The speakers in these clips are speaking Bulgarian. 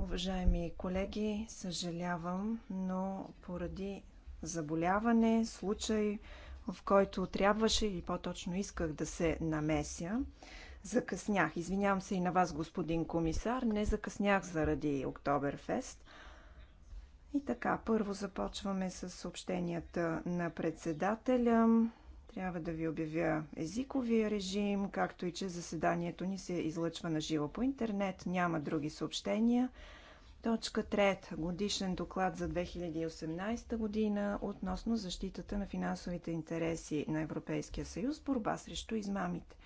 Уважаеми колеги, съжалявам, но поради заболяване, случай, в който трябваше или по-точно исках да се намеся, закъснях. Извинявам се и на вас, господин комисар, не закъснях заради Октоберфест. И така, първо започваме с съобщенията на председателя. Трябва да ви обявя езиковия режим, както и че заседанието ни се излъчва на живо по интернет. Няма други съобщения. Точка 3. Годишен доклад за 2018 година относно защитата на финансовите интереси на Европейския съюз, борба срещу измамите.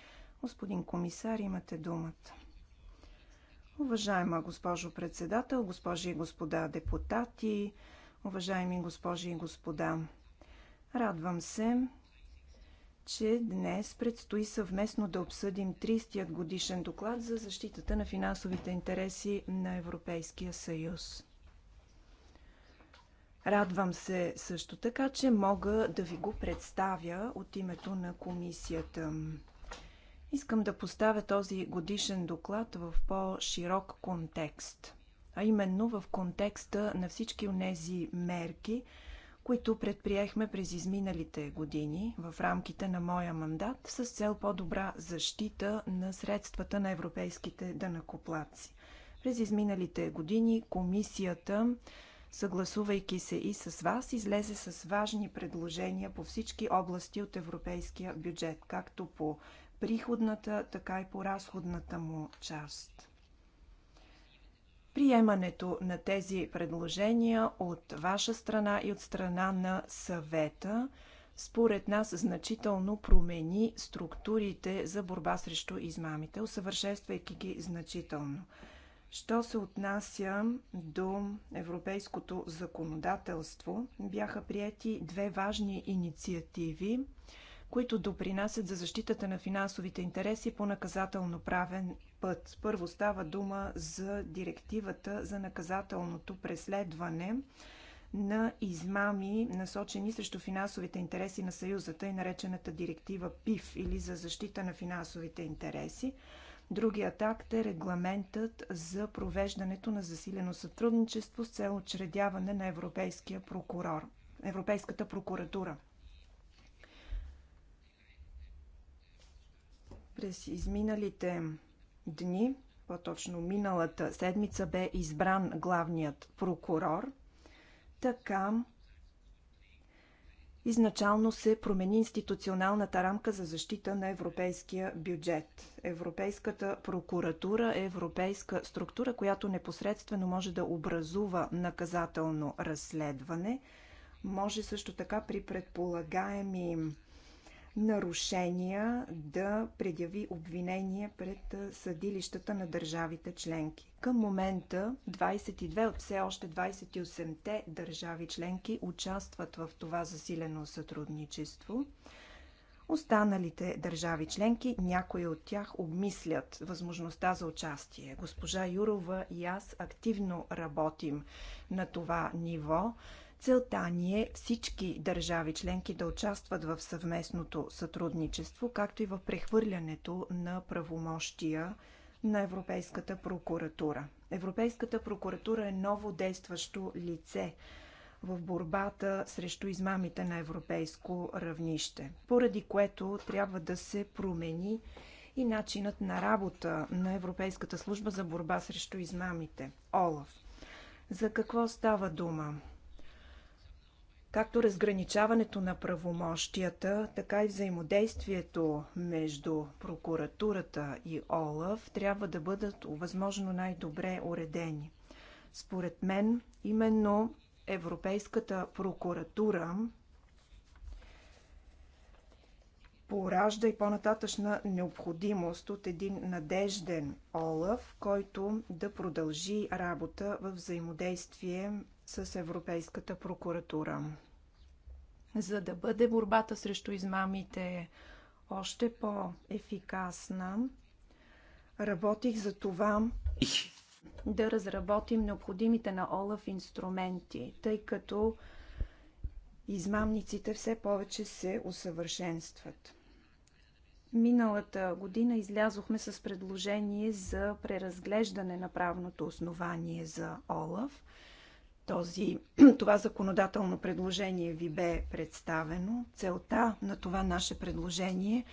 Господин комисар, имате думата. Уважаема госпожо председател, госпожи и господа депутати, уважаеми госпожи и господа, радвам се, че днес предстои съвместно да обсъдим 30-ят годишен доклад за защитата на финансовите интереси на Европейския съюз. Радвам се също така, че мога да ви го представя от името на комисията. Искам да поставя този годишен доклад в по-широк контекст, а именно в контекста на всички от тези мерки – които предприехме през изминалите години в рамките на моя мандат с цел по-добра защита на средствата на европейските данакоплаци. През изминалите години комисията, съгласувайки се и с вас, излезе с важни предложения по всички области от европейския бюджет, както по приходната, така и по разходната му част. Приемането на тези предложения от ваша страна и от страна на съвета според нас значително промени структурите за борба срещу измамите, усъвършенствайки ги значително. Що се отнася до европейското законодателство, бяха прияти две важни инициативи, които допринасят за защитата на финансовите интереси по наказателно-правен път. Първо става дума за директивата за наказателното преследване на измами, насочени срещу финансовите интереси на Съюзата и наречената директива ПИФ или за защита на финансовите интереси. Другият акт е регламентът за провеждането на засилено сътрудничество с цел очредяване на Европейския прокурор, Европейската прокуратура. През изминалите дни, по-точно миналата седмица, бе избран главният прокурор. Така изначално се промени институционалната рамка за защита на европейския бюджет. Европейската прокуратура е европейска структура, която непосредствено може да образува наказателно разследване. Може също така при предполагаеми нарушения да предяви обвинение пред съдилищата на държавите членки. Към момента 22 от все още 28-те държави членки участват в това засилено сътрудничество. Останалите държави членки, някои от тях обмислят възможността за участие. Госпожа Юрова и аз активно работим на това ниво. Целта ни е всички държави членки да участват в съвместното сътрудничество, както и в прехвърлянето на правомощия на Европейската прокуратура. Европейската прокуратура е ново действащо лице в борбата срещу измамите на европейско равнище, поради което трябва да се промени и начинът на работа на Европейската служба за борба срещу измамите – ОЛАФ. За какво става дума? както разграничаването на правомощията, така и взаимодействието между прокуратурата и ОЛАФ трябва да бъдат възможно най-добре уредени. Според мен, именно Европейската прокуратура поражда и по-нататъчна необходимост от един надежден ОЛАФ, който да продължи работа в взаимодействие с Европейската прокуратура. За да бъде борбата срещу измамите още по-ефикасна, работих за това да разработим необходимите на Олаф инструменти, тъй като измамниците все повече се усъвършенстват. Миналата година излязохме с предложение за преразглеждане на правното основание за Олаф – този, това законодателно предложение ви бе представено. Целта на това наше предложение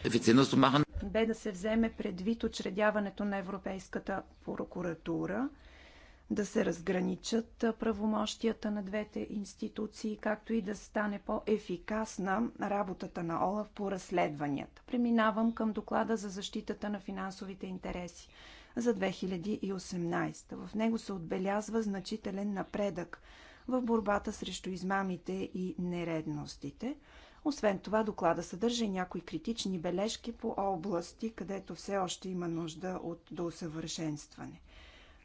бе да се вземе предвид учредяването на Европейската прокуратура, да се разграничат правомощията на двете институции, както и да стане по-ефикасна работата на ОЛАВ по разследванията. Преминавам към доклада за защитата на финансовите интереси за 2018. В него се отбелязва значителен напредък в борбата срещу измамите и нередностите. Освен това, доклада съдържа и някои критични бележки по области, където все още има нужда от доусъвършенстване.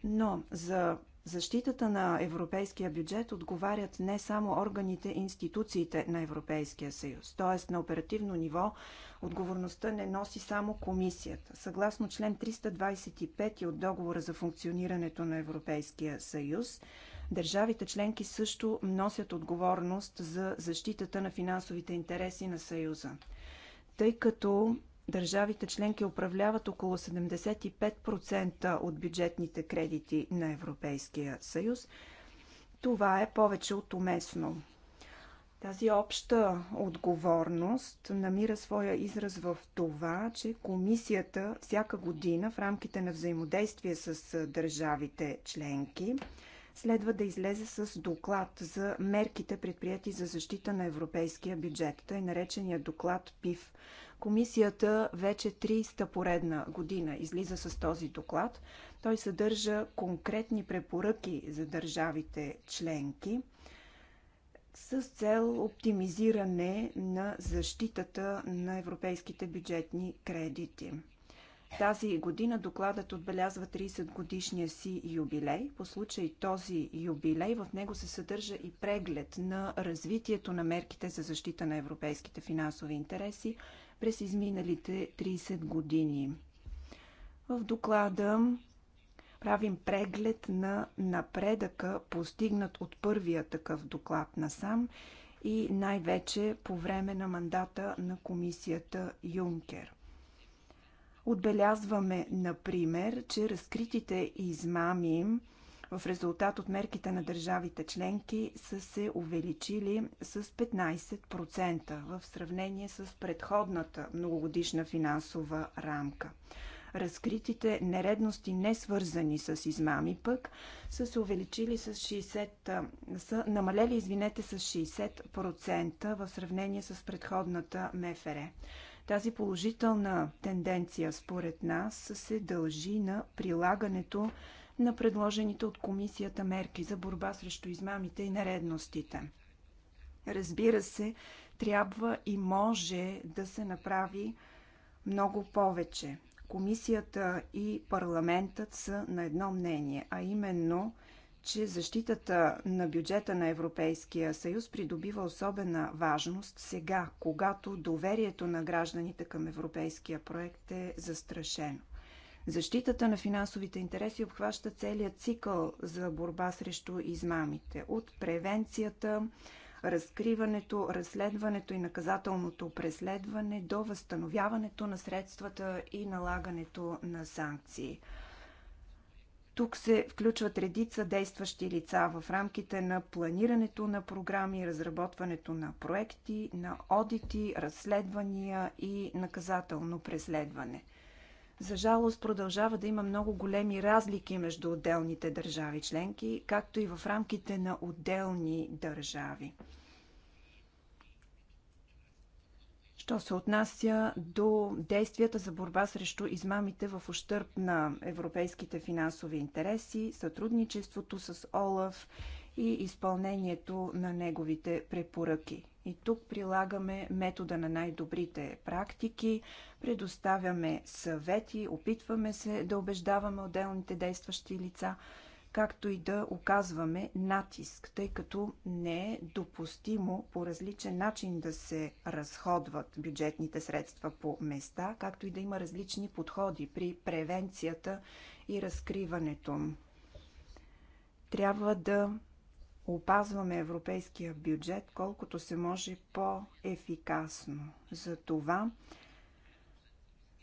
Но за защитата на европейския бюджет отговарят не само органите и институциите на Европейския съюз. Тоест на оперативно ниво отговорността не носи само комисията. Съгласно член 325 от договора за функционирането на Европейския съюз, държавите членки също носят отговорност за защитата на финансовите интереси на съюза. Тъй като държавите членки управляват около 75% от бюджетните кредити на Европейския съюз. Това е повече от уместно. Тази обща отговорност намира своя израз в това, че комисията всяка година в рамките на взаимодействие с държавите членки следва да излезе с доклад за мерките предприяти за защита на европейския бюджет, тъй наречения доклад ПИФ. Комисията вече 300 та поредна година излиза с този доклад. Той съдържа конкретни препоръки за държавите членки с цел оптимизиране на защитата на европейските бюджетни кредити. Тази година докладът отбелязва 30 годишния си юбилей. По случай този юбилей в него се съдържа и преглед на развитието на мерките за защита на европейските финансови интереси през изминалите 30 години. В доклада правим преглед на напредъка, постигнат от първия такъв доклад на сам и най-вече по време на мандата на комисията Юнкер. Отбелязваме, например, че разкритите измами в резултат от мерките на държавите членки са се увеличили с 15% в сравнение с предходната многогодишна финансова рамка. Разкритите нередности, не свързани с измами пък, са се увеличили с 60, са намалели, извинете, с 60% в сравнение с предходната МФР. Тази положителна тенденция, според нас, се дължи на прилагането на предложените от комисията мерки за борба срещу измамите и нередностите. Разбира се, трябва и може да се направи много повече. Комисията и парламентът са на едно мнение, а именно, че защитата на бюджета на Европейския съюз придобива особена важност сега, когато доверието на гражданите към европейския проект е застрашено. Защитата на финансовите интереси обхваща целият цикъл за борба срещу измамите. От превенцията, разкриването, разследването и наказателното преследване до възстановяването на средствата и налагането на санкции. Тук се включват редица действащи лица в рамките на планирането на програми, разработването на проекти, на одити, разследвания и наказателно преследване – за жалост продължава да има много големи разлики между отделните държави членки, както и в рамките на отделни държави. Що се отнася до действията за борба срещу измамите в ущърп на европейските финансови интереси, сътрудничеството с ОЛАФ и изпълнението на неговите препоръки. И тук прилагаме метода на най-добрите практики, предоставяме съвети, опитваме се да убеждаваме отделните действащи лица, както и да оказваме натиск, тъй като не е допустимо по различен начин да се разходват бюджетните средства по места, както и да има различни подходи при превенцията и разкриването. Трябва да опазваме европейския бюджет колкото се може по-ефикасно. За това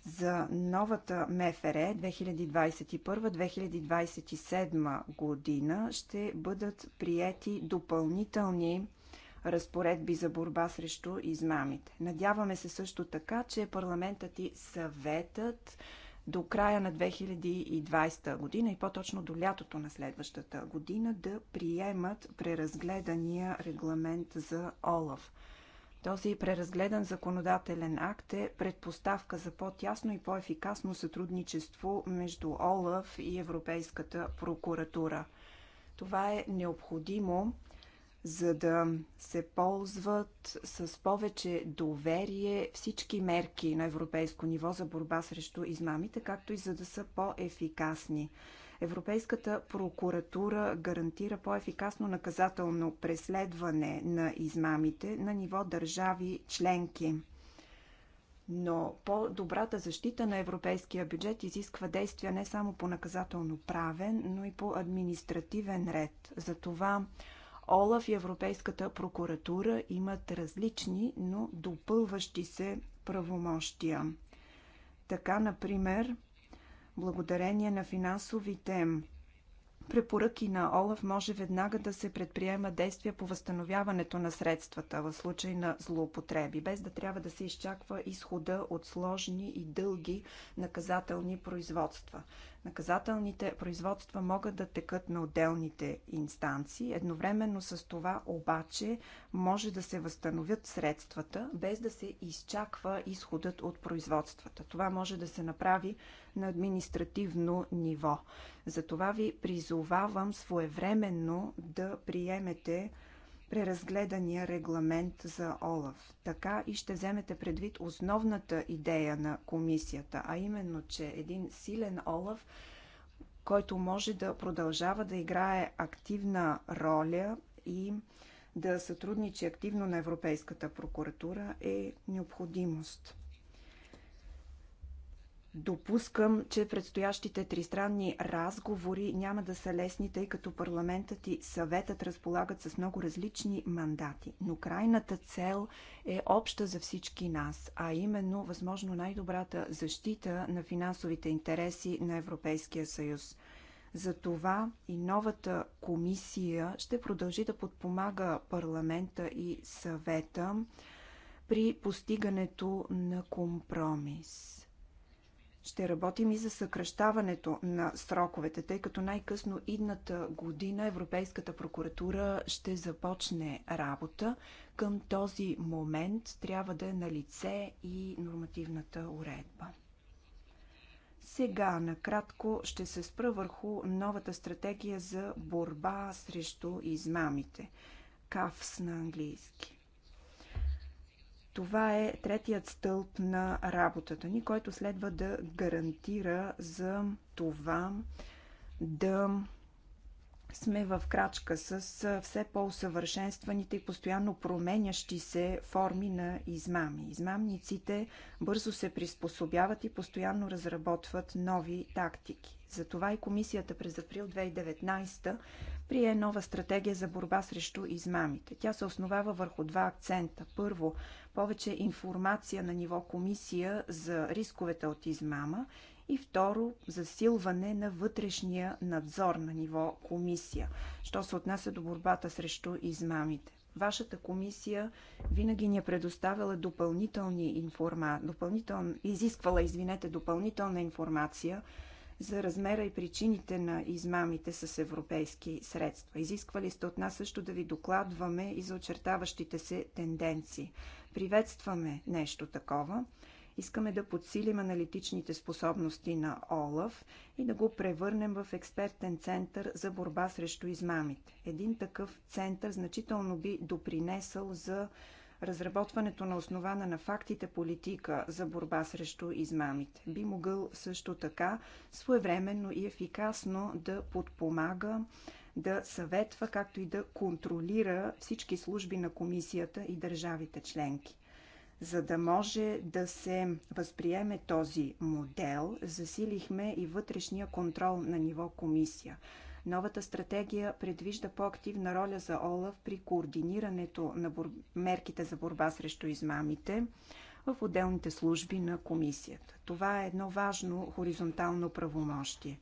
за новата МФР 2021-2027 година ще бъдат приети допълнителни разпоредби за борба срещу измамите. Надяваме се също така, че парламентът и съветът до края на 2020 година и по-точно до лятото на следващата година да приемат преразгледания регламент за ОЛАВ. Този преразгледан законодателен акт е предпоставка за по-тясно и по-ефикасно сътрудничество между ОЛАВ и Европейската прокуратура. Това е необходимо, за да се ползват с повече доверие всички мерки на европейско ниво за борба срещу измамите, както и за да са по-ефикасни. Европейската прокуратура гарантира по-ефикасно наказателно преследване на измамите на ниво държави членки. Но по-добрата защита на европейския бюджет изисква действия не само по наказателно правен, но и по административен ред. Затова това ОЛАФ и Европейската прокуратура имат различни, но допълващи се правомощия. Така, например, благодарение на финансовите препоръки на Олаф може веднага да се предприема действия по възстановяването на средствата в случай на злоупотреби, без да трябва да се изчаква изхода от сложни и дълги наказателни производства. Наказателните производства могат да текат на отделните инстанции. Едновременно с това обаче може да се възстановят средствата, без да се изчаква изходът от производствата. Това може да се направи на административно ниво. Затова ви призовавам своевременно да приемете преразгледания регламент за ОЛАФ. Така и ще вземете предвид основната идея на комисията, а именно, че един силен ОЛАФ, който може да продължава да играе активна роля и да сътрудничи активно на Европейската прокуратура е необходимост. Допускам, че предстоящите тристранни разговори няма да са лесни, тъй като парламентът и съветът разполагат с много различни мандати. Но крайната цел е обща за всички нас, а именно възможно най-добрата защита на финансовите интереси на Европейския съюз. Затова и новата комисия ще продължи да подпомага парламента и съвета при постигането на компромис ще работим и за съкръщаването на сроковете, тъй като най-късно идната година Европейската прокуратура ще започне работа. Към този момент трябва да е на лице и нормативната уредба. Сега накратко ще се спра върху новата стратегия за борба срещу измамите. КАФС на английски. Това е третият стълб на работата ни, който следва да гарантира за това да сме в крачка с все по-усъвършенстваните и постоянно променящи се форми на измами. Измамниците бързо се приспособяват и постоянно разработват нови тактики. Затова и комисията през април 2019 прие нова стратегия за борба срещу измамите. Тя се основава върху два акцента. Първо, повече информация на ниво комисия за рисковете от измама и второ, засилване на вътрешния надзор на ниво комисия, що се отнася до борбата срещу измамите. Вашата комисия винаги ни е предоставила допълнителни информа... допълнител... изисквала, извинете, допълнителна информация за размера и причините на измамите с европейски средства. Изисквали сте от нас също да ви докладваме и за очертаващите се тенденции. Приветстваме нещо такова. Искаме да подсилим аналитичните способности на ОЛАФ и да го превърнем в експертен център за борба срещу измамите. Един такъв център значително би допринесъл за разработването на основана на фактите политика за борба срещу измамите. Би могъл също така своевременно и ефикасно да подпомага, да съветва, както и да контролира всички служби на комисията и държавите членки. За да може да се възприеме този модел, засилихме и вътрешния контрол на ниво комисия. Новата стратегия предвижда по-активна роля за ОЛАВ при координирането на бор... мерките за борба срещу измамите в отделните служби на комисията. Това е едно важно хоризонтално правомощие.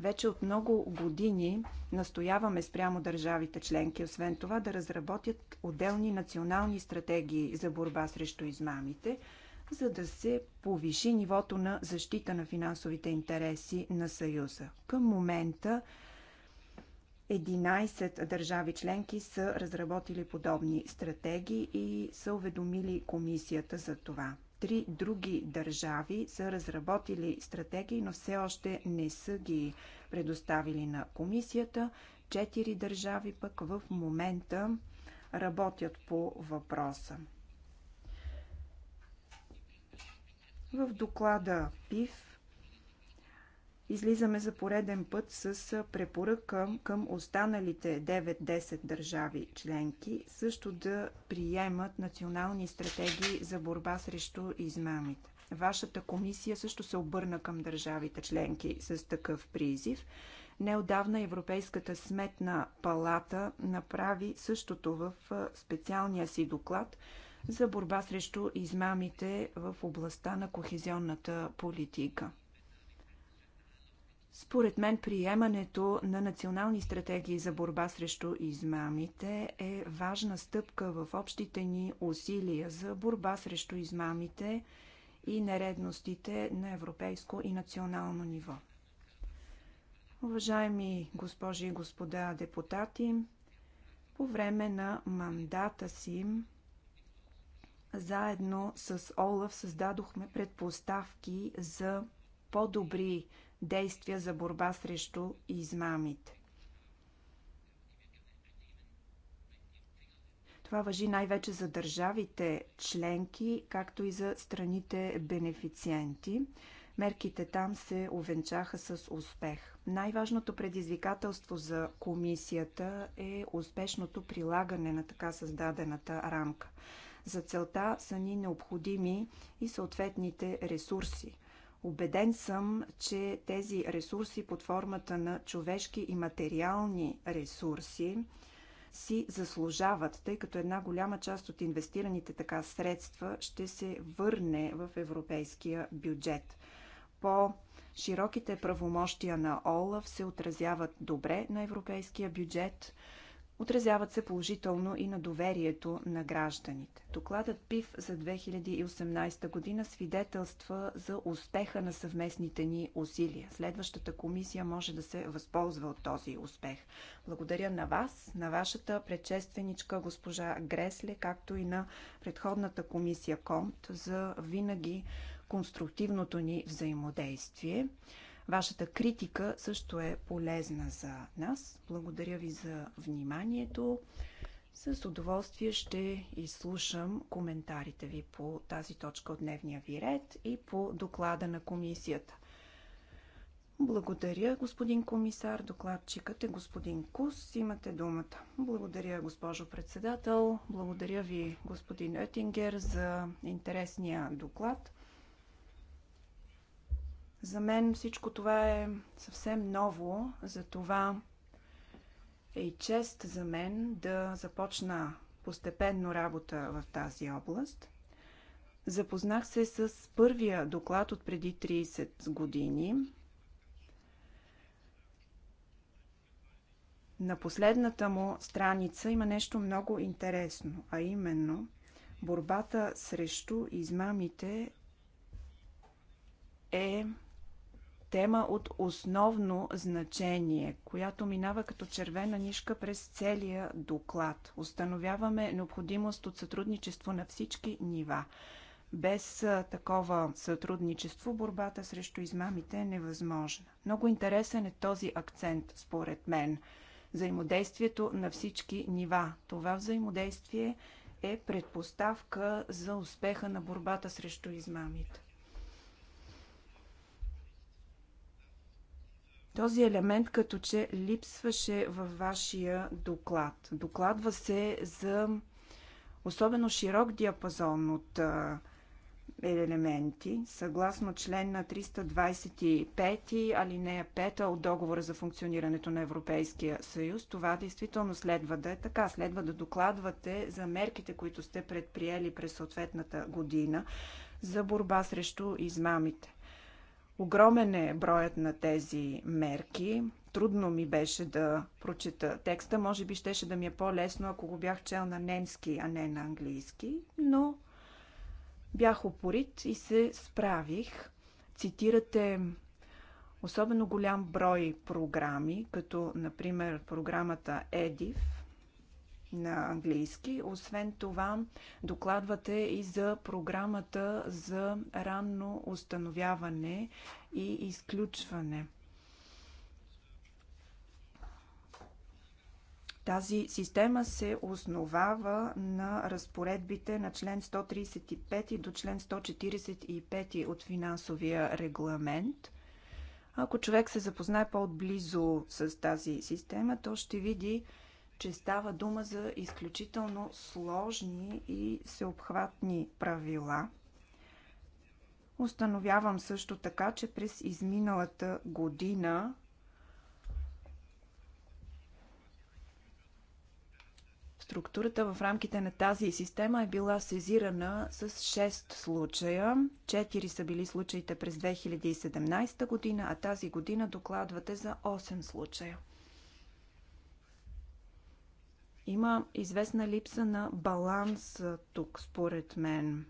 Вече от много години настояваме спрямо държавите членки, освен това да разработят отделни национални стратегии за борба срещу измамите, за да се повиши нивото на защита на финансовите интереси на Съюза. Към момента 11 държави членки са разработили подобни стратегии и са уведомили комисията за това. Три други държави са разработили стратегии, но все още не са ги предоставили на комисията. Четири държави пък в момента работят по въпроса. В доклада ПИВ излизаме за пореден път с препоръка към останалите 9-10 държави членки също да приемат национални стратегии за борба срещу измамите. Вашата комисия също се обърна към държавите членки с такъв призив. Неодавна Европейската сметна палата направи същото в специалния си доклад за борба срещу измамите в областта на кохезионната политика. Според мен приемането на национални стратегии за борба срещу измамите е важна стъпка в общите ни усилия за борба срещу измамите и нередностите на европейско и национално ниво. Уважаеми госпожи и господа депутати, по време на мандата си заедно с Олаф създадохме предпоставки за по-добри действия за борба срещу измамите. Това въжи най-вече за държавите членки, както и за страните бенефициенти. Мерките там се увенчаха с успех. Най-важното предизвикателство за комисията е успешното прилагане на така създадената рамка. За целта са ни необходими и съответните ресурси. Обеден съм, че тези ресурси под формата на човешки и материални ресурси си заслужават, тъй като една голяма част от инвестираните така средства ще се върне в европейския бюджет. По широките правомощия на ОЛАВ се отразяват добре на европейския бюджет – Отразяват се положително и на доверието на гражданите. Докладът ПИВ за 2018 година свидетелства за успеха на съвместните ни усилия. Следващата комисия може да се възползва от този успех. Благодаря на вас, на вашата предшественичка госпожа Гресле, както и на предходната комисия КОМТ за винаги конструктивното ни взаимодействие. Вашата критика също е полезна за нас. Благодаря ви за вниманието. С удоволствие ще изслушам коментарите ви по тази точка от дневния ви ред и по доклада на комисията. Благодаря, господин комисар. Докладчикът е господин Кус. Имате думата. Благодаря, госпожо председател. Благодаря ви, господин Етингер, за интересния доклад. За мен всичко това е съвсем ново, затова е и чест за мен да започна постепенно работа в тази област. Запознах се с първия доклад от преди 30 години. На последната му страница има нещо много интересно, а именно борбата срещу измамите е тема от основно значение, която минава като червена нишка през целия доклад. Установяваме необходимост от сътрудничество на всички нива. Без такова сътрудничество борбата срещу измамите е невъзможна. Много интересен е този акцент, според мен. Взаимодействието на всички нива. Това взаимодействие е предпоставка за успеха на борбата срещу измамите. Този елемент като че липсваше във вашия доклад. Докладва се за особено широк диапазон от елементи, съгласно член на 325 алинея 5 от договора за функционирането на Европейския съюз. Това действително следва да е така. Следва да докладвате за мерките, които сте предприели през съответната година за борба срещу измамите. Огромен е броят на тези мерки. Трудно ми беше да прочета текста. Може би щеше да ми е по-лесно, ако го бях чел на немски, а не на английски. Но бях опорит и се справих. Цитирате особено голям брой програми, като например програмата EDIF, на английски. Освен това, докладвате и за програмата за ранно установяване и изключване. Тази система се основава на разпоредбите на член 135 до член 145 от финансовия регламент. Ако човек се запознае по-отблизо с тази система, то ще види, че става дума за изключително сложни и всеобхватни правила. Установявам също така, че през изминалата година структурата в рамките на тази система е била сезирана с 6 случая. 4 са били случаите през 2017 година, а тази година докладвате за 8 случая. Има известна липса на баланс тук, според мен.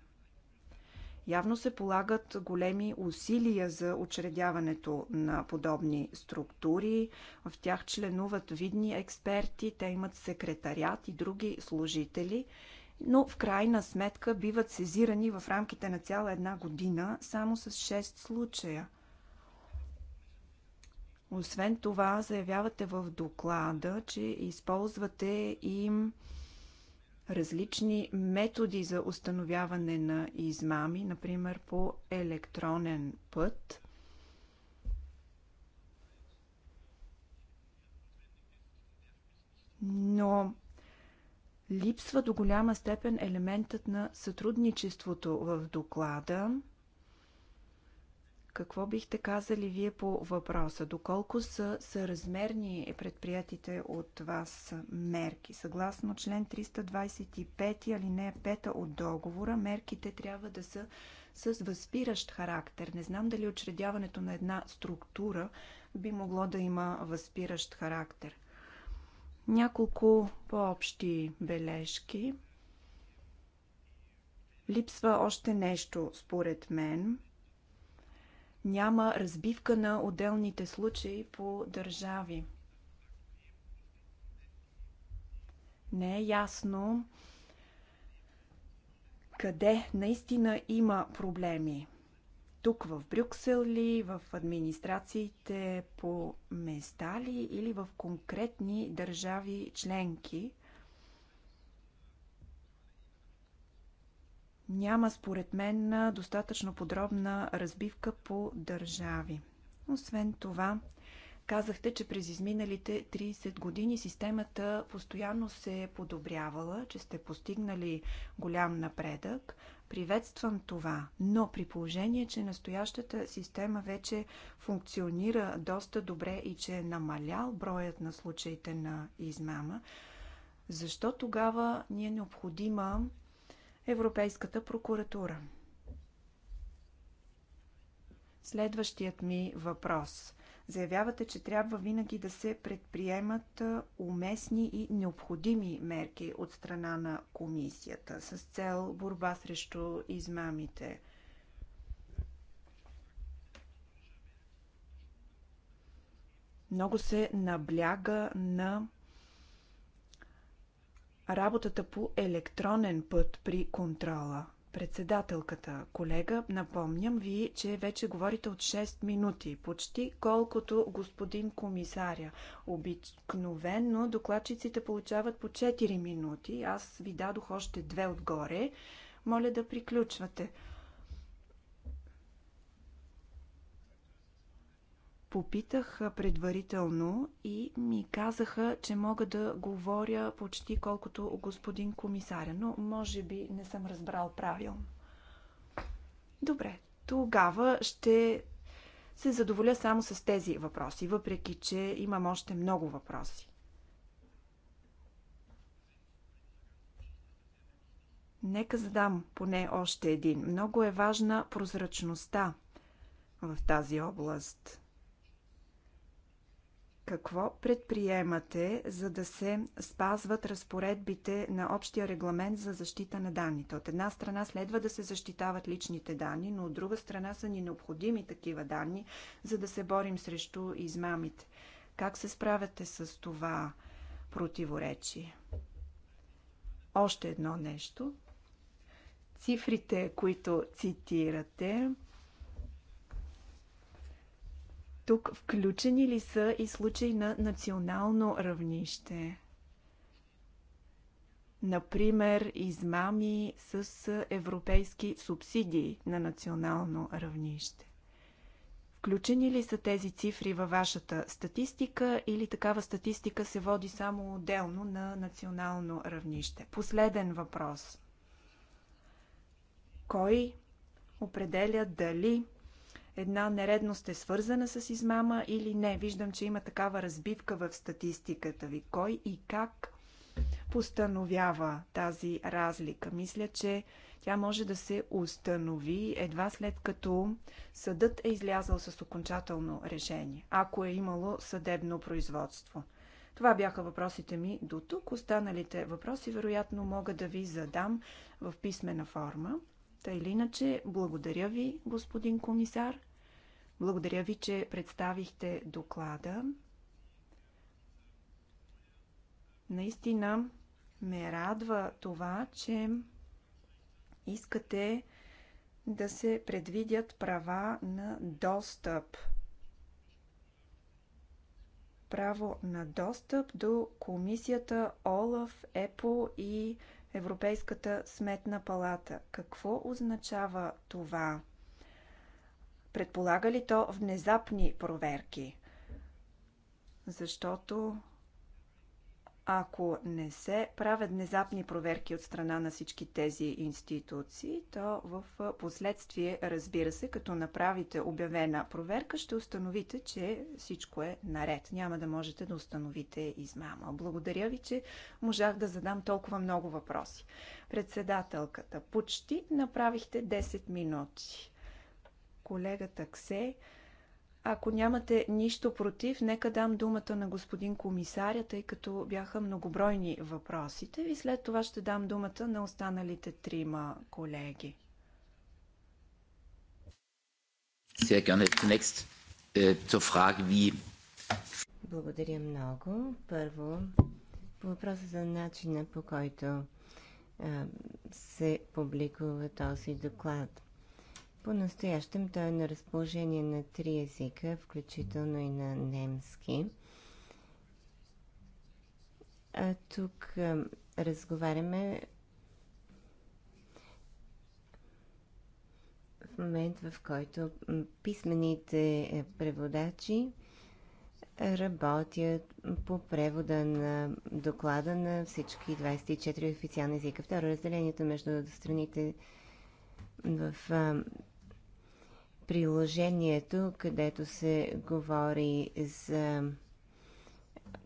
Явно се полагат големи усилия за учредяването на подобни структури. В тях членуват видни експерти, те имат секретарят и други служители, но в крайна сметка биват сезирани в рамките на цяла една година само с 6 случая – освен това, заявявате в доклада, че използвате и различни методи за установяване на измами, например по електронен път. Но липсва до голяма степен елементът на сътрудничеството в доклада. Какво бихте казали вие по въпроса? Доколко са съразмерни предприятите от вас мерки? Съгласно член 325 алинея 5 от договора, мерките трябва да са с възпиращ характер. Не знам дали учредяването на една структура би могло да има възпиращ характер. Няколко по-общи бележки. Липсва още нещо, според мен – няма разбивка на отделните случаи по държави. Не е ясно къде наистина има проблеми. Тук в Брюксел ли, в администрациите по места ли или в конкретни държави членки, Няма, според мен, достатъчно подробна разбивка по държави. Освен това, казахте, че през изминалите 30 години системата постоянно се е подобрявала, че сте постигнали голям напредък. Приветствам това, но при положение, че настоящата система вече функционира доста добре и че е намалял броят на случаите на измама, защо тогава ни е необходима Европейската прокуратура. Следващият ми въпрос. Заявявате, че трябва винаги да се предприемат уместни и необходими мерки от страна на комисията с цел борба срещу измамите. Много се набляга на работата по електронен път при контрола. Председателката, колега, напомням ви, че вече говорите от 6 минути, почти колкото господин комисаря. Обикновенно докладчиците получават по 4 минути. Аз ви дадох още две отгоре. Моля да приключвате. Попитах предварително и ми казаха, че мога да говоря почти колкото господин комисаря, но може би не съм разбрал правилно. Добре, тогава ще се задоволя само с тези въпроси, въпреки че имам още много въпроси. Нека задам поне още един. Много е важна прозрачността в тази област. Какво предприемате, за да се спазват разпоредбите на общия регламент за защита на данните? От една страна следва да се защитават личните данни, но от друга страна са ни необходими такива данни, за да се борим срещу измамите. Как се справяте с това противоречие? Още едно нещо. Цифрите, които цитирате, тук включени ли са и случаи на национално равнище? Например, измами с европейски субсидии на национално равнище. Включени ли са тези цифри във вашата статистика или такава статистика се води само отделно на национално равнище? Последен въпрос. Кой определя дали една нередност е свързана с измама или не. Виждам, че има такава разбивка в статистиката ви. Кой и как постановява тази разлика? Мисля, че тя може да се установи едва след като съдът е излязъл с окончателно решение, ако е имало съдебно производство. Това бяха въпросите ми до тук. Останалите въпроси, вероятно, мога да ви задам в писмена форма. Та или иначе, благодаря ви, господин комисар. Благодаря ви, че представихте доклада. Наистина ме радва това, че искате да се предвидят права на достъп. Право на достъп до комисията Олаф, ЕПО и Европейската сметна палата. Какво означава това? Предполага ли то внезапни проверки? Защото ако не се правят внезапни проверки от страна на всички тези институции, то в последствие, разбира се, като направите обявена проверка, ще установите, че всичко е наред. Няма да можете да установите измама. Благодаря ви, че можах да задам толкова много въпроси. Председателката, почти направихте 10 минути. Колегата Ксе, ако нямате нищо против, нека дам думата на господин комисаря, тъй като бяха многобройни въпросите и след това ще дам думата на останалите трима колеги. Äh, Благодаря много. Първо, по въпроса за начина по който се публикува този доклад. По-настоящем той е на разположение на три езика, включително и на немски. А тук а, разговаряме в момент, в който писмените е, преводачи работят по превода на доклада на всички 24 официални езика. Второ, разделението между страните в а, приложението, където се говори за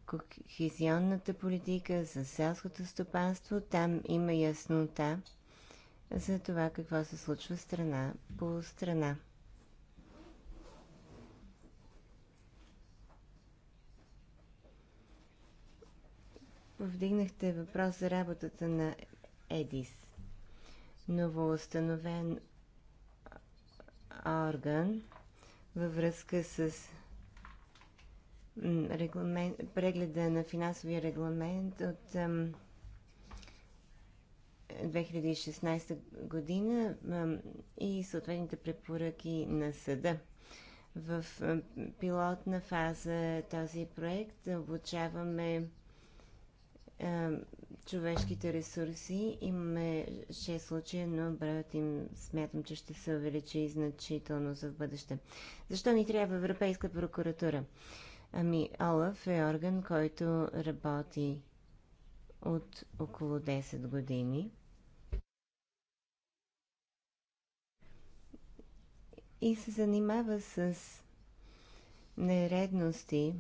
кохезионната политика, за селското стопанство. Там има яснота за това какво се случва страна по страна. Повдигнахте въпрос за работата на ЕДИС. Новоустановен орган във връзка с регламент, прегледа на финансовия регламент от 2016 година и съответните препоръки на съда. В пилотна фаза този проект обучаваме е, човешките ресурси. Имаме 6 случая, но броят им смятам, че ще се увеличи значително за в бъдеще. Защо ни трябва Европейска прокуратура? Ами, Олаф е орган, който работи от около 10 години. И се занимава с нередности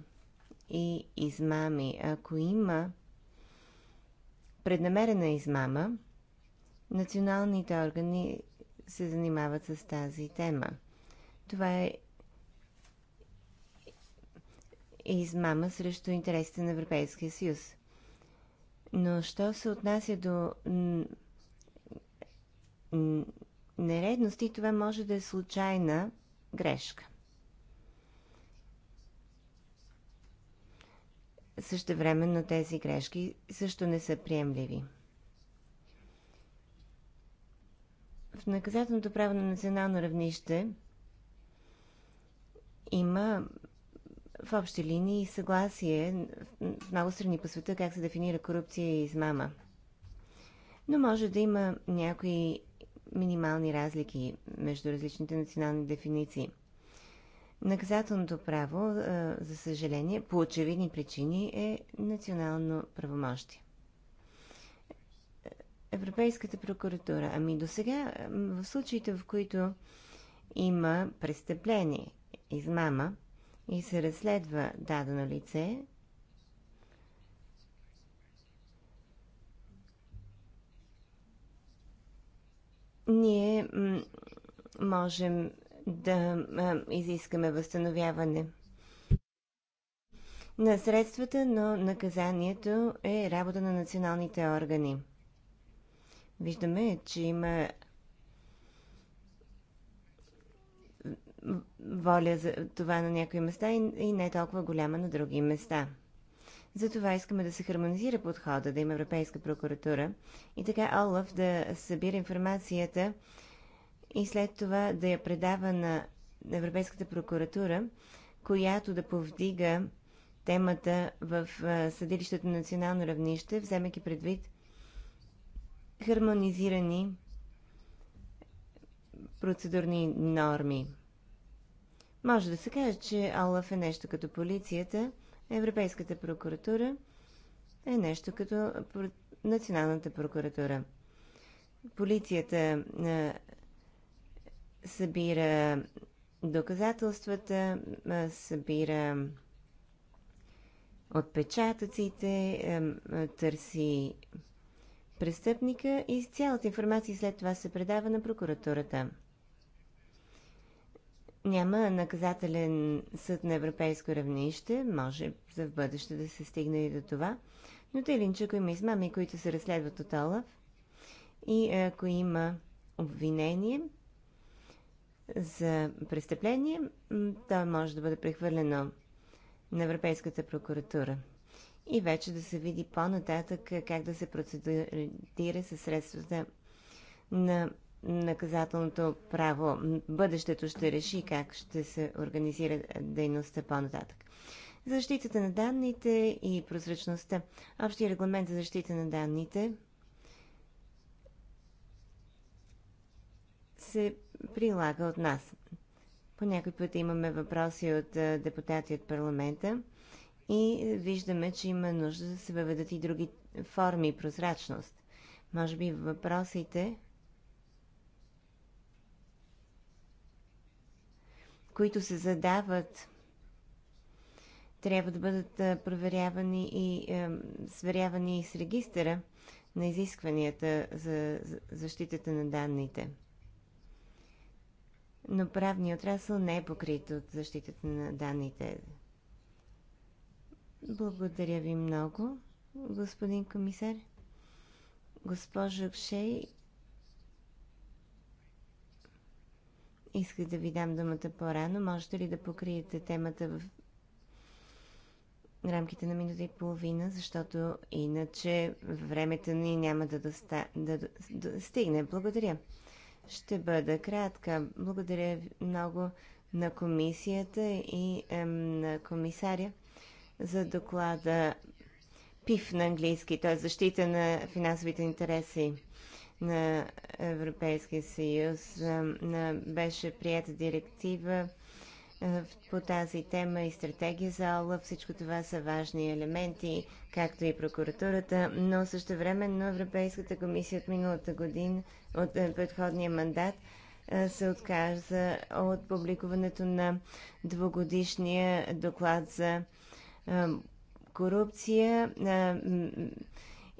и измами. Ако има преднамерена измама, националните органи се занимават с тази тема. Това е измама срещу интересите на Европейския съюз. Но що се отнася до нередности, това може да е случайна грешка. Същевременно тези грешки също не са приемливи. В наказателното право на национално равнище има в общи линии съгласие в много страни по света как се дефинира корупция и измама. Но може да има някои минимални разлики между различните национални дефиниции – Наказателното право, за съжаление, по очевидни причини е национално правомощие. Европейската прокуратура. Ами до сега, в случаите, в които има престъпление, измама и се разследва дадено лице, ние можем да изискаме възстановяване на средствата, но наказанието е работа на националните органи. Виждаме, че има воля за това на някои места и не толкова голяма на други места. Затова искаме да се хармонизира подхода, да има Европейска прокуратура и така Олаф да събира информацията и след това да я предава на Европейската прокуратура, която да повдига темата в съдилището на национално равнище, вземайки предвид хармонизирани процедурни норми. Може да се каже, че Олаф е нещо като полицията, Европейската прокуратура е нещо като Националната прокуратура. Полицията събира доказателствата, събира отпечатъците, търси престъпника и цялата информация след това се предава на прокуратурата. Няма наказателен съд на европейско равнище, може за в бъдеще да се стигне и до това, но тъй има измами, които се разследват от Олаф и ако има обвинение, за престъпление, то може да бъде прехвърлено на Европейската прокуратура. И вече да се види по-нататък как да се процедира със средствата на наказателното право. Бъдещето ще реши как ще се организира дейността по-нататък. Защитата на данните и прозрачността. Общия регламент за защита на данните се прилага от нас. По някой път имаме въпроси от депутати от парламента и виждаме, че има нужда да се въведат и други форми прозрачност. Може би въпросите, които се задават, трябва да бъдат проверявани и е, сверявани с регистъра на изискванията за защитата на данните – но правният отрасъл не е покрит от защитата на данните. Благодаря ви много, господин комисар. Госпожо Кшей, исках да ви дам думата по-рано. Можете ли да покриете темата в рамките на минута и половина, защото иначе времето ни няма да, доста... да, да стигне. Благодаря. Ще бъда кратка. Благодаря много на комисията и ем, на комисаря за доклада ПИФ на английски, т.е. защита на финансовите интереси на Европейския съюз. Ем, на, беше прията директива е, по тази тема и стратегия за ОЛА. Всичко това са важни елементи, както и прокуратурата, но също времено Европейската комисия от миналата година, от е, предходния мандат, е, се отказа от публикуването на двогодишния доклад за корупция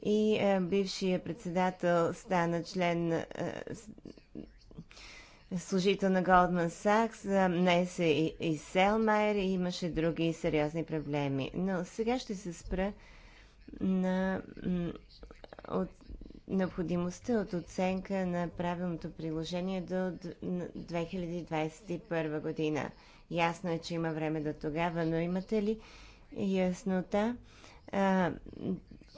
и бившия председател стана член служител на Голдман Сакс, не се и Селмайер и имаше други сериозни проблеми. Но сега ще се спра на от необходимостта от оценка на правилното приложение до 2021 година. Ясно е, че има време до тогава, но имате ли яснота а,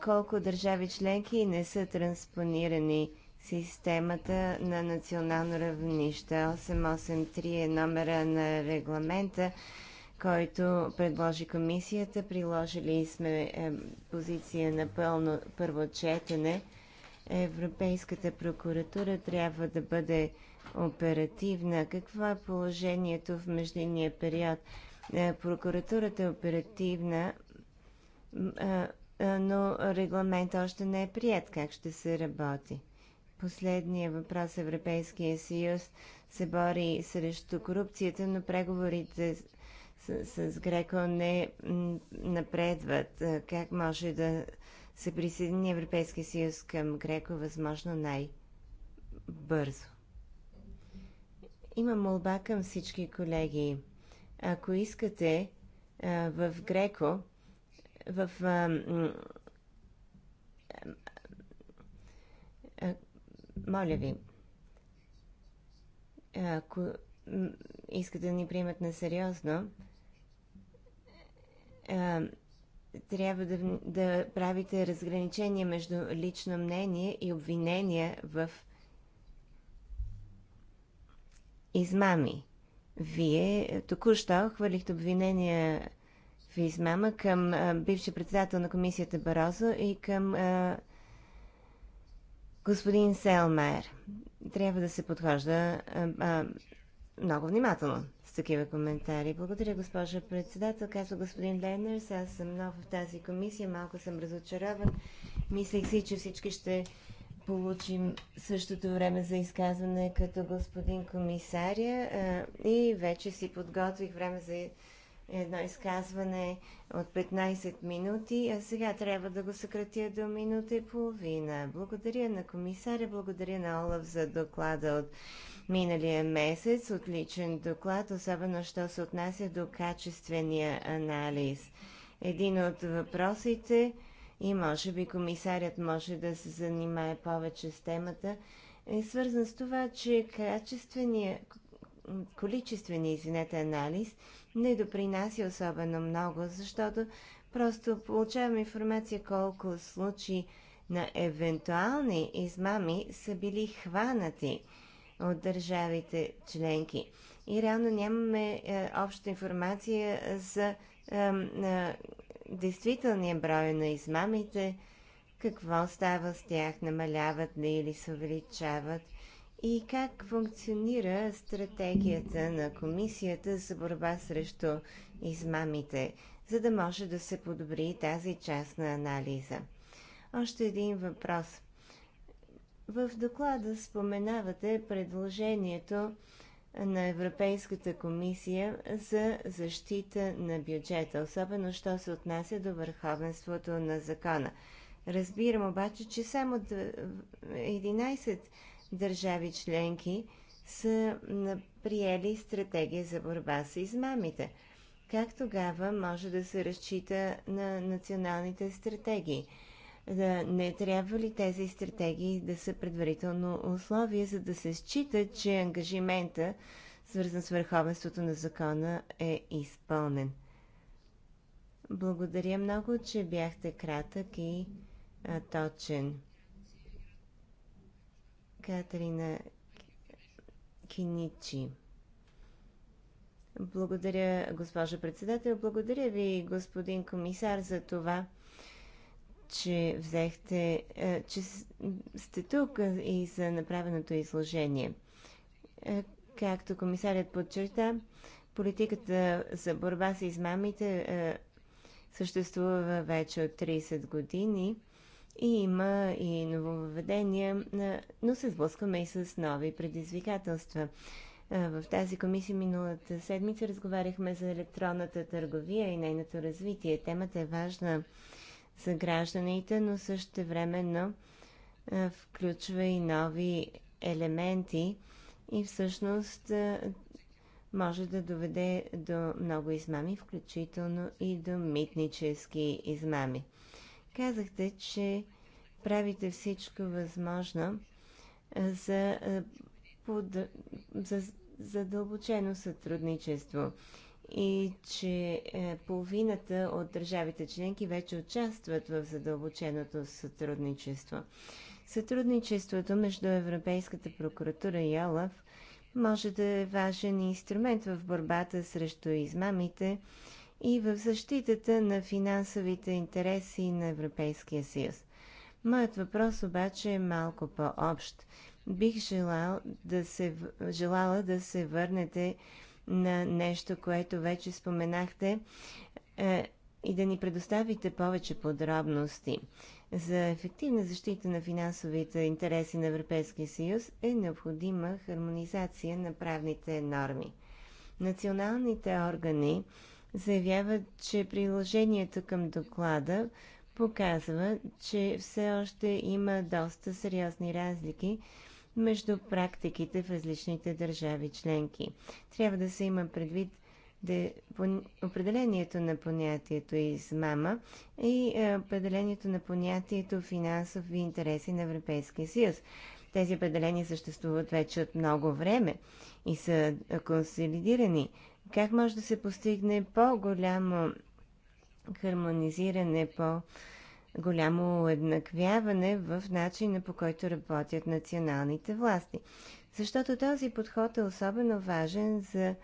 колко държави членки не са транспонирани системата на национално равнище. 883 е номера на регламента, който предложи комисията. Приложили сме е, позиция на пълно първо четене. Европейската прокуратура трябва да бъде оперативна. Какво е положението в междинния период? Е, прокуратурата е оперативна, но регламент още не е прият. Как ще се работи? последния въпрос Европейския съюз се бори срещу корупцията, но преговорите с, с, с Греко не напредват. Как може да се присъедини Европейския съюз към Греко възможно най-бързо? Има молба към всички колеги. Ако искате в Греко, в моля ви, ако искат да ни приемат на сериозно, трябва да, да правите разграничение между лично мнение и обвинения в измами. Вие току-що хвърлихте обвинения в измама към бившия председател на комисията Барозо и към а, Господин Селмайер, трябва да се подхожда а, а, много внимателно с такива коментари. Благодаря, госпожа председател. Казва господин Ленърс, аз съм нов в тази комисия, малко съм разочарован. Мислех си, че всички ще получим същото време за изказване като господин комисаря а, и вече си подготвих време за изказване едно изказване от 15 минути, а сега трябва да го съкратя до минута и половина. Благодаря на комисаря, благодаря на Олаф за доклада от миналия месец. Отличен доклад, особено що се отнася до качествения анализ. Един от въпросите и може би комисарят може да се занимае повече с темата, е свързан с това, че качествения количествения, извинете, анализ не допринася особено много, защото просто получаваме информация колко случаи на евентуални измами са били хванати от държавите членки. И реално нямаме е, обща информация за е, е, действителния брой на измамите, какво става с тях, намаляват ли или се увеличават – и как функционира стратегията на Комисията за борба срещу измамите, за да може да се подобри тази част на анализа. Още един въпрос. В доклада споменавате предложението на Европейската комисия за защита на бюджета, особено що се отнася до върховенството на закона. Разбирам обаче, че само 11 държави членки са приели стратегия за борба с измамите. Как тогава може да се разчита на националните стратегии? Да, не трябва ли тези стратегии да са предварително условие, за да се счита, че ангажимента, свързан с върховенството на закона, е изпълнен? Благодаря много, че бяхте кратък и а, точен. Катерина Киничи. Благодаря, госпожа председател. Благодаря ви, господин комисар, за това, че взехте, е, че сте тук и за направеното изложение. Е, както комисарят подчерта, политиката за борба с измамите е, съществува вече от 30 години и има и нововведения, но се сблъскваме и с нови предизвикателства. В тази комисия миналата седмица разговаряхме за електронната търговия и нейното развитие. Темата е важна за гражданите, но също времено включва и нови елементи и всъщност може да доведе до много измами, включително и до митнически измами. Казахте, че правите всичко възможно за, под, за задълбочено сътрудничество и че е, половината от държавите членки вече участват в задълбоченото сътрудничество. Сътрудничеството между Европейската прокуратура и ОЛАФ може да е важен инструмент в борбата срещу измамите, и в защитата на финансовите интереси на Европейския съюз. Моят въпрос обаче е малко по-общ. Бих желал да се, желала да се върнете на нещо, което вече споменахте е, и да ни предоставите повече подробности. За ефективна защита на финансовите интереси на Европейския съюз е необходима хармонизация на правните норми. Националните органи заявяват, че приложението към доклада показва, че все още има доста сериозни разлики между практиките в различните държави членки. Трябва да се има предвид де, по, определението на понятието измама и е, определението на понятието финансови интереси на Европейския съюз. Тези определения съществуват вече от много време и са консолидирани как може да се постигне по-голямо хармонизиране, по-голямо уеднаквяване в начина по който работят националните власти? Защото този подход е особено важен за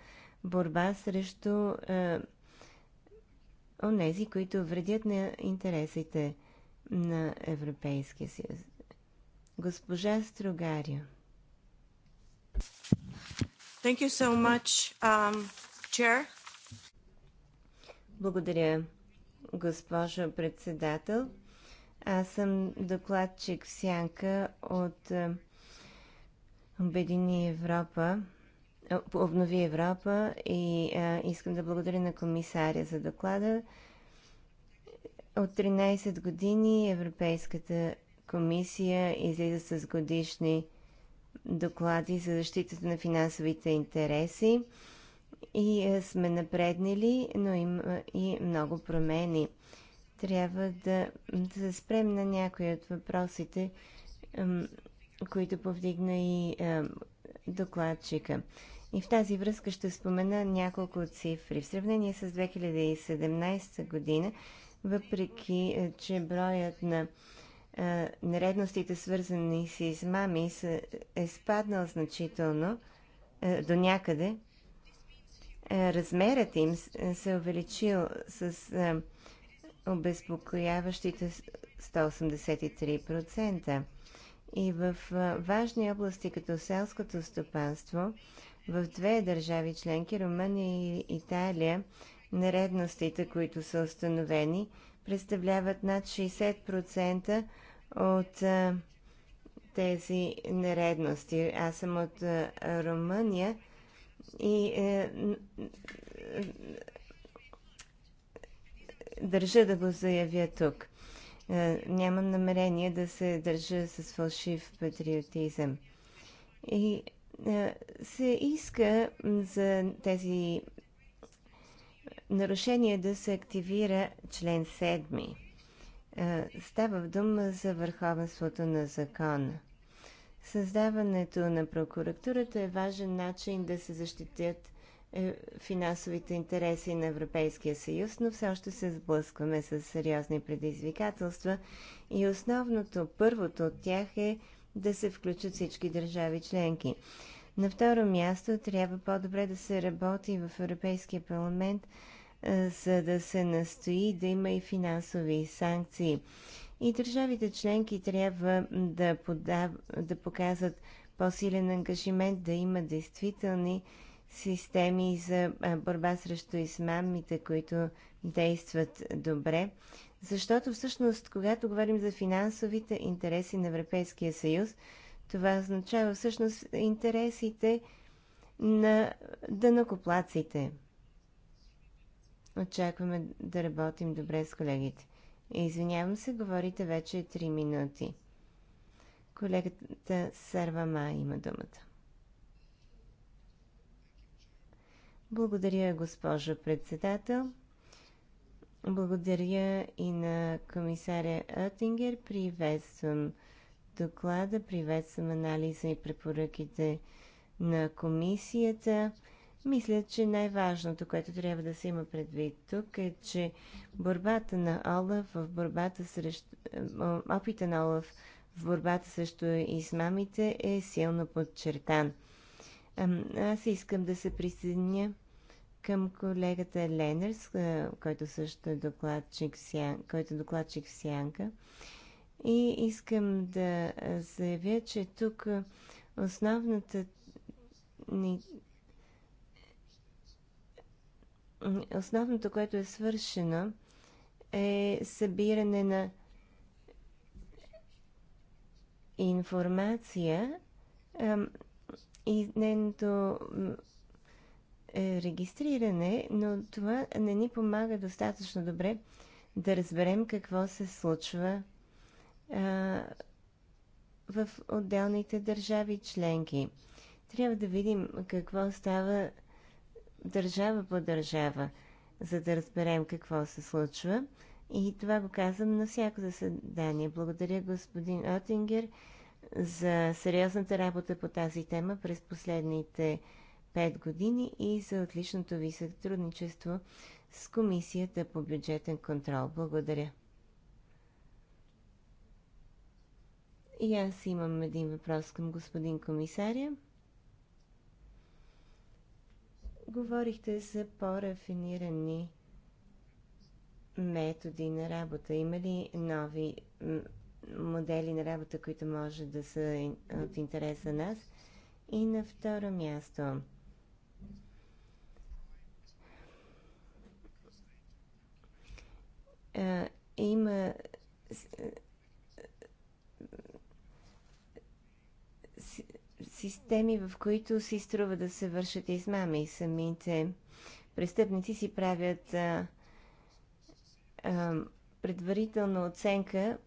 борба срещу е, онези, които вредят на интересите на Европейския съюз. Госпожа Строгарио. Thank you so much. Um, Chair. Благодаря, госпожо председател. Аз съм докладчик в Сянка от е, Обедини Европа, е, Обнови Европа и а, е, искам да благодаря на комисаря за доклада. От 13 години Европейската комисия излиза с годишни доклади за защитата на финансовите интереси и е, сме напреднали, но има е, и много промени. Трябва да, да се спрем на някои от въпросите, които повдигна и е, докладчика. И в тази връзка ще спомена няколко цифри. В сравнение с 2017 година, въпреки че броят на а, нередностите, свързани с измами, е спаднал значително а, до някъде, е, размерът им е, се е увеличил с обезпокояващите 183%. И в важни области, като селското стопанство, в две държави членки, Румъния и Италия, нередностите, които са установени, представляват над 60% от а, тези нередности. Аз съм от а, Румъния и е, държа да го заявя тук. Е, нямам намерение да се държа с фалшив патриотизъм. И е, се иска за тези нарушения да се активира член 7. Е, става в дума за върховенството на закона. Създаването на прокуратурата е важен начин да се защитят е, финансовите интереси на Европейския съюз, но все още се сблъскваме с сериозни предизвикателства и основното, първото от тях е да се включат всички държави членки. На второ място трябва по-добре да се работи в Европейския парламент, е, за да се настои да има и финансови санкции и държавите членки трябва да, подав... да показват по-силен ангажимент, да има действителни системи за борба срещу измамите, които действат добре. Защото всъщност, когато говорим за финансовите интереси на Европейския съюз, това означава всъщност интересите на дънокоплаците. Очакваме да работим добре с колегите. Извинявам се, говорите вече 3 минути. Колегата Сарвама има думата. Благодаря, госпожо председател. Благодаря и на комисаря Оттингер. Приветствам доклада, приветствам анализа и препоръките на комисията. Мисля, че най-важното, което трябва да се има предвид тук е, че борбата на Олаф в борбата срещу... Е, опита на Олаф в борбата срещу измамите е силно подчертан. Аз искам да се присъединя към колегата Ленерс, е, който също е докладчик в, който е докладчик в Сянка. И искам да е, заявя, че тук основната основното, което е свършено, е събиране на информация и нейното е регистриране, но това не ни помага достатъчно добре да разберем какво се случва в отделните държави членки. Трябва да видим какво става държава по държава, за да разберем какво се случва. И това го казвам на всяко заседание. Благодаря господин Отингер за сериозната работа по тази тема през последните пет години и за отличното ви сътрудничество с Комисията по бюджетен контрол. Благодаря. И аз имам един въпрос към господин комисаря. Говорихте за по-рафинирани методи на работа. Има ли нови модели на работа, които може да са от интерес за нас? И на второ място. Има системи, в които си струва да се вършат измами. и Самите престъпници си правят а, а, предварителна оценка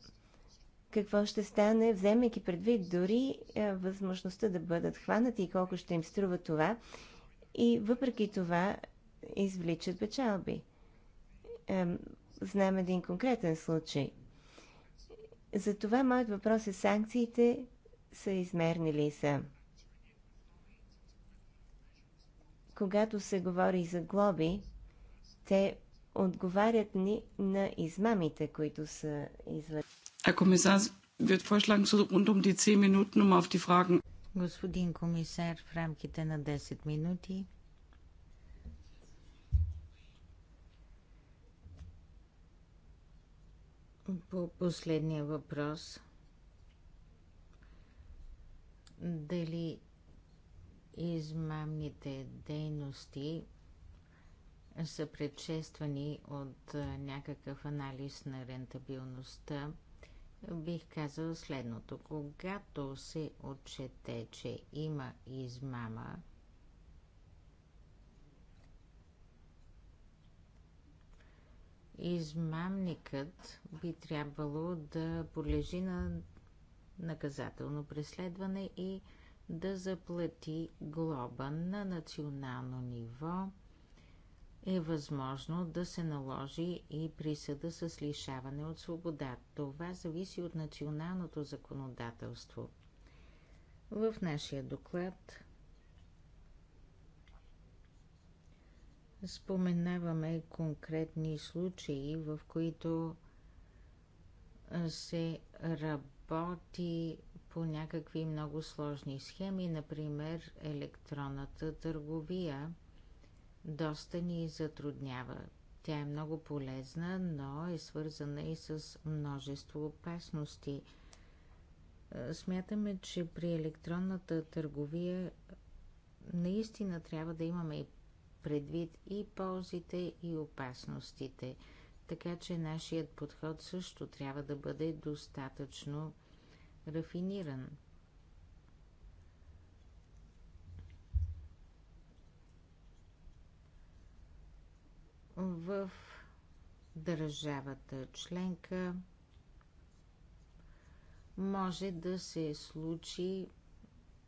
какво ще стане, вземайки предвид дори а, възможността да бъдат хванати и колко ще им струва това. И въпреки това извличат печалби. А, знам един конкретен случай. Затова моят въпрос е санкциите са измернили са. Когато се говори за глоби, те отговарят ни на измамите, които са извършени. wird vorschlagen, rund um die 10 Minuten, um auf die Fragen. Господин комисар, в рамките на 10 минути. По последния въпрос дали измамните дейности са предшествани от някакъв анализ на рентабилността, бих казал следното. Когато се отчете, че има измама, измамникът би трябвало да подлежи на наказателно преследване и да заплати глоба на национално ниво, е възможно да се наложи и присъда с лишаване от свобода. Това зависи от националното законодателство. В нашия доклад споменаваме конкретни случаи, в които се работи работи по някакви много сложни схеми, например електронната търговия, доста ни затруднява. Тя е много полезна, но е свързана и с множество опасности. Е, смятаме, че при електронната търговия наистина трябва да имаме предвид и ползите, и опасностите – така че нашият подход също трябва да бъде достатъчно рафиниран. В държавата членка може да се случи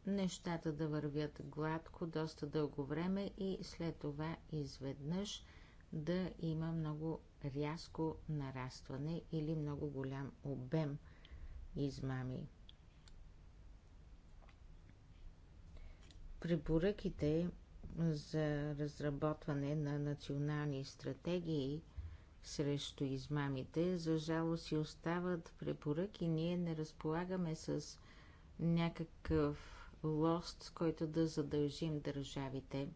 нещата да вървят гладко доста дълго време и след това изведнъж да има много рязко нарастване или много голям обем измами. Препоръките за разработване на национални стратегии срещу измамите, за жало си остават препоръки. Ние не разполагаме с някакъв лост, с който да задължим държавите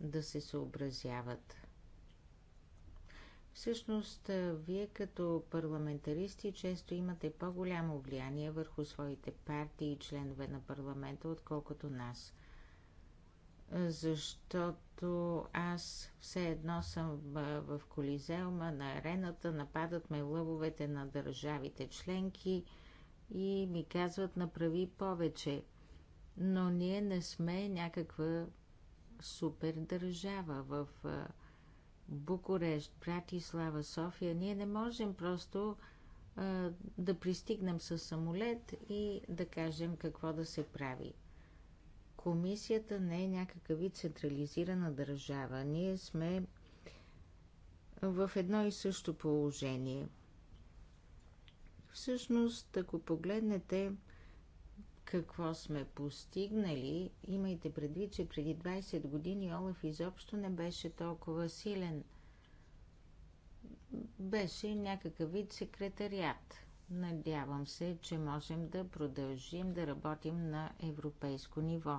да се съобразяват. Всъщност, вие като парламентаристи често имате по-голямо влияние върху своите партии и членове на парламента, отколкото нас. Защото аз все едно съм в Колизеума, на арената, нападат ме лъвовете на държавите членки и ми казват направи повече. Но ние не сме някаква супер държава в Букурещ, Братислава, София, ние не можем просто а, да пристигнем с самолет и да кажем какво да се прави. Комисията не е някакъв вид централизирана държава. Ние сме в едно и също положение. Всъщност, ако погледнете какво сме постигнали, имайте предвид, че преди 20 години Олаф изобщо не беше толкова силен. Беше някакъв вид секретариат. Надявам се, че можем да продължим да работим на европейско ниво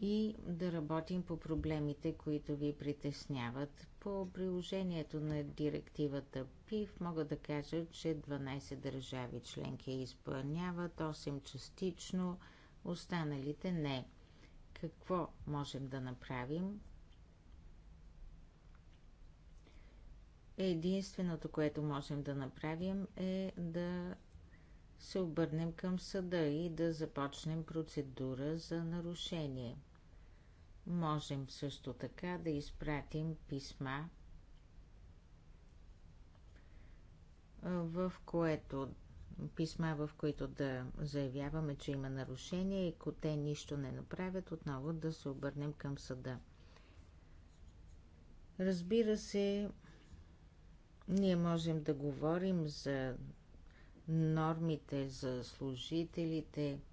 и да работим по проблемите, които ви притесняват. По приложението на директивата ПИВ мога да кажа, че 12 държави членки изпълняват, 8 частично, останалите не. Какво можем да направим? Единственото, което можем да направим е да се обърнем към съда и да започнем процедура за нарушение – Можем също така да изпратим писма, в което писма, в които да заявяваме, че има нарушение и ако те нищо не направят, отново да се обърнем към съда. Разбира се, ние можем да говорим за нормите за служителите –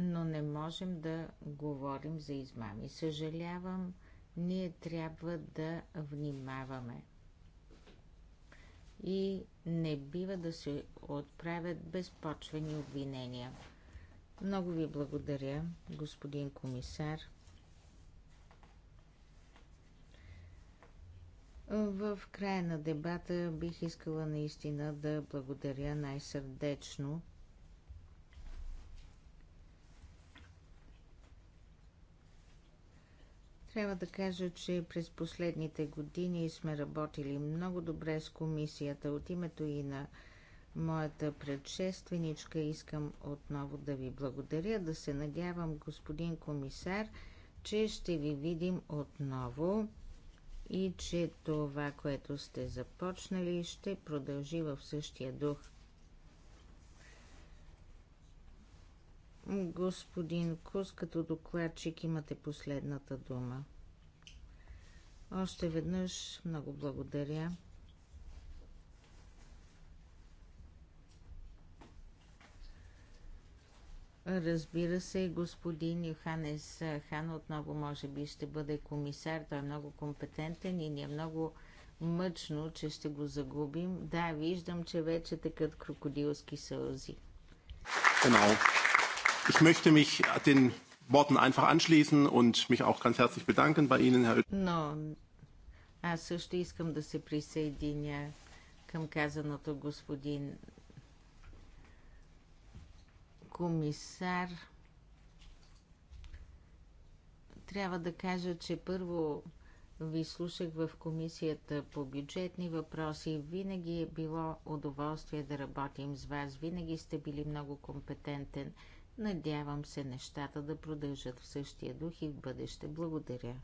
но не можем да говорим за измами. Съжалявам, ние трябва да внимаваме. И не бива да се отправят безпочвени обвинения. Много ви благодаря, господин комисар. В края на дебата бих искала наистина да благодаря най-сърдечно Трябва да кажа, че през последните години сме работили много добре с комисията. От името и на моята предшественичка искам отново да ви благодаря, да се надявам, господин комисар, че ще ви видим отново и че това, което сте започнали, ще продължи в същия дух. Господин Кус, като докладчик имате последната дума. Още веднъж много благодаря. Разбира се, господин Йоханес Хан отново може би ще бъде комисар. Той е много компетентен и ни е много мъчно, че ще го загубим. Да, виждам, че вече такът крокодилски сълзи. Genau. Ich möchte mich den Worten einfach anschließen und mich auch ganz herzlich bedanken bei Ihnen, Herr Но, аз също искам да се присъединя към комисар. Трябва да кажа, че първо ви слушах в комисията по бюджетни въпроси. Винаги е било удоволствие да работим с вас. Винаги сте били много компетентен. Надявам се нещата да продължат в същия дух и в бъдеще. Благодаря.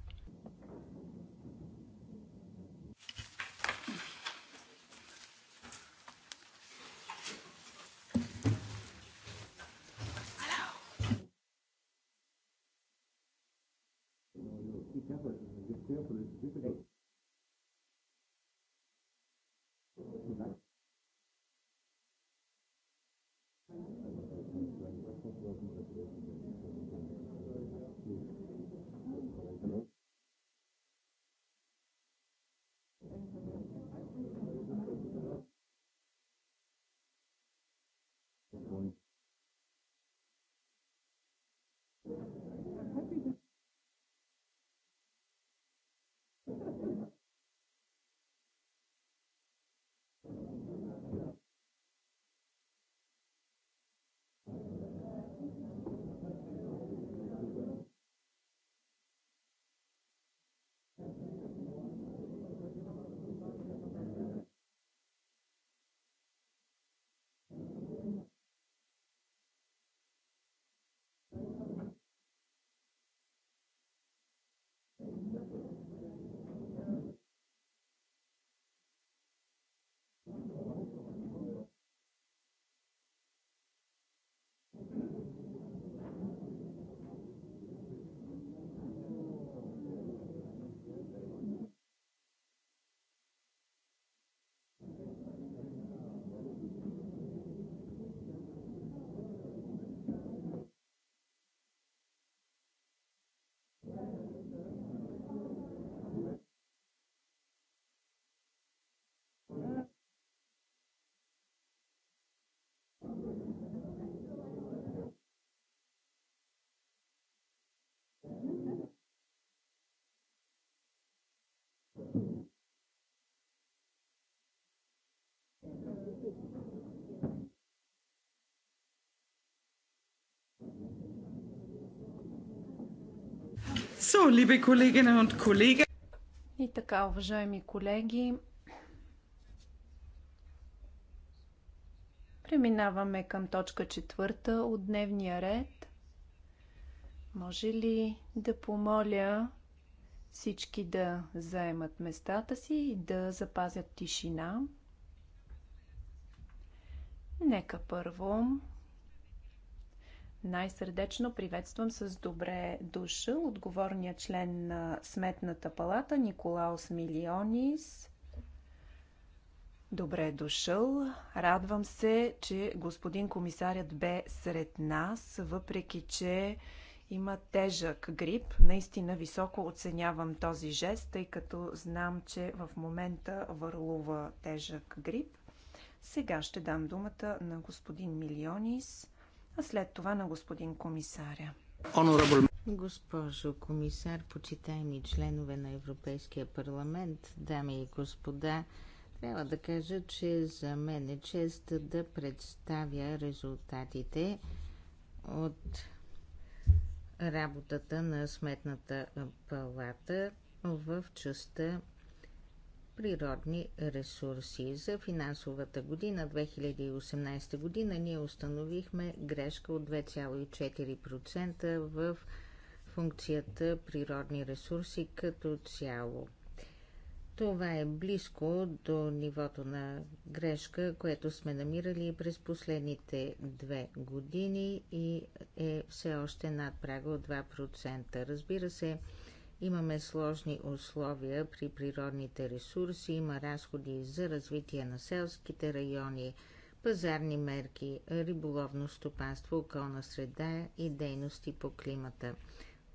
So, liebe Kolleginnen und Kollegen. И така, уважаеми колеги, преминаваме към точка четвърта от дневния ред. Може ли да помоля всички да заемат местата си и да запазят тишина? Нека първо най-сърдечно приветствам с добре душа отговорния член на Сметната палата Николаос Милионис. Добре дошъл. Радвам се, че господин комисарят бе сред нас, въпреки че има тежък грип. Наистина високо оценявам този жест, тъй като знам, че в момента върлува тежък грип. Сега ще дам думата на господин Милионис а след това на господин комисаря. Госпожо комисар, почитаеми членове на Европейския парламент, дами и господа, трябва да кажа, че за мен е чест да представя резултатите от работата на Сметната палата в частта природни ресурси. За финансовата година 2018 година ние установихме грешка от 2,4% в функцията природни ресурси като цяло. Това е близко до нивото на грешка, което сме намирали през последните две години и е все още над прага от 2%. Разбира се, Имаме сложни условия при природните ресурси, има разходи за развитие на селските райони, пазарни мерки, риболовно стопанство, околна среда и дейности по климата.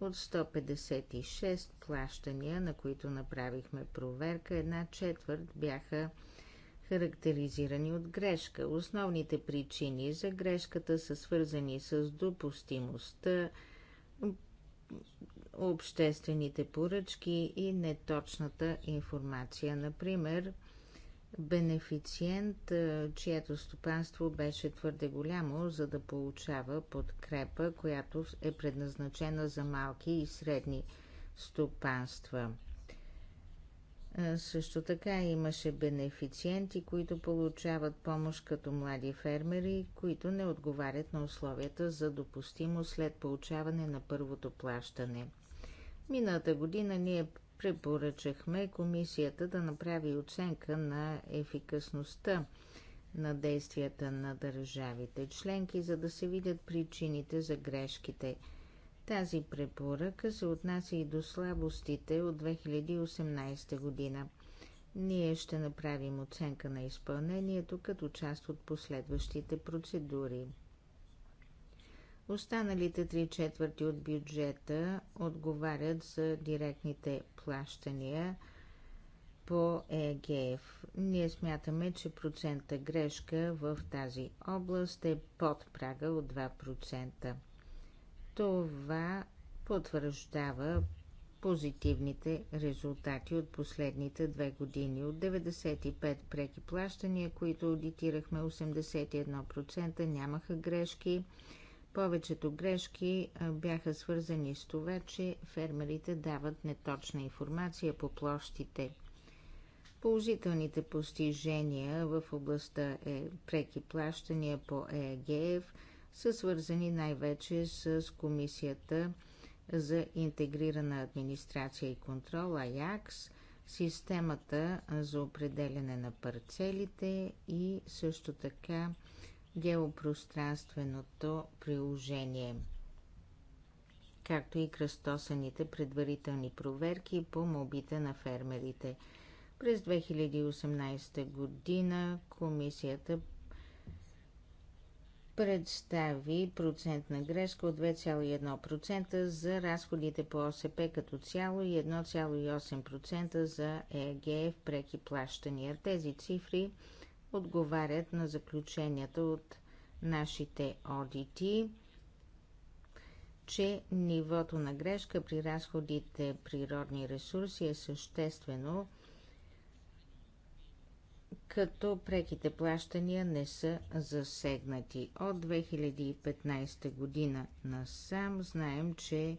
От 156 плащания, на които направихме проверка, една четвърт бяха характеризирани от грешка. Основните причини за грешката са свързани с допустимостта, обществените поръчки и неточната информация. Например, бенефициент, чието стопанство беше твърде голямо, за да получава подкрепа, която е предназначена за малки и средни стопанства. Също така имаше бенефициенти, които получават помощ като млади фермери, които не отговарят на условията за допустимо след получаване на първото плащане. Миналата година ние препоръчахме комисията да направи оценка на ефикасността на действията на държавите членки, за да се видят причините за грешките – тази препоръка се отнася и до слабостите от 2018 година. Ние ще направим оценка на изпълнението като част от последващите процедури. Останалите три четвърти от бюджета отговарят за директните плащания по ЕГФ. Ние смятаме, че процента грешка в тази област е под прага от 2%. Това потвърждава позитивните резултати от последните две години. От 95 преки плащания, които аудитирахме, 81% нямаха грешки. Повечето грешки бяха свързани с това, че фермерите дават неточна информация по площите. Положителните постижения в областта е преки плащания по ЕГФ – са свързани най-вече с Комисията за интегрирана администрация и контрол АЯКС, системата за определене на парцелите и също така геопространственото приложение, както и кръстосаните предварителни проверки по мобите на фермерите. През 2018 година комисията представи процентна грешка от 2,1% за разходите по ОСП като цяло и 1,8% за ЕГФ преки плащания. Тези цифри отговарят на заключенията от нашите одити, че нивото на грешка при разходите природни ресурси е съществено като преките плащания не са засегнати. От 2015 година насам знаем, че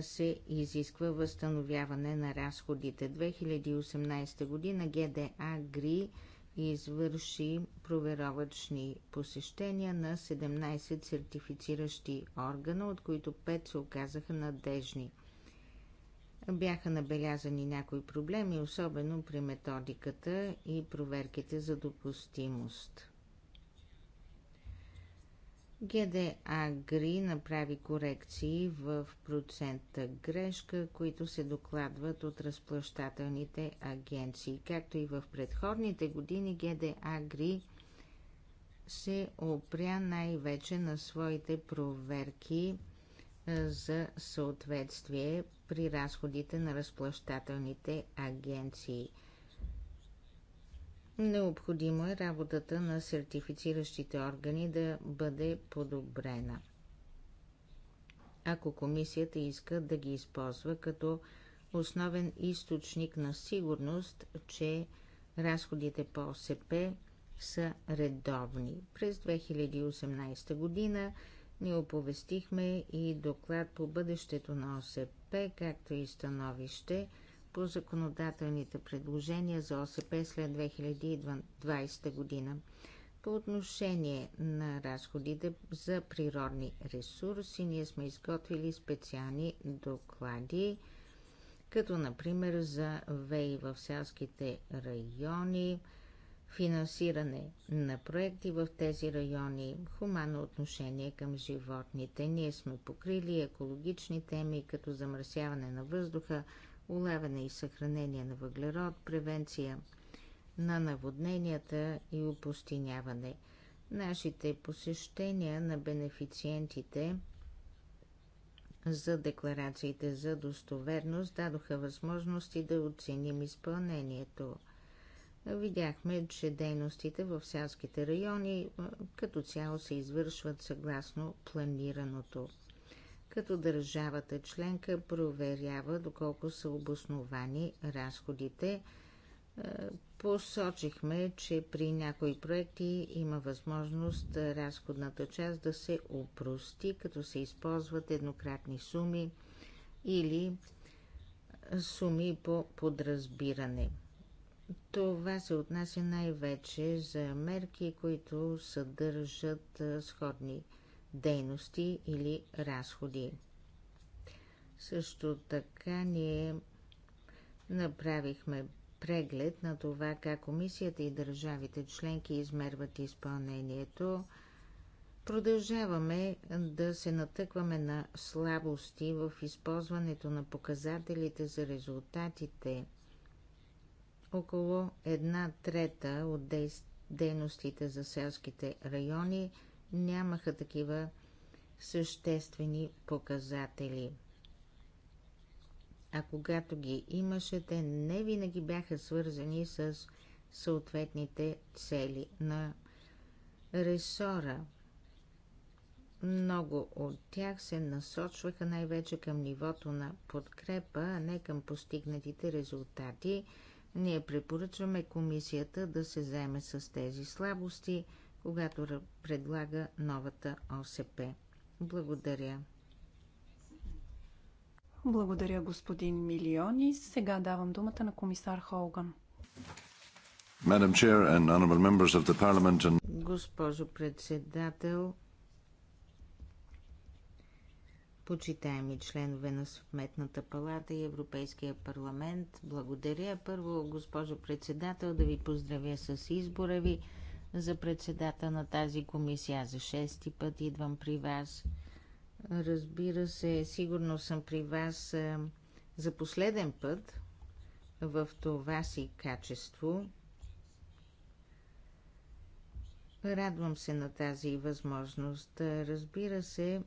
се изисква възстановяване на разходите. 2018 година ГДА ГРИ извърши проверовачни посещения на 17 сертифициращи органа, от които 5 се оказаха надежни – бяха набелязани някои проблеми, особено при методиката и проверките за допустимост. ГДА Гри направи корекции в процента грешка, които се докладват от разплащателните агенции. Както и в предходните години, ГДА Гри се опря най-вече на своите проверки за съответствие при разходите на разплащателните агенции. Необходимо е работата на сертифициращите органи да бъде подобрена. Ако комисията иска да ги използва като основен източник на сигурност, че разходите по ОСП са редовни. През 2018 година ни оповестихме и доклад по бъдещето на ОСП, както и становище по законодателните предложения за ОСП след 2020 година. По отношение на разходите за природни ресурси, ние сме изготвили специални доклади, като например за ВЕИ в селските райони – финансиране на проекти в тези райони, хуманно отношение към животните. Ние сме покрили екологични теми, като замърсяване на въздуха, улавяне и съхранение на въглерод, превенция на наводненията и опустиняване. Нашите посещения на бенефициентите за декларациите за достоверност дадоха възможности да оценим изпълнението – видяхме, че дейностите в селските райони като цяло се извършват съгласно планираното. Като държавата членка проверява доколко са обосновани разходите, посочихме, че при някои проекти има възможност разходната част да се опрости, като се използват еднократни суми или суми по подразбиране – това се отнася най-вече за мерки, които съдържат сходни дейности или разходи. Също така ние направихме преглед на това как комисията и държавите членки измерват изпълнението. Продължаваме да се натъкваме на слабости в използването на показателите за резултатите около една трета от дейностите за селските райони нямаха такива съществени показатели. А когато ги имаше, те не винаги бяха свързани с съответните цели на ресора. Много от тях се насочваха най-вече към нивото на подкрепа, а не към постигнатите резултати – ние препоръчваме комисията да се заеме с тези слабости, когато предлага новата ОСП. Благодаря. Благодаря, господин Милиони. Сега давам думата на комисар Холган. Госпожо председател, почитаеми членове на Сметната палата и Европейския парламент. Благодаря. Първо, госпожо председател, да ви поздравя с избора ви за председател на тази комисия. За шести път идвам при вас. Разбира се, сигурно съм при вас е, за последен път в това си качество. Радвам се на тази възможност. Разбира се,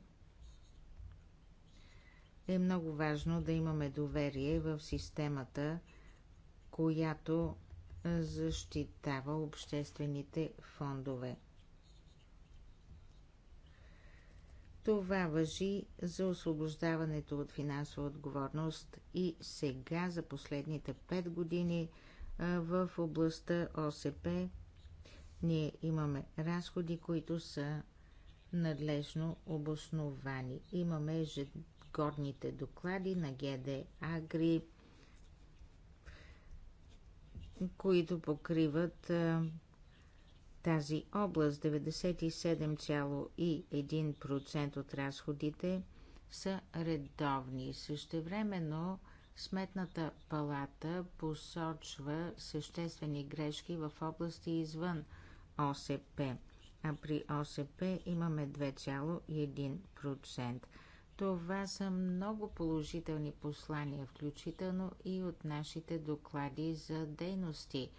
е много важно да имаме доверие в системата, която защитава обществените фондове. Това въжи за освобождаването от финансова отговорност и сега за последните 5 години в областта ОСП ние имаме разходи, които са надлежно обосновани. Имаме Горните доклади на ГД Агри, които покриват тази област 97,1% от разходите са редовни. Същевременно Сметната палата посочва съществени грешки в области извън ОСП, а при ОСП имаме 2,1%. Това са много положителни послания, включително и от нашите доклади за дейности.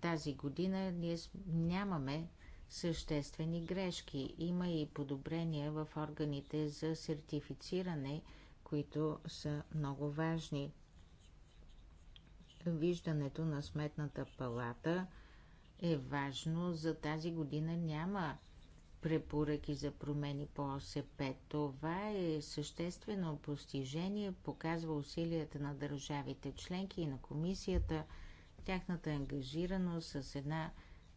Тази година ние нямаме съществени грешки. Има и подобрения в органите за сертифициране, които са много важни. Виждането на сметната палата е важно. За тази година няма препоръки за промени по ОСП. Това е съществено постижение, показва усилията на държавите членки и на комисията, тяхната ангажираност с една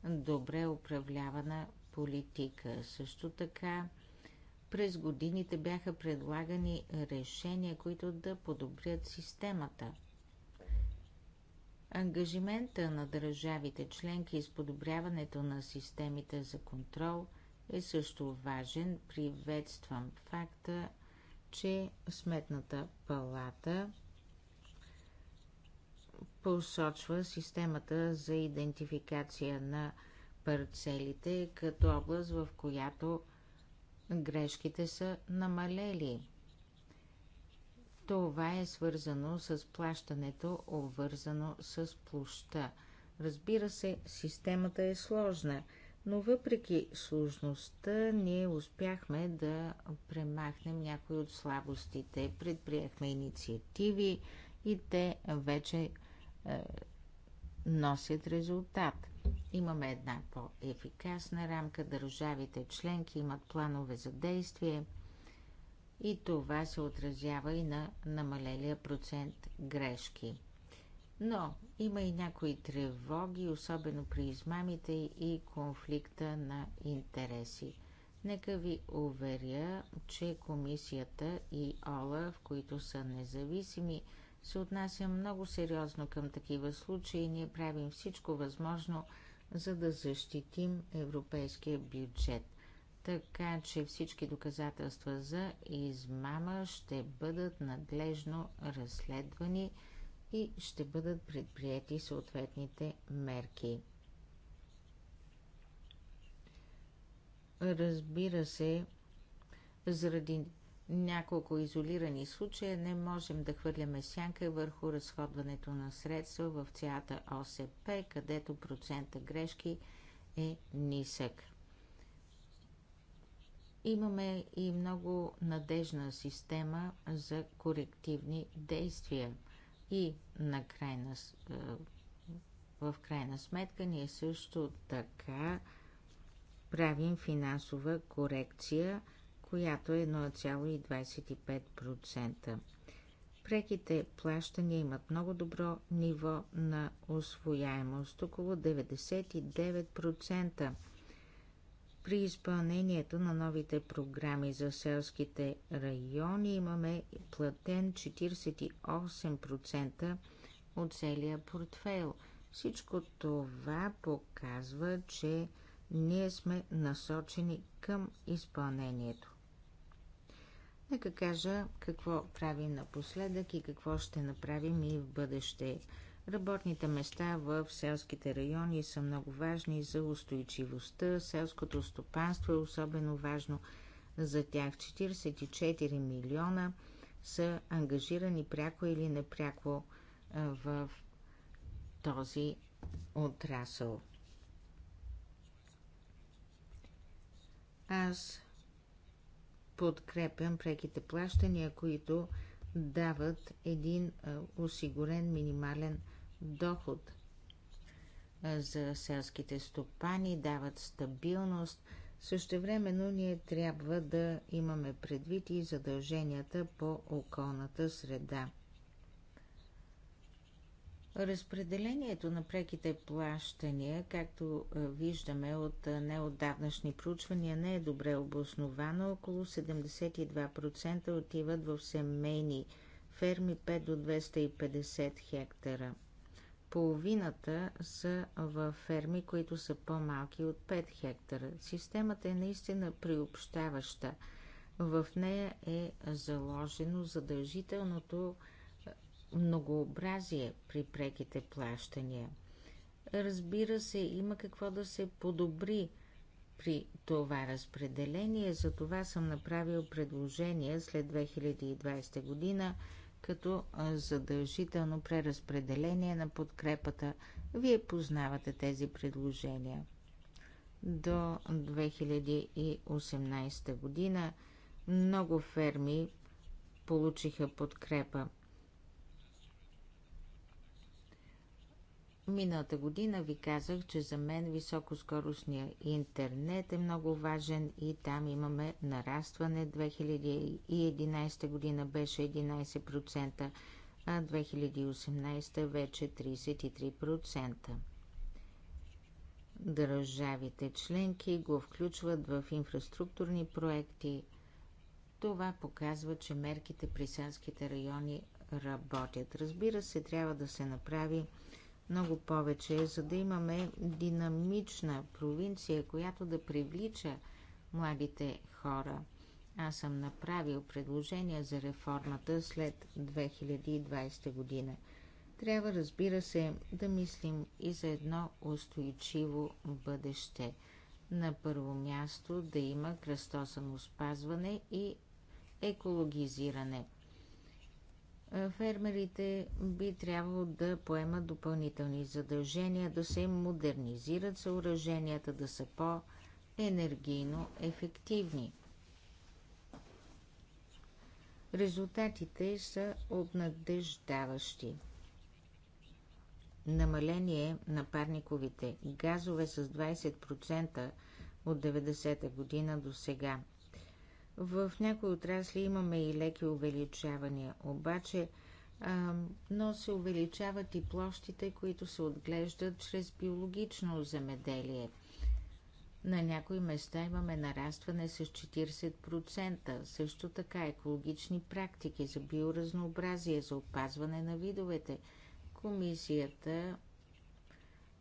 добре управлявана политика. Също така през годините бяха предлагани решения, които да подобрят системата. Ангажимента на държавите членки с подобряването на системите за контрол – е също важен. Приветствам факта, че Сметната палата посочва системата за идентификация на парцелите като област, в която грешките са намалели. Това е свързано с плащането, обвързано с площа. Разбира се, системата е сложна – но въпреки сложността ние успяхме да премахнем някои от слабостите. Предприехме инициативи и те вече е, носят резултат. Имаме една по-ефикасна рамка, държавите членки имат планове за действие и това се отразява и на намалелия процент грешки. Но има и някои тревоги, особено при измамите и конфликта на интереси. Нека ви уверя, че комисията и в които са независими, се отнася много сериозно към такива случаи. Ние правим всичко възможно, за да защитим европейския бюджет. Така че всички доказателства за измама ще бъдат надлежно разследвани – и ще бъдат предприяти съответните мерки. Разбира се, заради няколко изолирани случая не можем да хвърляме сянка върху разходването на средства в цялата ОСП, където процента грешки е нисък. Имаме и много надежна система за корективни действия – и на крайна, е, в крайна сметка ние също така правим финансова корекция, която е 1,25%. Преките плащания имат много добро ниво на освояемост, около 99%. При изпълнението на новите програми за селските райони имаме платен 48% от целия портфейл. Всичко това показва, че ние сме насочени към изпълнението. Нека кажа какво правим напоследък и какво ще направим и в бъдеще. Работните места в селските райони са много важни за устойчивостта. Селското стопанство е особено важно за тях. 44 милиона са ангажирани пряко или непряко в този отрасъл. Аз подкрепям преките плащания, които дават един осигурен минимален доход за селските стопани, дават стабилност. Същевременно ние трябва да имаме предвид и задълженията по околната среда. Разпределението на преките плащания, както виждаме от неотдавнашни проучвания, не е добре обосновано. Около 72% отиват в семейни ферми 5 до 250 хектара – половината са в ферми, които са по-малки от 5 хектара. Системата е наистина приобщаваща. В нея е заложено задължителното многообразие при преките плащания. Разбира се, има какво да се подобри при това разпределение, затова съм направил предложение след 2020 година – като задължително преразпределение на подкрепата. Вие познавате тези предложения. До 2018 година много ферми получиха подкрепа. Миналата година ви казах, че за мен високоскоростния интернет е много важен и там имаме нарастване. 2011 година беше 11%, а 2018 вече 33%. Държавите членки го включват в инфраструктурни проекти. Това показва, че мерките при санските райони работят. Разбира се, трябва да се направи много повече, за да имаме динамична провинция, която да привлича младите хора. Аз съм направил предложение за реформата след 2020 година. Трябва, разбира се, да мислим и за едно устойчиво бъдеще. На първо място да има кръстосано спазване и екологизиране – фермерите би трябвало да поемат допълнителни задължения, да се модернизират съоръженията, да са по-енергийно ефективни. Резултатите са обнадеждаващи. Намаление на парниковите газове с 20% от 90-та година до сега – в някои отрасли имаме и леки увеличавания, обаче, а, но се увеличават и площите, които се отглеждат чрез биологично земеделие. На някои места имаме нарастване с 40%, също така екологични практики за биоразнообразие, за опазване на видовете. Комисията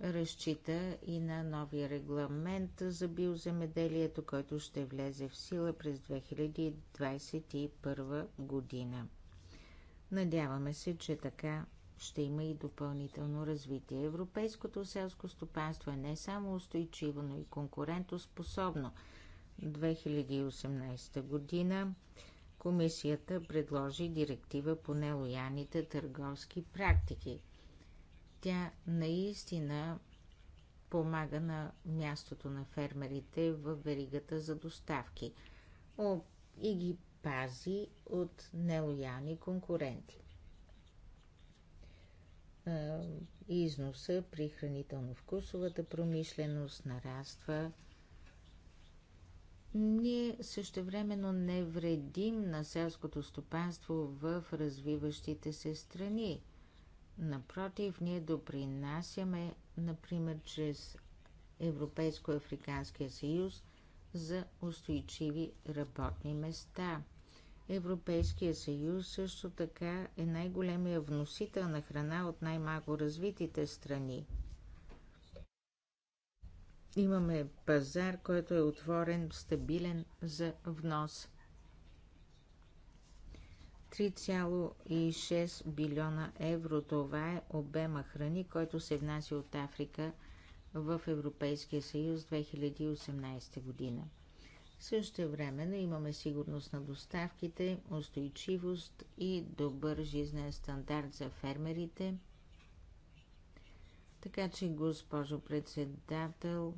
разчита и на новия регламент за биоземеделието, който ще влезе в сила през 2021 година. Надяваме се, че така ще има и допълнително развитие. Европейското селско стопанство е не само устойчиво, но и конкурентоспособно. 2018 година Комисията предложи директива по нелояните търговски практики – тя наистина помага на мястото на фермерите в веригата за доставки и ги пази от нелоялни конкуренти. Износа при хранително-вкусовата промишленост нараства. Ние същевременно не вредим на селското стопанство в развиващите се страни. Напротив, ние допринасяме, например, чрез Европейско-Африканския съюз за устойчиви работни места. Европейския съюз също така е най-големия вносител на храна от най-малко развитите страни. Имаме пазар, който е отворен, стабилен за внос. 3,6 билиона евро. Това е обема храни, който се внася от Африка в Европейския съюз 2018 година. Също време имаме сигурност на доставките, устойчивост и добър жизнен стандарт за фермерите. Така че, госпожо председател,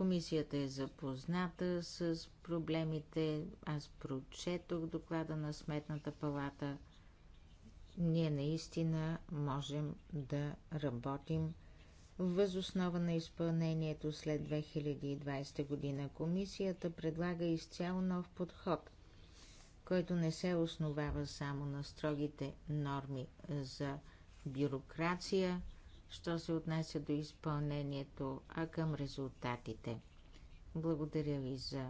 Комисията е запозната с проблемите. Аз прочетох доклада на Сметната палата. Ние наистина можем да работим възоснова на изпълнението след 2020 година. Комисията предлага изцяло нов подход, който не се основава само на строгите норми за бюрокрация – що се отнася до изпълнението, а към резултатите. Благодаря ви за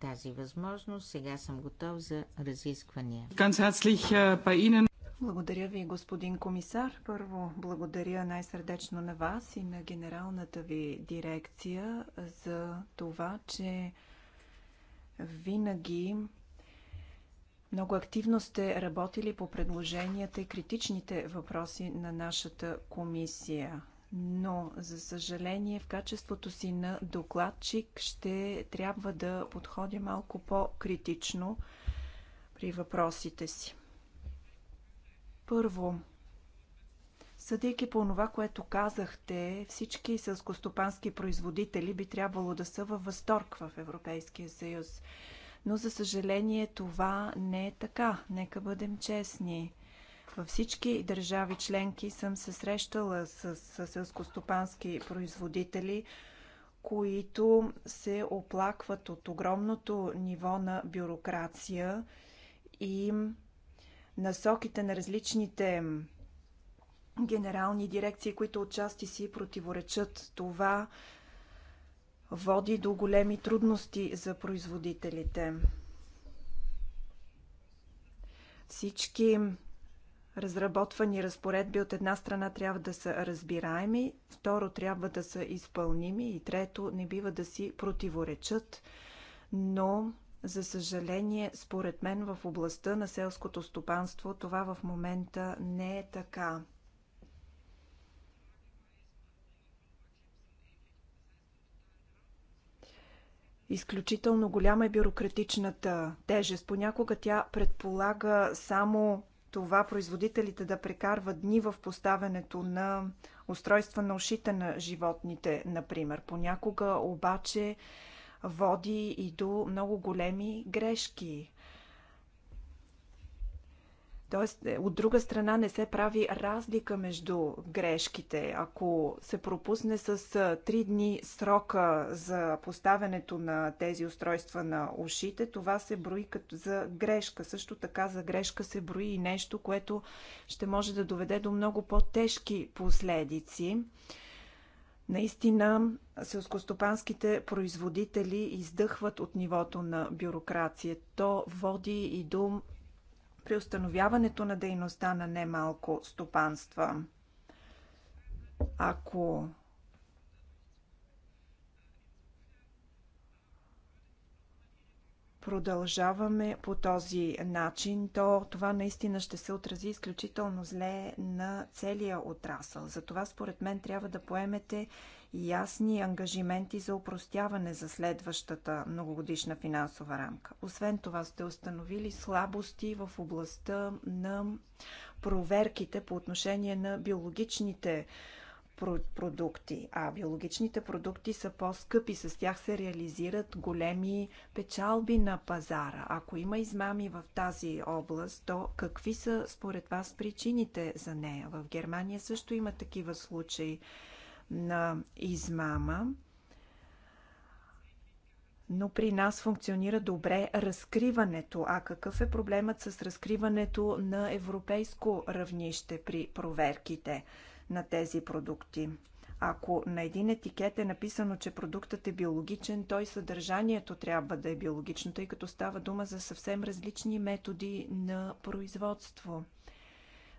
тази възможност. Сега съм готов за разисквания. Äh, благодаря ви, господин комисар. Първо, благодаря най-сърдечно на вас и на генералната ви дирекция за това, че винаги много активно сте работили по предложенията и критичните въпроси на нашата комисия. Но, за съжаление, в качеството си на докладчик ще трябва да подходя малко по-критично при въпросите си. Първо, съдейки по това, което казахте, всички селскостопански производители би трябвало да са във възторг в Европейския съюз но за съжаление това не е така. Нека бъдем честни. Във всички държави членки съм се срещала с, с селскостопански производители, които се оплакват от огромното ниво на бюрокрация и насоките на различните генерални дирекции, които отчасти си противоречат. Това води до големи трудности за производителите. Всички разработвани разпоредби от една страна трябва да са разбираеми, второ трябва да са изпълними и трето не бива да си противоречат, но за съжаление, според мен в областта на селското стопанство това в момента не е така. Изключително голяма е бюрократичната тежест. Понякога тя предполага само това производителите да прекарват дни в поставянето на устройства на ушите на животните, например. Понякога обаче води и до много големи грешки. Тоест, е, от друга страна не се прави разлика между грешките. Ако се пропусне с 3 дни срока за поставянето на тези устройства на ушите, това се брои като за грешка. Също така за грешка се брои и нещо, което ще може да доведе до много по-тежки последици. Наистина, селскостопанските производители издъхват от нивото на бюрокрация. То води и до при установяването на дейността на немалко стопанства. Ако продължаваме по този начин, то това наистина ще се отрази изключително зле на целия отрасъл. Затова според мен трябва да поемете ясни ангажименти за упростяване за следващата многогодишна финансова рамка. Освен това сте установили слабости в областта на проверките по отношение на биологичните продукти. А биологичните продукти са по-скъпи, с тях се реализират големи печалби на пазара. Ако има измами в тази област, то какви са според вас причините за нея? В Германия също има такива случаи на измама, но при нас функционира добре разкриването. А какъв е проблемът с разкриването на европейско равнище при проверките на тези продукти? Ако на един етикет е написано, че продуктът е биологичен, той съдържанието трябва да е биологично, тъй като става дума за съвсем различни методи на производство.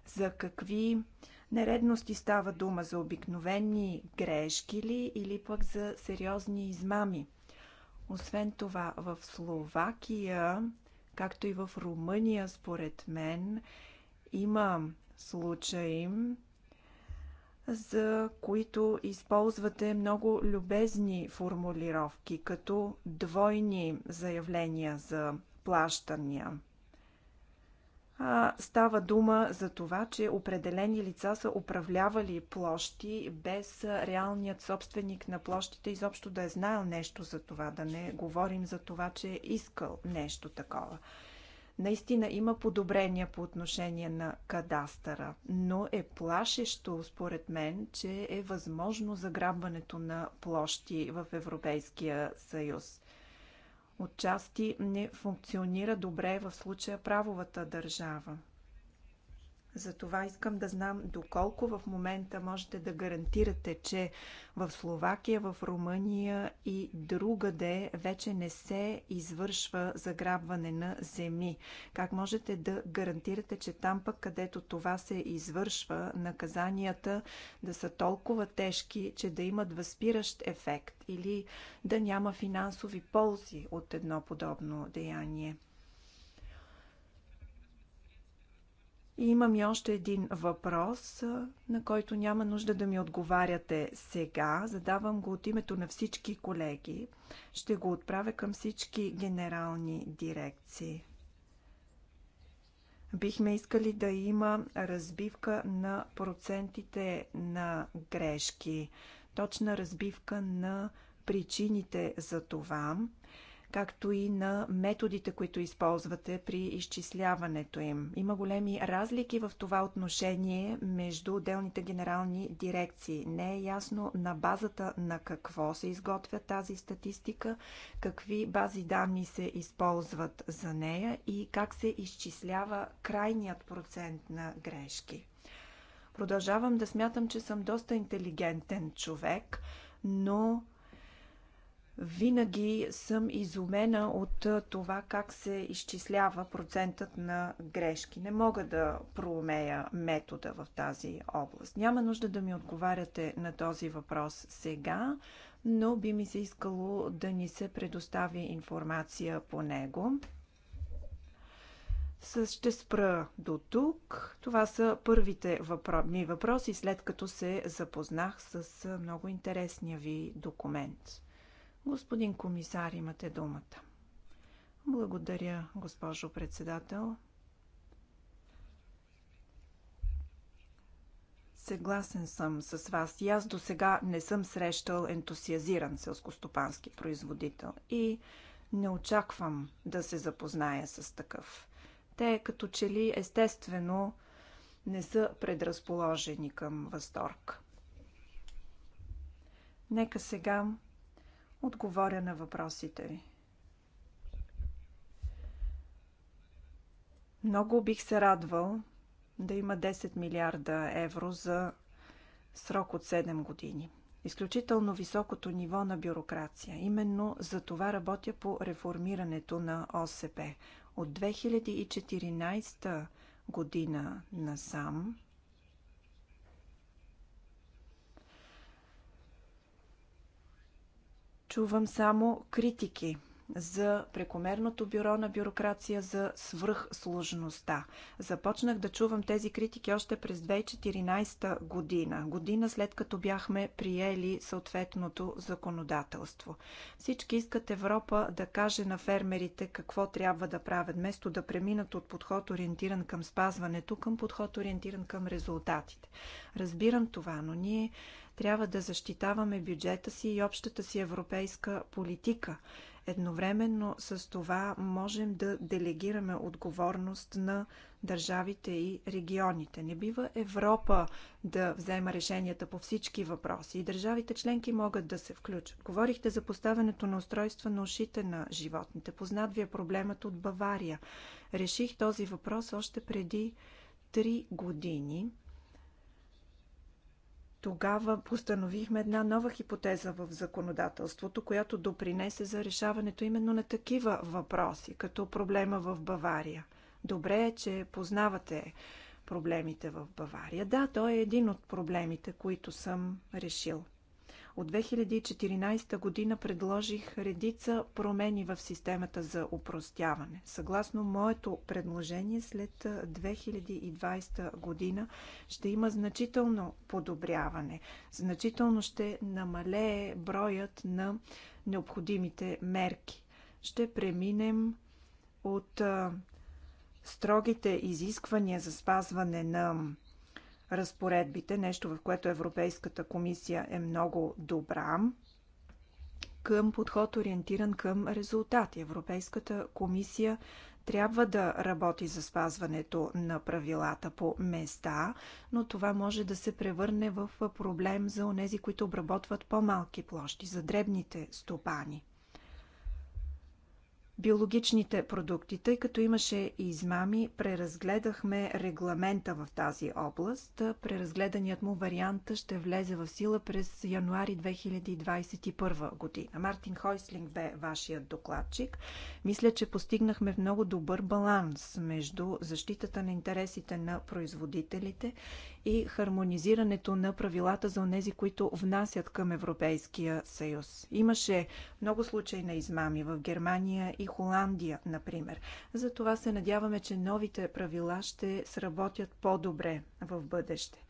За какви нередности става дума? За обикновени грешки ли или пък за сериозни измами? Освен това, в Словакия, както и в Румъния, според мен, има случаи, за които използвате много любезни формулировки, като двойни заявления за плащания става дума за това, че определени лица са управлявали площи без реалният собственик на площите изобщо да е знаел нещо за това, да не говорим за това, че е искал нещо такова. Наистина има подобрения по отношение на кадастъра, но е плашещо, според мен, че е възможно заграбването на площи в Европейския съюз отчасти не функционира добре в случая правовата държава. Затова искам да знам доколко в момента можете да гарантирате, че в Словакия, в Румъния и другаде вече не се извършва заграбване на земи. Как можете да гарантирате, че там пък, където това се извършва, наказанията да са толкова тежки, че да имат възпиращ ефект или да няма финансови ползи от едно подобно деяние? И имам и още един въпрос, на който няма нужда да ми отговаряте сега. Задавам го от името на всички колеги. Ще го отправя към всички генерални дирекции. Бихме искали да има разбивка на процентите на грешки, точна разбивка на причините за това както и на методите, които използвате при изчисляването им. Има големи разлики в това отношение между отделните генерални дирекции. Не е ясно на базата на какво се изготвя тази статистика, какви бази данни се използват за нея и как се изчислява крайният процент на грешки. Продължавам да смятам, че съм доста интелигентен човек, но винаги съм изумена от това как се изчислява процентът на грешки. Не мога да проумея метода в тази област. Няма нужда да ми отговаряте на този въпрос сега, но би ми се искало да ни се предостави информация по него. Ще спра до тук. Това са първите ми въпроси, след като се запознах с много интересния ви документ. Господин комисар, имате думата. Благодаря, госпожо председател. Съгласен съм с вас. И аз до сега не съм срещал ентусиазиран селскостопански производител и не очаквам да се запозная с такъв. Те като че ли естествено не са предразположени към възторг. Нека сега отговоря на въпросите ви. Много бих се радвал да има 10 милиарда евро за срок от 7 години. Изключително високото ниво на бюрокрация. Именно за това работя по реформирането на ОСП. От 2014 година насам Чувам само критики за прекомерното бюро на бюрокрация, за свръхсложността. Започнах да чувам тези критики още през 2014 година, година след като бяхме приели съответното законодателство. Всички искат Европа да каже на фермерите какво трябва да правят, вместо да преминат от подход ориентиран към спазването, към подход ориентиран към резултатите. Разбирам това, но ние трябва да защитаваме бюджета си и общата си европейска политика. Едновременно с това можем да делегираме отговорност на държавите и регионите. Не бива Европа да взема решенията по всички въпроси и държавите членки могат да се включат. Говорихте за поставянето на устройства на ушите на животните. Познат ви е проблемът от Бавария. Реших този въпрос още преди 3 години тогава постановихме една нова хипотеза в законодателството, която допринесе за решаването именно на такива въпроси, като проблема в Бавария. Добре е, че познавате проблемите в Бавария. Да, той е един от проблемите, които съм решил. От 2014 година предложих редица промени в системата за упростяване. Съгласно моето предложение, след 2020 година ще има значително подобряване. Значително ще намалее броят на необходимите мерки. Ще преминем от строгите изисквания за спазване на разпоредбите, нещо в което Европейската комисия е много добра, към подход ориентиран към резултати. Европейската комисия трябва да работи за спазването на правилата по места, но това може да се превърне в проблем за онези, които обработват по-малки площи, за дребните стопани биологичните продукти. Тъй като имаше измами, преразгледахме регламента в тази област. Преразгледаният му вариант ще влезе в сила през януари 2021 година. Мартин Хойслинг бе вашият докладчик. Мисля, че постигнахме много добър баланс между защитата на интересите на производителите и хармонизирането на правилата за онези, които внасят към Европейския съюз. Имаше много случаи на измами в Германия и Холандия, например. Затова се надяваме, че новите правила ще сработят по-добре в бъдеще.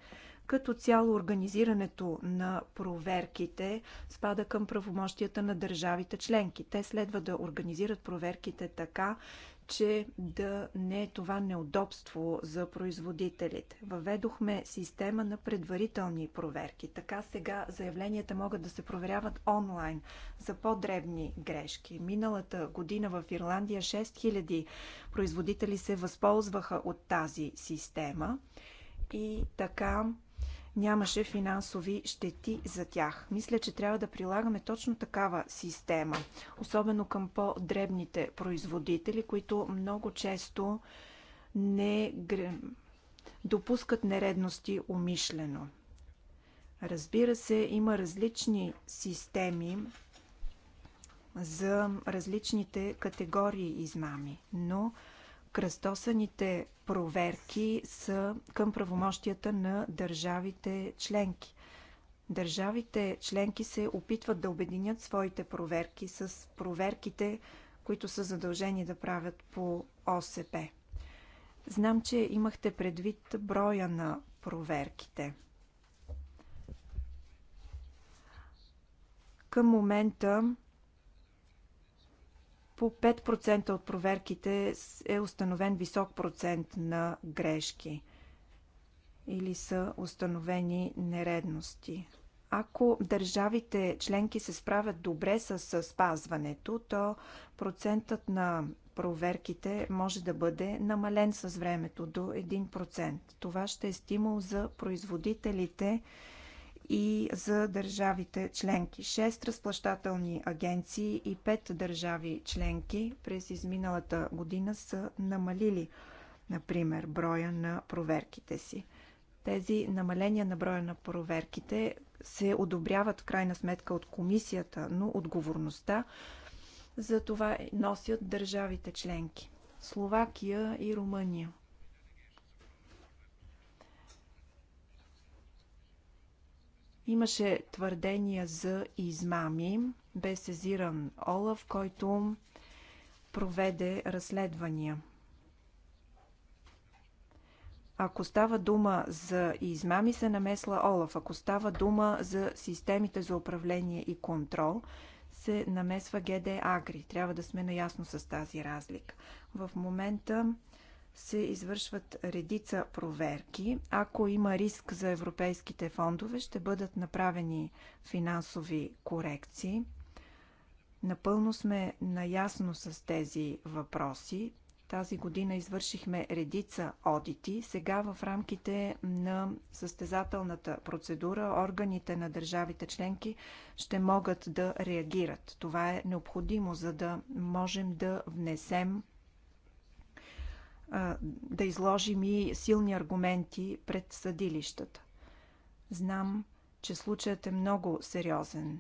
Като цяло организирането на проверките спада към правомощията на държавите членки. Те следва да организират проверките така, че да не е това неудобство за производителите. Въведохме система на предварителни проверки. Така сега заявленията могат да се проверяват онлайн за по-дребни грешки. Миналата година в Ирландия 6000 производители се възползваха от тази система и така нямаше финансови щети за тях. Мисля, че трябва да прилагаме точно такава система, особено към по-дребните производители, които много често не допускат нередности умишлено. Разбира се, има различни системи за различните категории измами, но кръстосаните проверки са към правомощията на държавите членки. Държавите членки се опитват да обединят своите проверки с проверките, които са задължени да правят по ОСП. Знам, че имахте предвид броя на проверките. Към момента по 5% от проверките е установен висок процент на грешки или са установени нередности. Ако държавите членки се справят добре с спазването, то процентът на проверките може да бъде намален с времето до 1%. Това ще е стимул за производителите и за държавите членки. Шест разплащателни агенции и пет държави членки през изминалата година са намалили, например, броя на проверките си. Тези намаления на броя на проверките се одобряват в крайна сметка от комисията, но отговорността за това носят държавите членки. Словакия и Румъния. Имаше твърдения за измами. Бе сезиран Олаф, който проведе разследвания. Ако става дума за измами, се намесла Олаф. Ако става дума за системите за управление и контрол, се намесва ГД Агри. Трябва да сме наясно с тази разлика. В момента се извършват редица проверки. Ако има риск за европейските фондове, ще бъдат направени финансови корекции. Напълно сме наясно с тези въпроси. Тази година извършихме редица одити. Сега в рамките на състезателната процедура органите на държавите членки ще могат да реагират. Това е необходимо, за да можем да внесем да изложим и силни аргументи пред съдилищата. Знам, че случаят е много сериозен.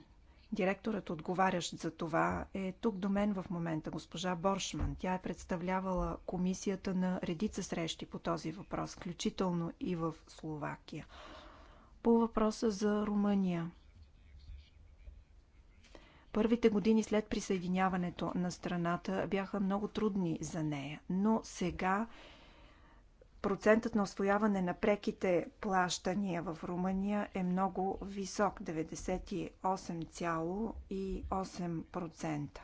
Директорът, отговарящ за това, е тук до мен в момента, госпожа Боршман. Тя е представлявала комисията на редица срещи по този въпрос, включително и в Словакия. По въпроса за Румъния. Първите години след присъединяването на страната бяха много трудни за нея, но сега процентът на освояване на преките плащания в Румъния е много висок 98,8%.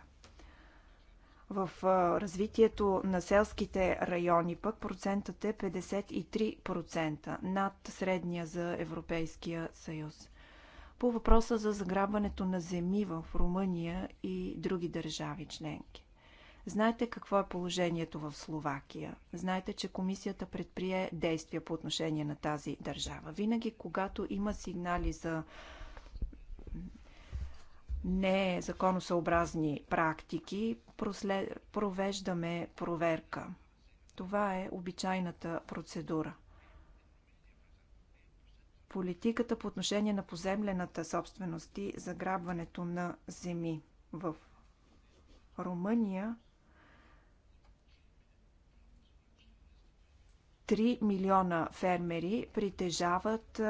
В развитието на селските райони пък процентът е 53%, над средния за Европейския съюз по въпроса за заграбването на земи в Румъния и други държави членки. Знаете какво е положението в Словакия. Знаете, че комисията предприе действия по отношение на тази държава. Винаги, когато има сигнали за незаконосъобразни практики, провеждаме проверка. Това е обичайната процедура политиката по отношение на поземлената собственост и заграбването на земи в Румъния 3 милиона фермери притежават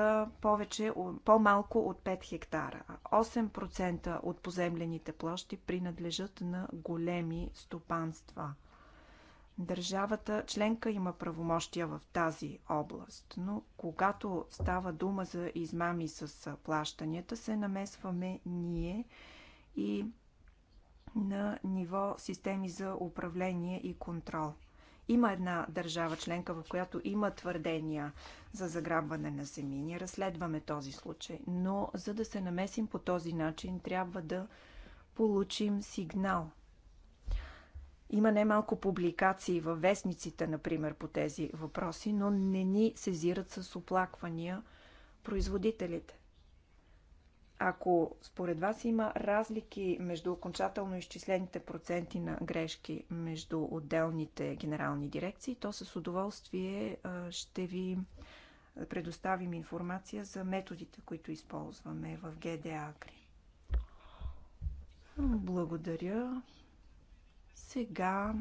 повече, по-малко от 5 хектара. 8% от поземлените площи принадлежат на големи стопанства. Държавата членка има правомощия в тази област, но когато става дума за измами с плащанията, се намесваме ние и на ниво системи за управление и контрол. Има една държава членка, в която има твърдения за заграбване на земи. Ние разследваме този случай, но за да се намесим по този начин, трябва да получим сигнал има немалко публикации във вестниците, например, по тези въпроси, но не ни сезират с оплаквания производителите. Ако според вас има разлики между окончателно изчислените проценти на грешки между отделните генерални дирекции, то с удоволствие ще ви предоставим информация за методите, които използваме в ГДА Агри. Благодаря. Сега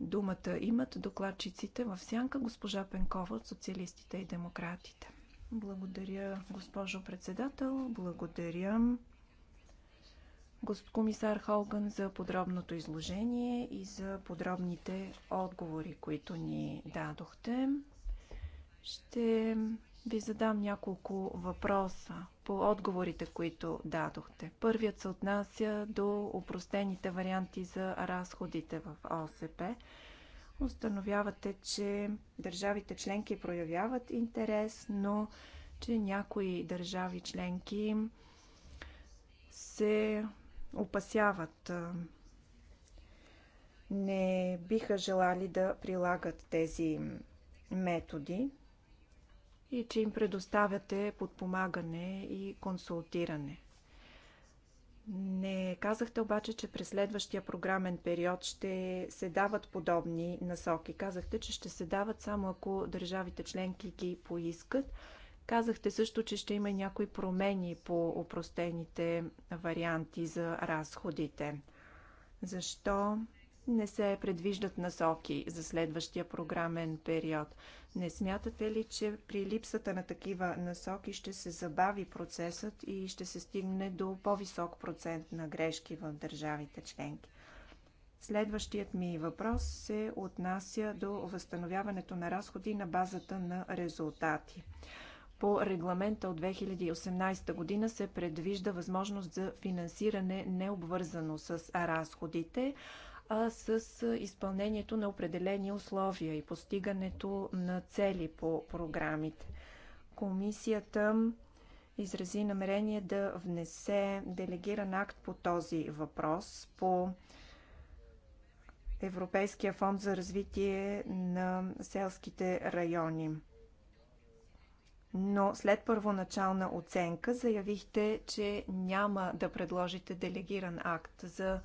думата имат докладчиците в сянка госпожа Пенкова от социалистите и демократите. Благодаря, госпожо председател. Благодаря комисар Холган за подробното изложение и за подробните отговори, които ни дадохте. Ще ви задам няколко въпроса по отговорите, които дадохте. Първият се отнася до упростените варианти за разходите в ОСП. Установявате, че държавите членки проявяват интерес, но че някои държави членки се опасяват. Не биха желали да прилагат тези методи и че им предоставяте подпомагане и консултиране. Не казахте обаче, че през следващия програмен период ще се дават подобни насоки. Казахте, че ще се дават само ако държавите членки ги поискат. Казахте също, че ще има някои промени по опростените варианти за разходите. Защо не се предвиждат насоки за следващия програмен период. Не смятате ли, че при липсата на такива насоки ще се забави процесът и ще се стигне до по-висок процент на грешки в държавите членки? Следващият ми въпрос се отнася до възстановяването на разходи на базата на резултати. По регламента от 2018 година се предвижда възможност за финансиране необвързано с разходите а с изпълнението на определени условия и постигането на цели по програмите. Комисията изрази намерение да внесе делегиран акт по този въпрос по Европейския фонд за развитие на селските райони. Но след първоначална оценка заявихте, че няма да предложите делегиран акт за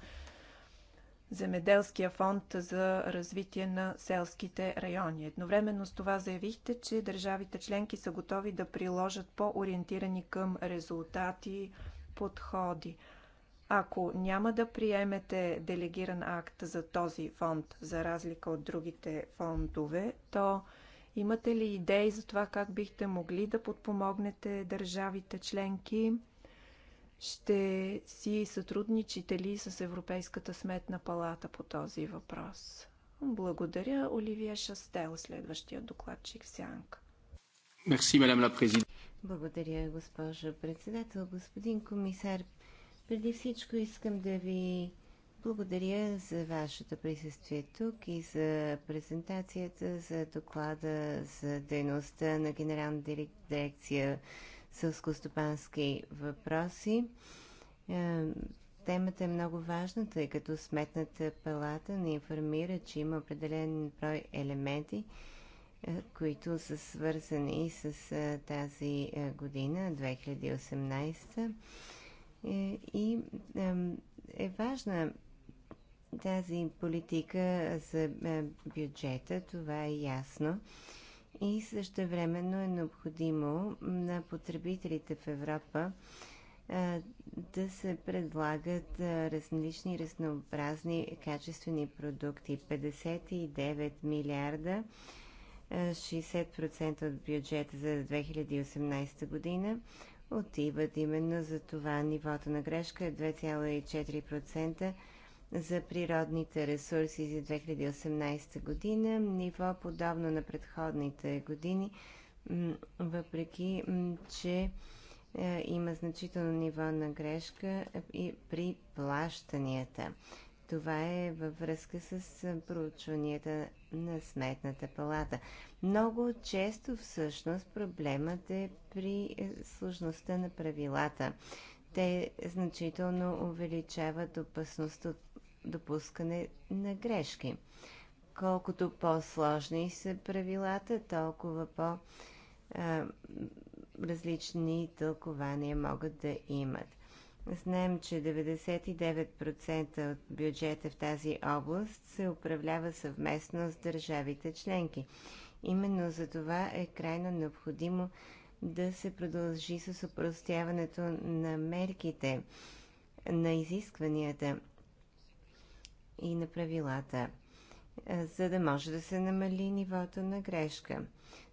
Земеделския фонд за развитие на селските райони. Едновременно с това заявихте, че държавите членки са готови да приложат по-ориентирани към резултати подходи. Ако няма да приемете делегиран акт за този фонд, за разлика от другите фондове, то имате ли идеи за това как бихте могли да подпомогнете държавите членки? Ще си сътрудничите ли с Европейската сметна палата по този въпрос? Благодаря. Оливия Шастел, следващия докладчик в Сянка. Благодаря, госпожо председател. Господин комисар, преди всичко искам да ви благодаря за вашето присъствие тук и за презентацията, за доклада, за дейността на Генерална дирекция сълскостопански въпроси. Е, темата е много важна, тъй като Сметната палата ни информира, че има определен брой елементи, е, които са свързани с е, тази година, 2018. И е важна тази политика за бюджета, това е ясно и също времено е необходимо на потребителите в Европа да се предлагат различни, разнообразни, качествени продукти. 59 милиарда, 60% от бюджета за 2018 година отиват именно за това. Нивото на грешка е 2,4% за природните ресурси за 2018 година, ниво подобно на предходните години, въпреки че е, има значително ниво на грешка е, и при плащанията. Това е във връзка с е, проучванията на Сметната палата. Много често всъщност проблемът е при сложността на правилата. Те значително увеличават опасността от допускане на грешки. Колкото по-сложни са правилата, толкова по- различни тълкования могат да имат. Знаем, че 99% от бюджета в тази област се управлява съвместно с държавите членки. Именно за това е крайно необходимо да се продължи с упростяването на мерките, на изискванията и на правилата, за да може да се намали нивото на грешка.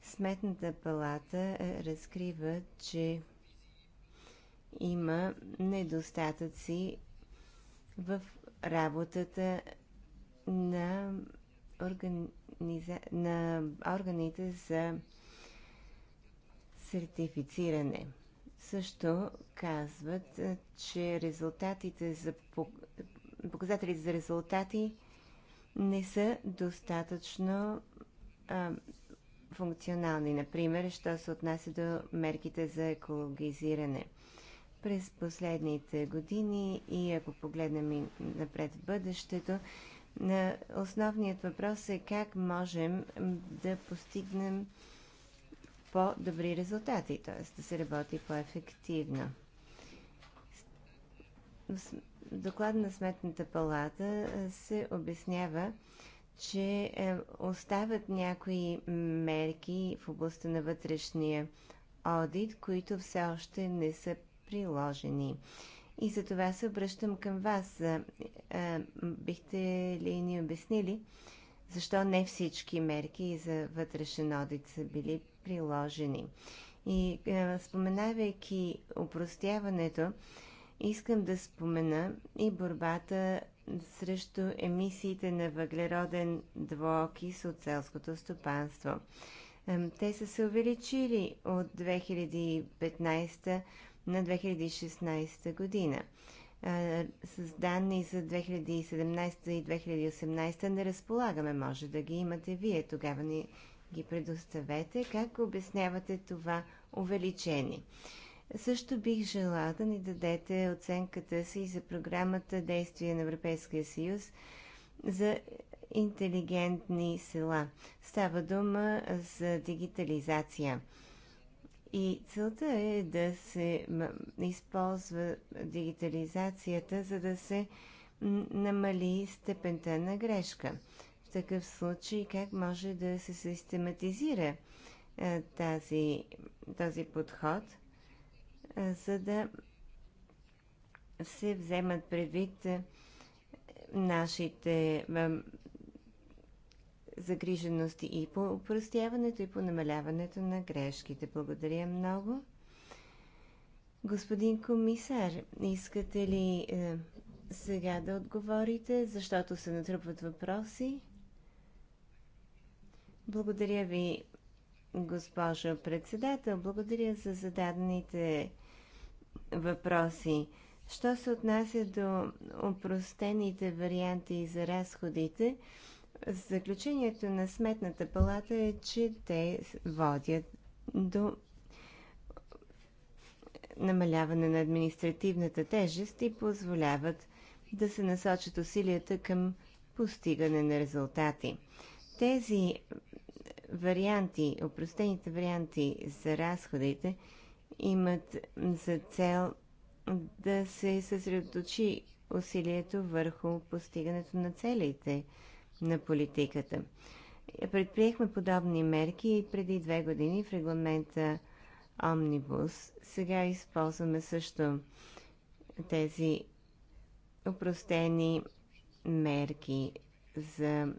Сметната палата разкрива, че има недостатъци в работата на, организа... на органите за сертифициране. Също казват, че резултатите за показателите за резултати не са достатъчно а, функционални. Например, що се отнася до мерките за екологизиране. През последните години и ако погледнем и напред в бъдещето, на основният въпрос е как можем да постигнем по-добри резултати, т.е. да се работи по-ефективно. Доклада на Сметната палата се обяснява, че е, остават някои мерки в областта на вътрешния одит, които все още не са приложени. И за това се обръщам към вас. Е, бихте ли ни обяснили защо не всички мерки за вътрешен одит са били приложени? И е, споменавайки упростяването, Искам да спомена и борбата срещу емисиите на въглероден двуокис от селското стопанство. Те са се увеличили от 2015 на 2016 година. С данни за 2017 и 2018 не разполагаме, може да ги имате вие. Тогава ни ги предоставете. Как обяснявате това увеличение? Също бих желала да ни дадете оценката си за програмата Действие на Европейския съюз за интелигентни села. Става дума за дигитализация. И целта е да се използва дигитализацията, за да се намали степента на грешка. В такъв случай как може да се систематизира е, тази, този подход – за да се вземат предвид нашите загрижености и по упростяването, и по намаляването на грешките. Благодаря много. Господин комисар, искате ли е, сега да отговорите, защото се натрупват въпроси? Благодаря ви, госпожо председател. Благодаря за зададените въпроси. Що се отнася до опростените варианти за разходите, заключението на Сметната палата е, че те водят до намаляване на административната тежест и позволяват да се насочат усилията към постигане на резултати. Тези варианти, опростените варианти за разходите – имат за цел да се съсредоточи усилието върху постигането на целите на политиката. Предприехме подобни мерки и преди две години в регламента Омнибус. Сега използваме също тези упростени мерки за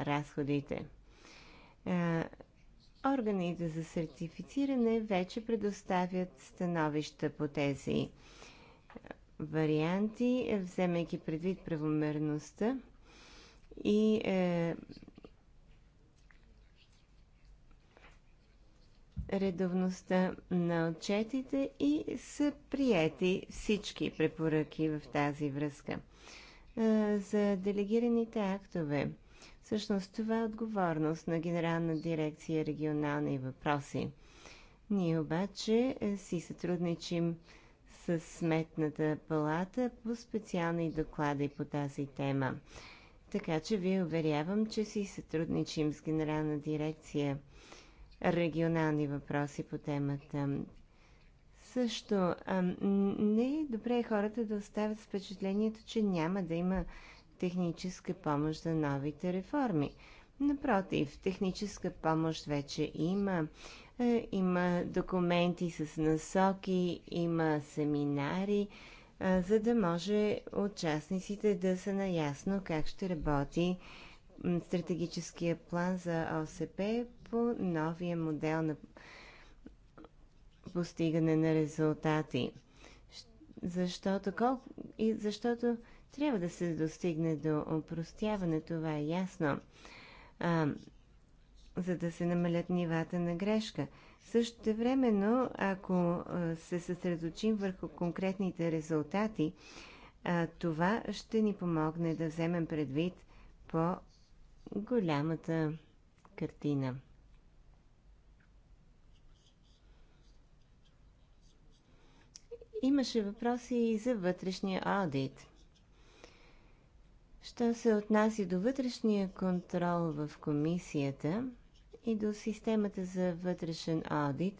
разходите органите за сертифициране вече предоставят становища по тези е, варианти, вземайки предвид правомерността и е, редовността на отчетите и са приети всички препоръки в тази връзка. Е, за делегираните актове Всъщност това е отговорност на Генерална дирекция регионални въпроси. Ние обаче е, си сътрудничим с Сметната палата по специални доклади по тази тема. Така че ви уверявам, че си сътрудничим с Генерална дирекция регионални въпроси по темата. Също а, не е добре хората да оставят впечатлението, че няма да има техническа помощ за новите реформи. Напротив, техническа помощ вече има. Е, има документи с насоки, има семинари, е, за да може участниците да са наясно как ще работи стратегическия план за ОСП по новия модел на постигане на резултати. Защото, колко, защото трябва да се достигне до опростяване, това е ясно, а, за да се намалят нивата на грешка. Също времено, ако се съсредочим върху конкретните резултати, а, това ще ни помогне да вземем предвид по голямата картина. Имаше въпроси и за вътрешния аудит. Що се отнася до вътрешния контрол в комисията и до системата за вътрешен аудит,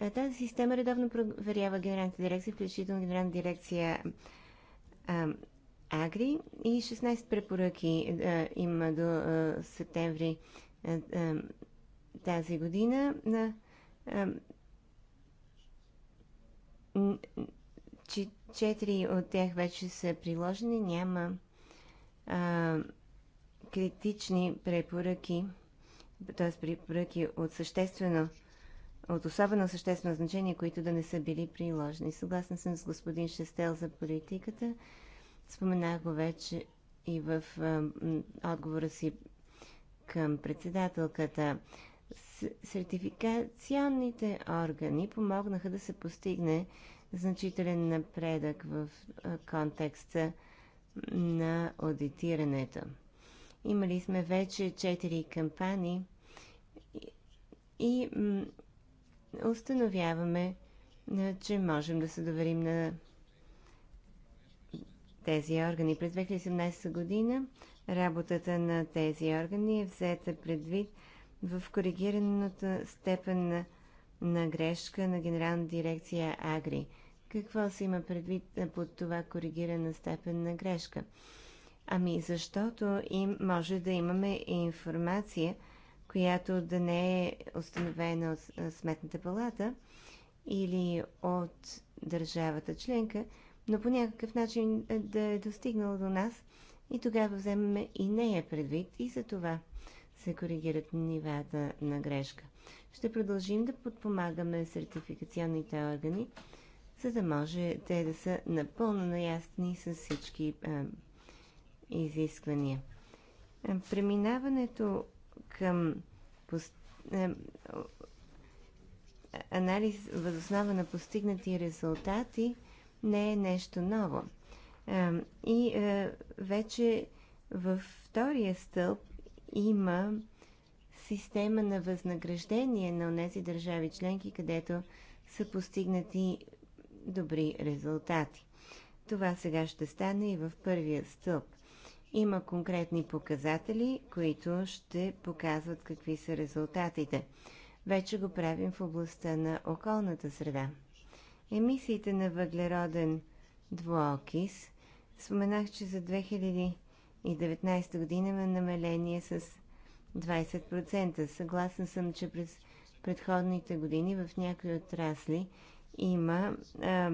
е, тази система редовно проверява генералната дирекция, включително генерална дирекция а, Агри и 16 препоръки а, е, има до а, е, септември а, а, тази година. На, а, четири от тях вече са приложени, няма а, критични препоръки, т.е. препоръки от съществено от особено съществено значение, които да не са били приложени. Съгласна съм с господин Шестел за политиката. Споменах го вече и в а, отговора си към председателката. С сертификационните органи помогнаха да се постигне значителен напредък в а, контекста на аудитирането. Имали сме вече 4 кампании и установяваме, че можем да се доверим на тези органи. През 2017 година работата на тези органи е взета предвид в коригираната степен на, на грешка на Генерална дирекция Агри – какво се има предвид е, под това коригирана степен на грешка? Ами защото им може да имаме информация, която да не е установена от е, Сметната палата или от държавата членка, но по някакъв начин е, да е достигнала до нас и тогава вземаме и нея предвид и за това се коригират нивата на грешка. Ще продължим да подпомагаме сертификационните органи, за да може те да са напълно наясни с всички изисквания. преминаването към пост... а, анализ възоснова на постигнати резултати не е нещо ново. и вече във втория стълб има система на възнаграждение на тези държави членки, където са постигнати добри резултати. Това сега ще стане и в първия стълб. Има конкретни показатели, които ще показват какви са резултатите. Вече го правим в областта на околната среда. Емисиите на въглероден двуокис споменах, че за 2019 година има намаление с 20%. Съгласна съм, че през предходните години в някои отрасли има а,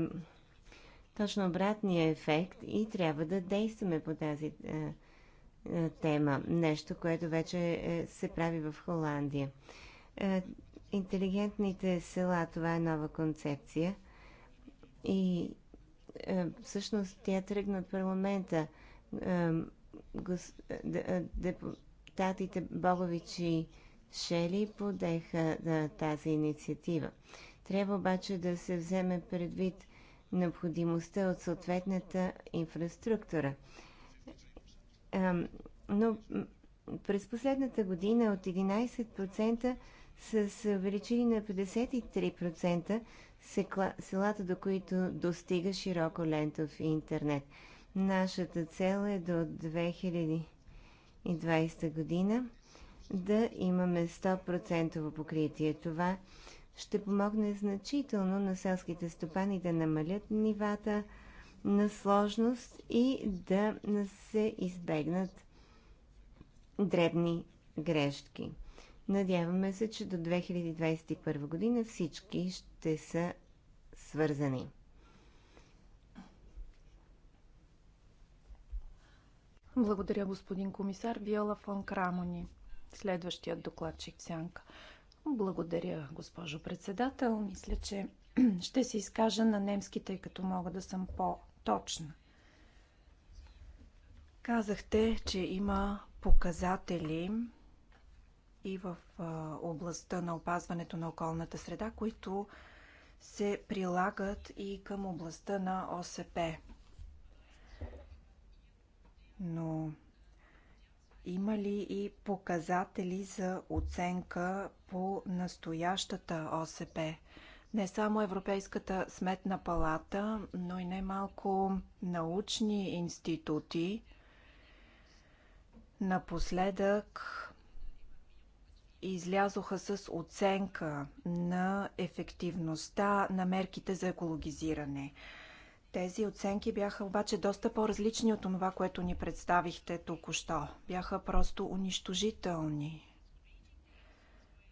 точно обратния ефект и трябва да действаме по тази а, е, е, тема. Нещо, което вече а, е, се прави в Холандия. А, интелигентните села, това е нова концепция. И а, всъщност тя тръгна от парламента. депутатите Богович и Шели подеха тази инициатива. Трябва обаче да се вземе предвид необходимостта от съответната инфраструктура. Но през последната година от 11% са се увеличили на 53% селата, до които достига широко лентов интернет. Нашата цел е до 2020 година да имаме 100% покритие. Това е ще помогне значително на селските стопани да намалят нивата на сложност и да се избегнат дребни грешки. Надяваме се, че до 2021 година всички ще са свързани. Благодаря, господин комисар Виола фон Крамони. Следващият докладчик Сянка. Благодаря, госпожо председател. Мисля, че ще се изкажа на немски, тъй като мога да съм по-точна. Казахте, че има показатели и в областта на опазването на околната среда, които се прилагат и към областта на ОСП. Но има ли и показатели за оценка по настоящата ОСП? Не само Европейската сметна палата, но и немалко научни институти напоследък излязоха с оценка на ефективността на мерките за екологизиране. Тези оценки бяха обаче доста по-различни от това, което ни представихте току-що. Бяха просто унищожителни.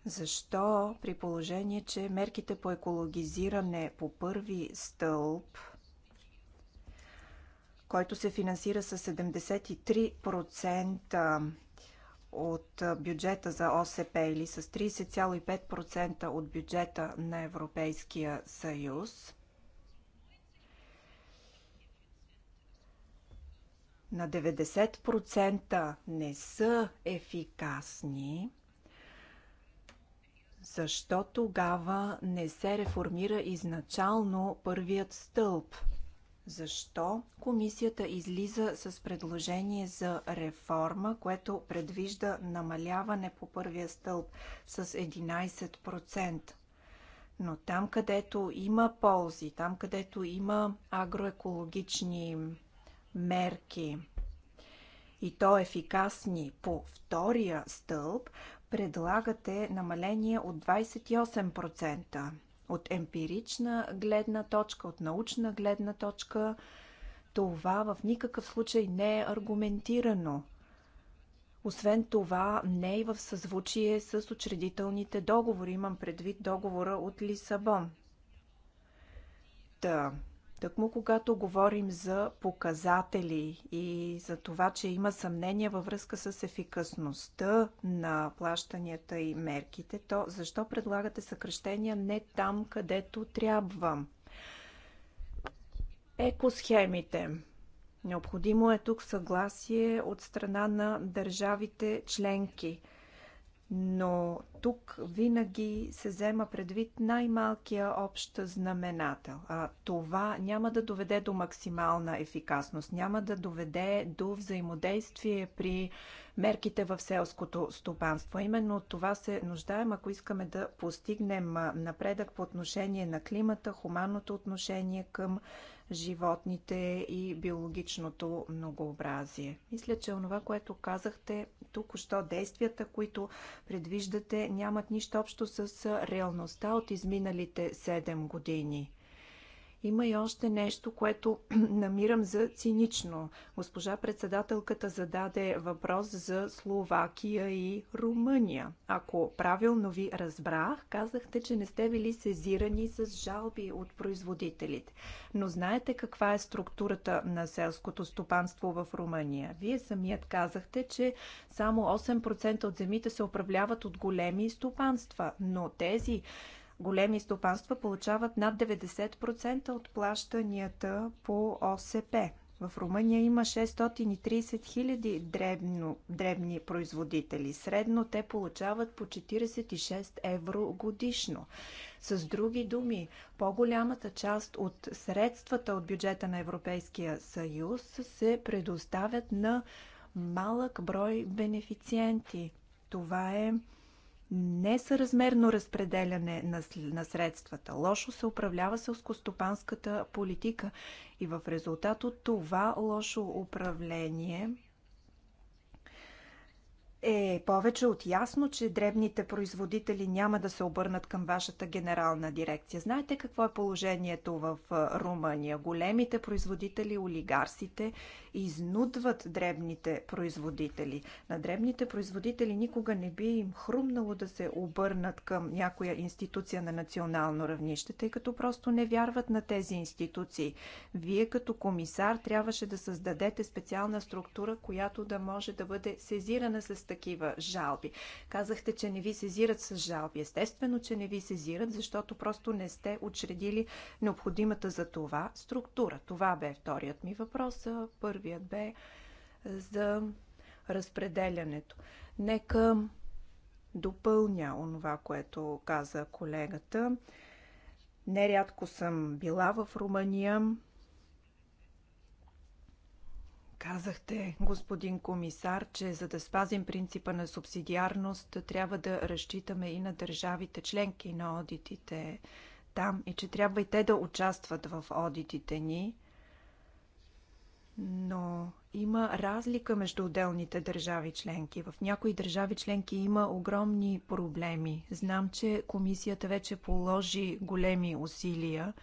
Защо при положение, че мерките по екологизиране по първи стълб, който се финансира с 73% от бюджета за ОСП или с 30,5% от бюджета на Европейския съюз, на 90% не са ефикасни, защо тогава не се реформира изначално първият стълб? Защо комисията излиза с предложение за реформа, което предвижда намаляване по първия стълб с 11%? Но там, където има ползи, там, където има агроекологични мерки и то ефикасни по втория стълб, предлагате намаление от 28%. От емпирична гледна точка, от научна гледна точка, това в никакъв случай не е аргументирано. Освен това, не е и в съзвучие с учредителните договори. Имам предвид договора от Лисабон. Та, да. Тъкмо когато говорим за показатели и за това, че има съмнение във връзка с ефикасността на плащанията и мерките, то защо предлагате съкрещения не там, където трябва? Екосхемите. Необходимо е тук съгласие от страна на държавите членки – но тук винаги се взема предвид най-малкия общ знаменател. А това няма да доведе до максимална ефикасност, няма да доведе до взаимодействие при мерките в селското стопанство. Именно от това се нуждаем, ако искаме да постигнем напредък по отношение на климата, хуманното отношение към животните и биологичното многообразие. Мисля, че онова, което казахте тук, що действията, които предвиждате, нямат нищо общо с реалността от изминалите 7 години. Има и още нещо, което намирам за цинично. Госпожа председателката зададе въпрос за Словакия и Румъния. Ако правилно ви разбрах, казахте, че не сте били сезирани с жалби от производителите. Но знаете каква е структурата на селското стопанство в Румъния? Вие самият казахте, че само 8% от земите се управляват от големи стопанства, но тези Големи стопанства получават над 90% от плащанията по ОСП. В Румъния има 630 хиляди дребни производители. Средно те получават по 46 евро годишно. С други думи, по-голямата част от средствата от бюджета на Европейския съюз се предоставят на малък брой бенефициенти. Това е несъразмерно разпределяне на, на средствата. Лошо се управлява селскостопанската политика и в резултат от това лошо управление е повече от ясно, че дребните производители няма да се обърнат към вашата генерална дирекция. Знаете какво е положението в Румъния? Големите производители, олигарсите изнудват дребните производители. На дребните производители никога не би им хрумнало да се обърнат към някоя институция на национално равнище, тъй като просто не вярват на тези институции. Вие като комисар трябваше да създадете специална структура, която да може да бъде сезирана с такива жалби. Казахте, че не ви сезират с жалби. Естествено, че не ви сезират, защото просто не сте учредили необходимата за това структура. Това бе вторият ми въпрос. Първи първия бе за разпределянето. Нека допълня онова, което каза колегата. Нерядко съм била в Румъния. Казахте, господин комисар, че за да спазим принципа на субсидиарност, трябва да разчитаме и на държавите членки на одитите там и че трябва и те да участват в одитите ни но има разлика между отделните държави членки. В някои държави членки има огромни проблеми. Знам, че комисията вече положи големи усилия,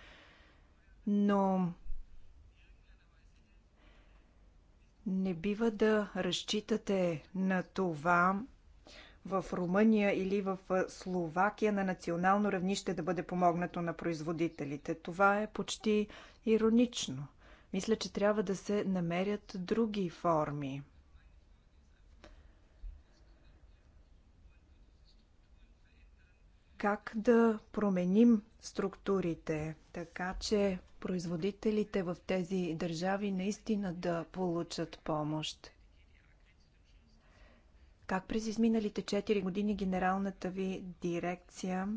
но не бива да разчитате на това в Румъния или в Словакия на национално равнище да бъде помогнато на производителите. Това е почти иронично. Мисля, че трябва да се намерят други форми. Как да променим структурите, така че производителите в тези държави наистина да получат помощ? Как през изминалите 4 години генералната ви дирекция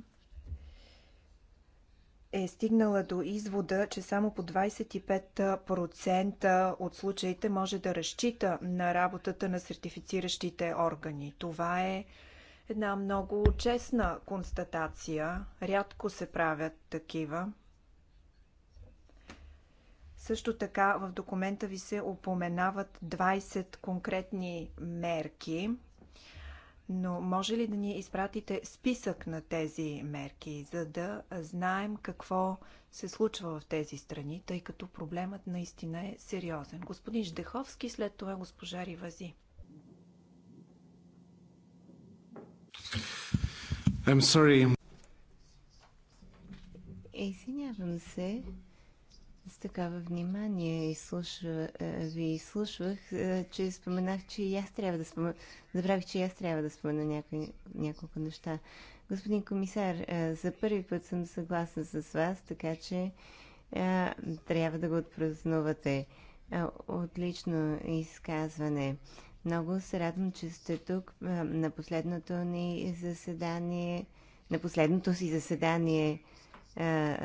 е стигнала до извода, че само по 25% от случаите може да разчита на работата на сертифициращите органи. Това е една много честна констатация. Рядко се правят такива. Също така в документа ви се упоменават 20 конкретни мерки – но може ли да ни изпратите списък на тези мерки, за да знаем какво се случва в тези страни, тъй като проблемът наистина е сериозен? Господин Ждеховски, след това госпожа Ривази. I'm sorry. Извинявам се с такава внимание и слуша, е, ви изслушвах, е, че споменах, че и аз трябва да спомена, забравих, че и аз трябва да спомена някой, няколко неща. Господин комисар, е, за първи път съм съгласна с вас, така че трябва да го отпразнувате. отлично изказване. Много се радвам, че сте тук на последното ни заседание, на последното си заседание а,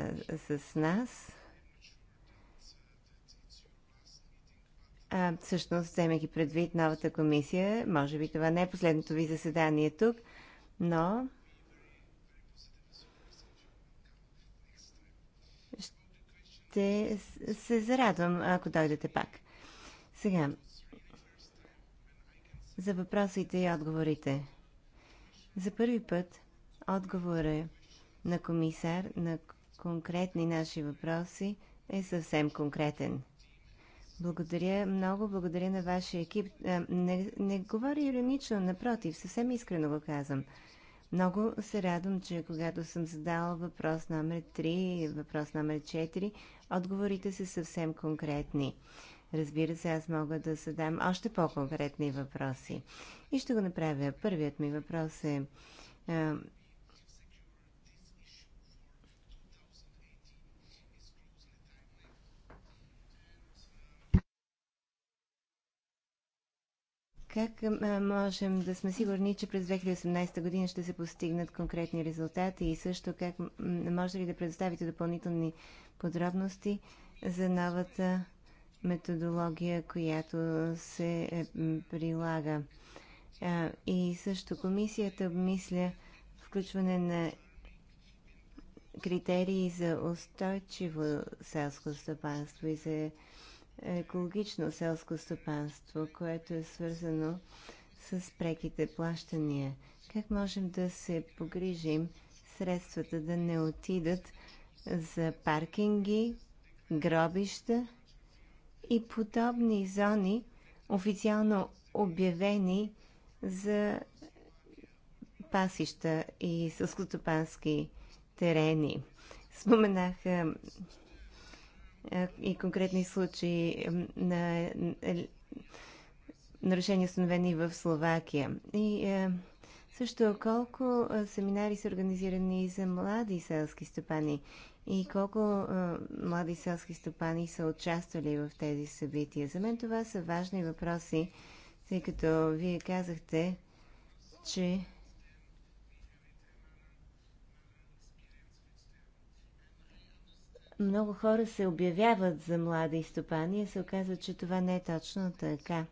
с нас. А, всъщност, вземайки предвид новата комисия, може би това не е последното ви заседание тук, но ще се зарадвам, ако дойдете пак. Сега, за въпросите и отговорите. За първи път отговора е на комисар на конкретни наши въпроси е съвсем конкретен – благодаря много, благодаря на вашия екип. Е, не, не говоря иронично, напротив, съвсем искрено го казвам. Много се радвам, че когато съм задала въпрос номер 3, въпрос номер 4, отговорите са съвсем конкретни. Разбира се, аз мога да задам още по-конкретни въпроси. И ще го направя. Първият ми въпрос е, е Как можем да сме сигурни, че през 2018 година ще се постигнат конкретни резултати и също как може ли да предоставите допълнителни подробности за новата методология, която се е, прилага? И също комисията обмисля включване на критерии за устойчиво селско стопанство и за екологично селско стопанство, което е свързано с преките плащания. Как можем да се погрижим средствата да не отидат за паркинги, гробища и подобни зони, официално обявени за пасища и сълскотопански терени. Споменах е, и конкретни случаи на е, е, нарушения, установени в Словакия. И също колко семинари са организирани за млади селски стопани и колко млади селски стопани са участвали в тези събития. За мен това са важни въпроси, тъй като вие казахте, че много хора се обявяват за млади стопани и се оказва, че това не е точно така.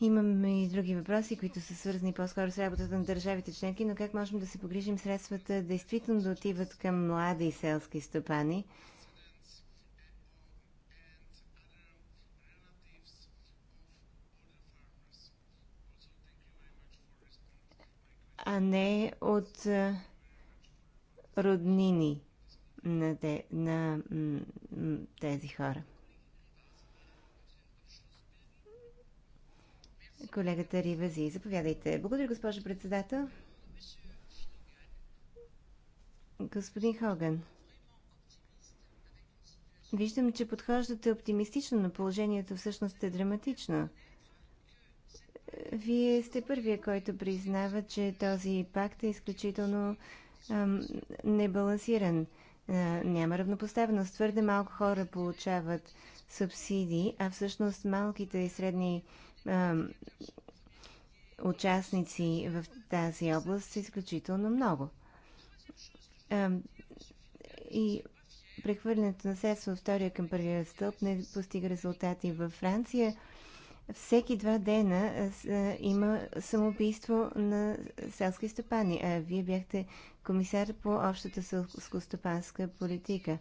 Имаме и други въпроси, които са свързани по-скоро с работата на държавите членки, но как можем да се погрижим средствата действително да отиват към млади селски стопани? а не от роднини на, те, на тези хора. Колегата Ривази, заповядайте. Благодаря, госпожо председател. Господин Хоган, виждам, че подхождате оптимистично, но положението всъщност е драматично. Вие сте първия, който признава, че този пакт е изключително ам, небалансиран. Е, няма равнопоставеност. Твърде малко хора получават субсидии, а всъщност малките и средни а, е, участници в тази област са изключително много. А, е, и прехвърлянето на средства от втория към първия стълб не постига резултати във Франция всеки два дена има самоубийство на селски стопани, а вие бяхте комисар по общата селскостопанска политика.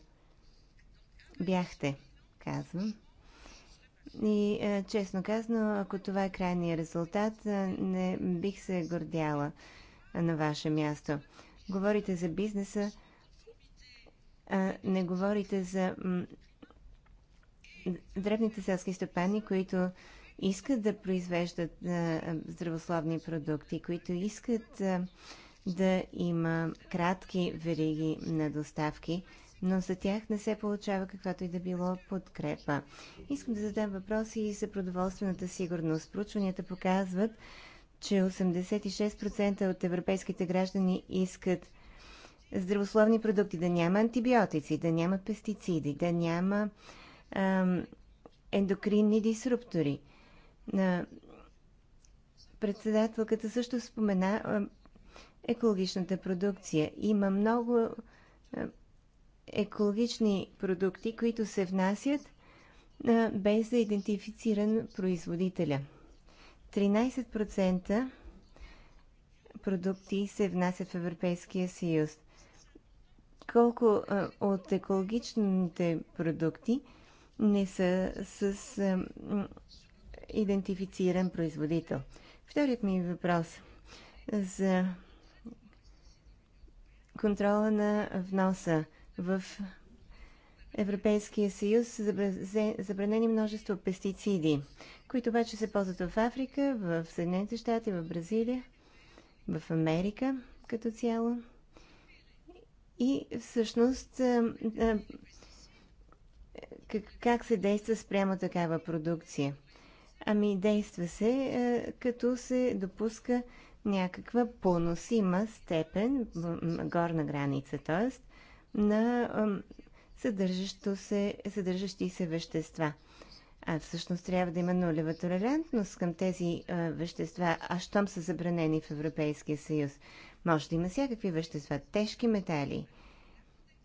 Бяхте, казвам. И честно казано, ако това е крайния резултат, не бих се гордяла на ваше място. Говорите за бизнеса, а не говорите за дребните селски стопани, които искат да произвеждат здравословни продукти, които искат да има кратки вериги на доставки, но за тях не се получава каквато и да било подкрепа. Искам да задам въпроси и за продоволствената сигурност. Проучванията показват, че 86% от европейските граждани искат здравословни продукти, да няма антибиотици, да няма пестициди, да няма ем, ендокринни дисруптори. Председателката също спомена екологичната продукция. Има много екологични продукти, които се внасят без да е идентифициран производителя. 13% продукти се внасят в Европейския съюз. Колко от екологичните продукти не са с идентифициран производител. Вторият ми въпрос за контрола на вноса в Европейския съюз са забранени множество пестициди, които обаче се ползват в Африка, в Съединените щати, в Бразилия, в Америка като цяло. И всъщност как се действа спрямо такава продукция? Ами действа се, е, като се допуска някаква поносима степен, горна граница, т.е. на съдържащо се, съдържащи се вещества. А всъщност трябва да има нулева толерантност към тези а, вещества, а щом са забранени в Европейския съюз. Може да има всякакви вещества, тежки метали,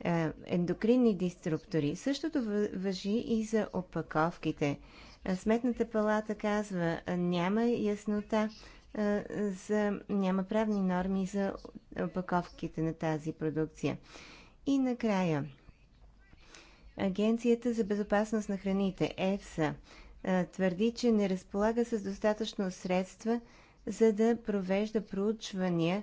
а, ендокринни диструптори. Същото въжи и за опаковките. Сметната палата казва, няма яснота за, няма правни норми за опаковките на тази продукция. И накрая, Агенцията за безопасност на храните, ЕФСА, твърди, че не разполага с достатъчно средства, за да провежда проучвания,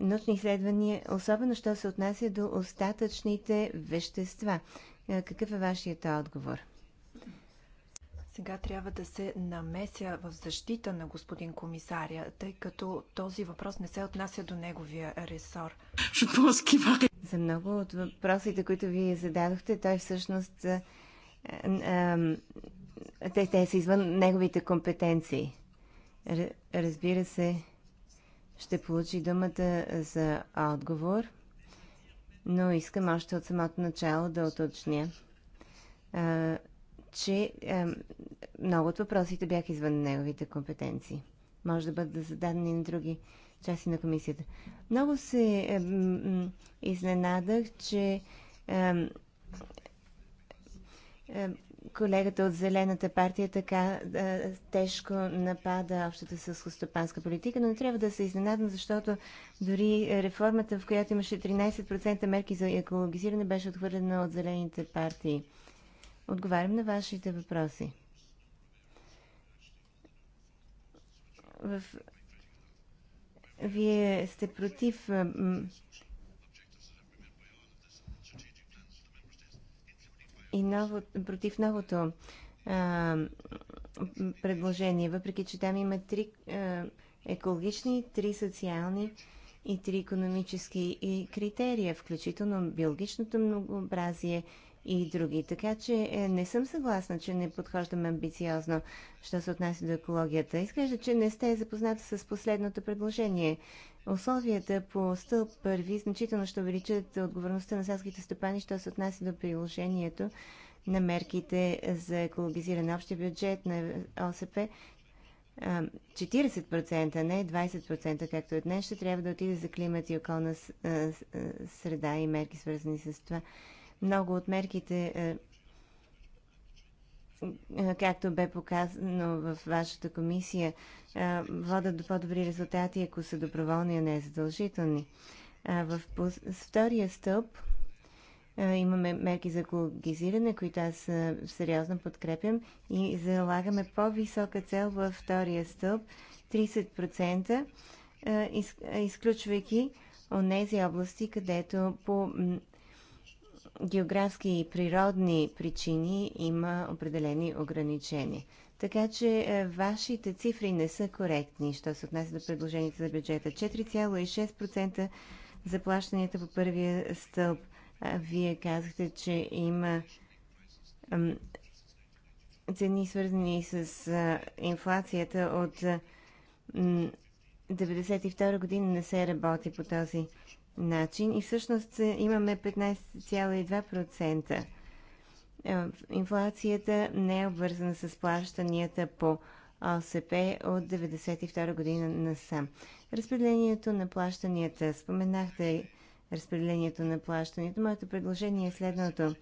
научни изследвания, особено що се отнася до остатъчните вещества. Какъв е вашият отговор? Сега трябва да се намеся в защита на господин комисаря, тъй като този въпрос не се отнася до неговия ресор. За много от въпросите, които ви зададохте, той всъщност е, е, е, те, те са извън неговите компетенции. Разбира се, ще получи думата за отговор, но искам още от самото начало да уточня, че е, много от въпросите бяха извън неговите компетенции. Може да бъдат зададени на други части на комисията. Много се е, е, изненадах, че е, е, колегата от Зелената партия така е, тежко напада общата сълскостопанска политика, но не трябва да се изненадам, защото дори реформата, в която имаше 13% мерки за екологизиране, беше отхвърлена от Зелените партии отговарям на вашите въпроси. В... Вие сте против и ново, против новото а, предложение, въпреки че там има три а, екологични, три социални и три економически и критерия, включително биологичното многообразие, и други. Така че е, не съм съгласна, че не подхождаме амбициозно, що се отнася до екологията. Изглежда, че не сте запозната с последното предложение. Условията по стълб първи значително ще увеличат отговорността на селските стопани, що се отнася до приложението на мерките за екологизиран общи бюджет на ОСП 40%, е, не 20%, както е днес, ще трябва да отиде за климат и околна е, среда и мерки свързани с това. Много от мерките, е, е, както бе показано в вашата комисия, е, водят до по-добри резултати, ако са доброволни, а не задължителни. В втория стълб имаме мерки за екологизиране, които аз сериозно подкрепям и залагаме по-висока цел във втория стълб 30%, изключвайки тези области, където по географски и природни причини има определени ограничения. Така че е, вашите цифри не са коректни, що се отнася до предложението за бюджета. 4,6% заплащанията по първия стълб. вие казахте, че има цени свързани с инфлацията от 1992 година не се работи по този начин и всъщност е, имаме 15,2%. Е, инфлацията не е обвързана с плащанията по ОСП от 1992 година насам. Разпределението на плащанията. Споменахте разпределението на плащането. Моето предложение е следното.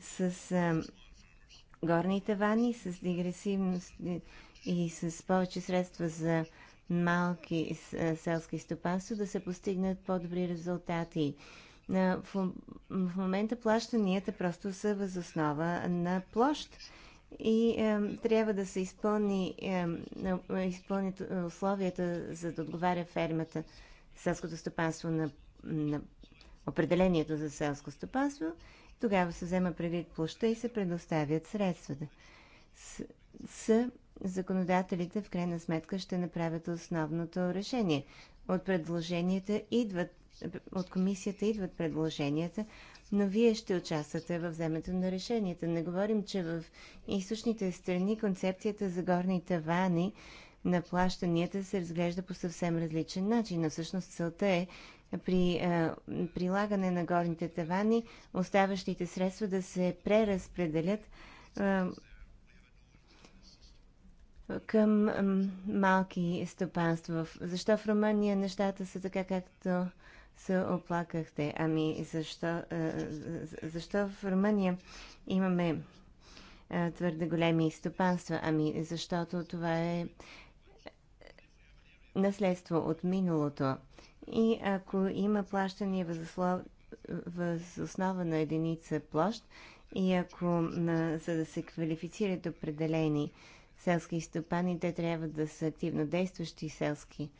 С а, е, горни тавани, с дигресивност и с повече средства за малки селски стопанства да се постигнат по-добри резултати. В момента плащанията просто са възоснова на площ и е, трябва да се изпълни, е, изпълнят условията за да отговаря фермата селското стопанство на, на определението за селско стопанство. Тогава се взема предвид площа и се предоставят средствата. С, с законодателите в крайна сметка ще направят основното решение. От предложенията идват, от комисията идват предложенията, но вие ще участвате в вземето на решенията. Не говорим, че в източните страни концепцията за горни тавани на плащанията се разглежда по съвсем различен начин. Но всъщност целта е при а, е, прилагане на горните тавани оставащите средства да се преразпределят а, е, към малки стопанства. Защо в Румъния нещата са така, както се оплакахте? Ами, защо, защо в Румъния имаме твърде големи стопанства? Ами, защото това е, е наследство от миналото. И ако има плащания въз основа на единица площ, и ако за да се квалифицират определени селски стопани, те трябва да са активно действащи селски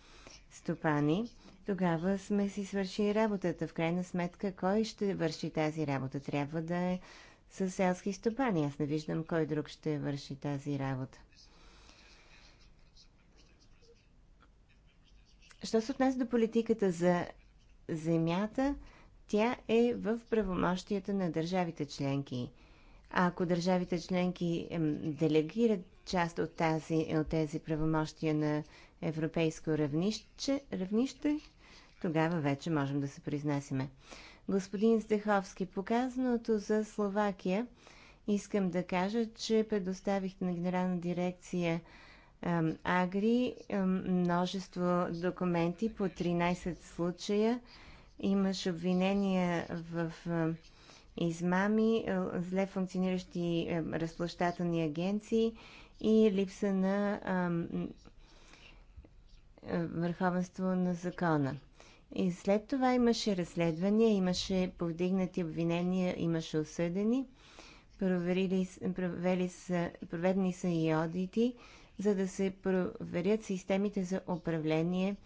стопани, тогава сме си свършили работата. В крайна сметка, кой ще върши тази работа? Трябва да е с селски стопани. Аз не виждам кой друг ще върши тази работа. Що се отнася до политиката за земята, тя е в правомощията на държавите членки. А ако държавите членки делегират част от, тази, от тези правомощия на европейско равнище, равнище, тогава вече можем да се произнасяме. Господин Стеховски, показаното за Словакия, искам да кажа, че предоставихте на генерална дирекция Агри множество документи по 13 случая. Имаш обвинения в измами, е, зле функциониращи е, разплащателни агенции и липса на е, върховенство на закона. И след това имаше разследвания, имаше повдигнати обвинения, имаше осъдени. Проверили, провели са, проведени са и одити, за да се проверят системите за управление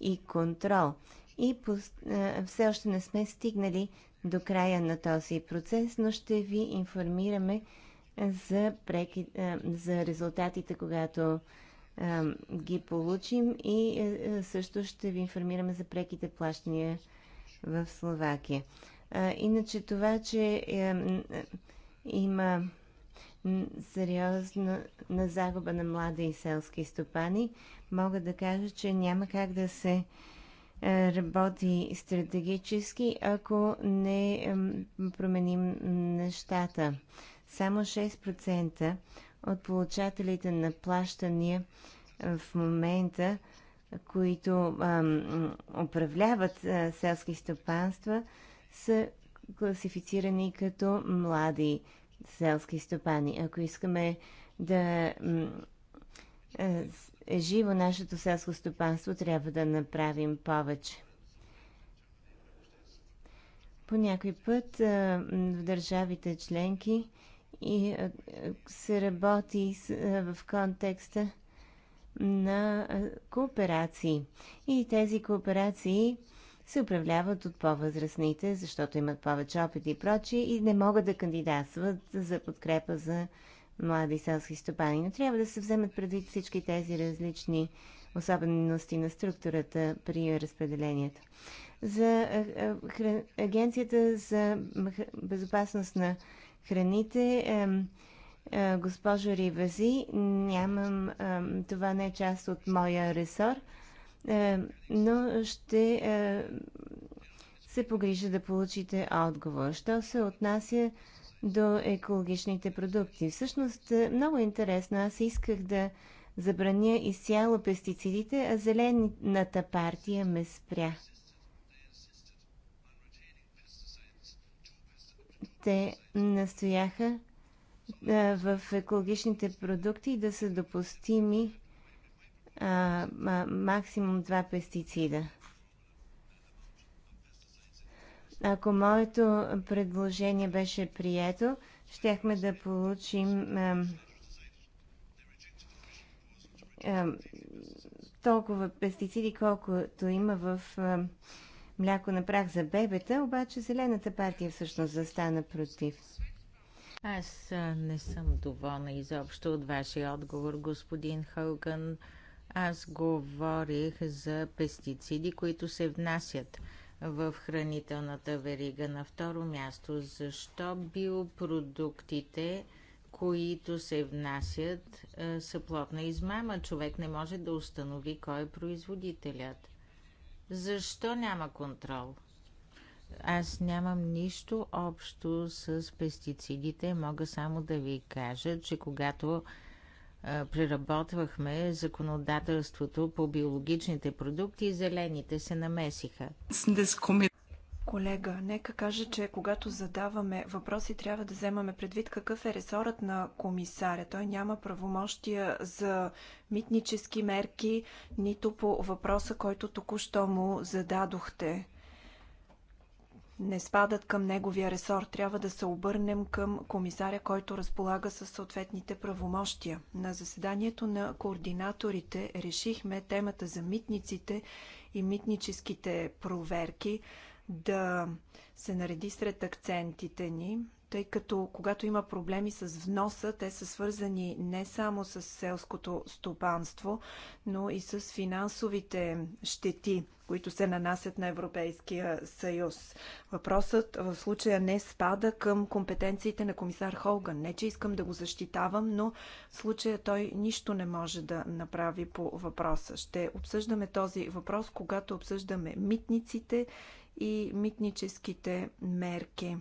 и контрол и по, а, все още не сме стигнали до края на този процес, но ще ви информираме за, преки, а, за резултатите, когато а, ги получим и а, също ще ви информираме за преките плащания в Словакия. А, иначе това, че а, е, а, има сериозна на загуба на млади и селски стопани, мога да кажа, че няма как да се а, работи стратегически, ако не променим нещата. Само 6% от получателите на плащания в момента, които управляват е, селски стопанства, са класифицирани като млади селски стопани. Ако искаме да е, е живо нашето селско стопанство, трябва да направим повече. По някой път в държавите членки и се работи в контекста на кооперации. И тези кооперации се управляват от по-възрастните, защото имат повече опит и прочие и не могат да кандидатстват за подкрепа за млади селски стопани. Но трябва да се вземат предвид всички тези различни особености на структурата при разпределението. За Агенцията за безопасност на храните, госпожо Ривази, нямам, това не е част от моя ресор, но ще се погрижа да получите отговор. Що се отнася до екологичните продукти. Всъщност, е, много интересно. Аз исках да забраня изцяло пестицидите, а зелената партия ме спря. Те настояха е, в екологичните продукти да са допустими а, а, максимум два пестицида. Ако моето предложение беше прието, щяхме да получим а, а, толкова пестициди, колкото има в а, мляко на прах за бебета, обаче Зелената партия всъщност застана против. Аз не съм доволна изобщо от вашия отговор, господин Хълган. Аз говорих за пестициди, които се внасят в хранителната верига. На второ място, защо биопродуктите, които се внасят, е, са плотна измама? Човек не може да установи кой е производителят. Защо няма контрол? Аз нямам нищо общо с пестицидите. Мога само да ви кажа, че когато преработвахме законодателството по биологичните продукти и зелените се намесиха. Колега, нека каже, че когато задаваме въпроси, трябва да вземаме предвид какъв е ресорът на комисаря. Той няма правомощия за митнически мерки, нито по въпроса, който току-що му зададохте не спадат към неговия ресор. Трябва да се обърнем към комисаря, който разполага с съответните правомощия. На заседанието на координаторите решихме темата за митниците и митническите проверки да се нареди сред акцентите ни тъй като когато има проблеми с вноса, те са свързани не само с селското стопанство, но и с финансовите щети, които се нанасят на Европейския съюз. Въпросът в случая не спада към компетенциите на комисар Холган. Не, че искам да го защитавам, но в случая той нищо не може да направи по въпроса. Ще обсъждаме този въпрос, когато обсъждаме митниците и митническите мерки.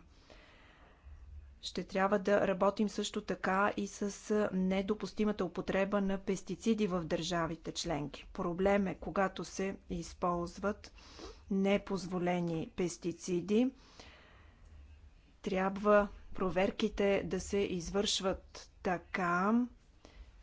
Ще трябва да работим също така и с недопустимата употреба на пестициди в държавите членки. Проблем е, когато се използват непозволени пестициди. Трябва проверките да се извършват така,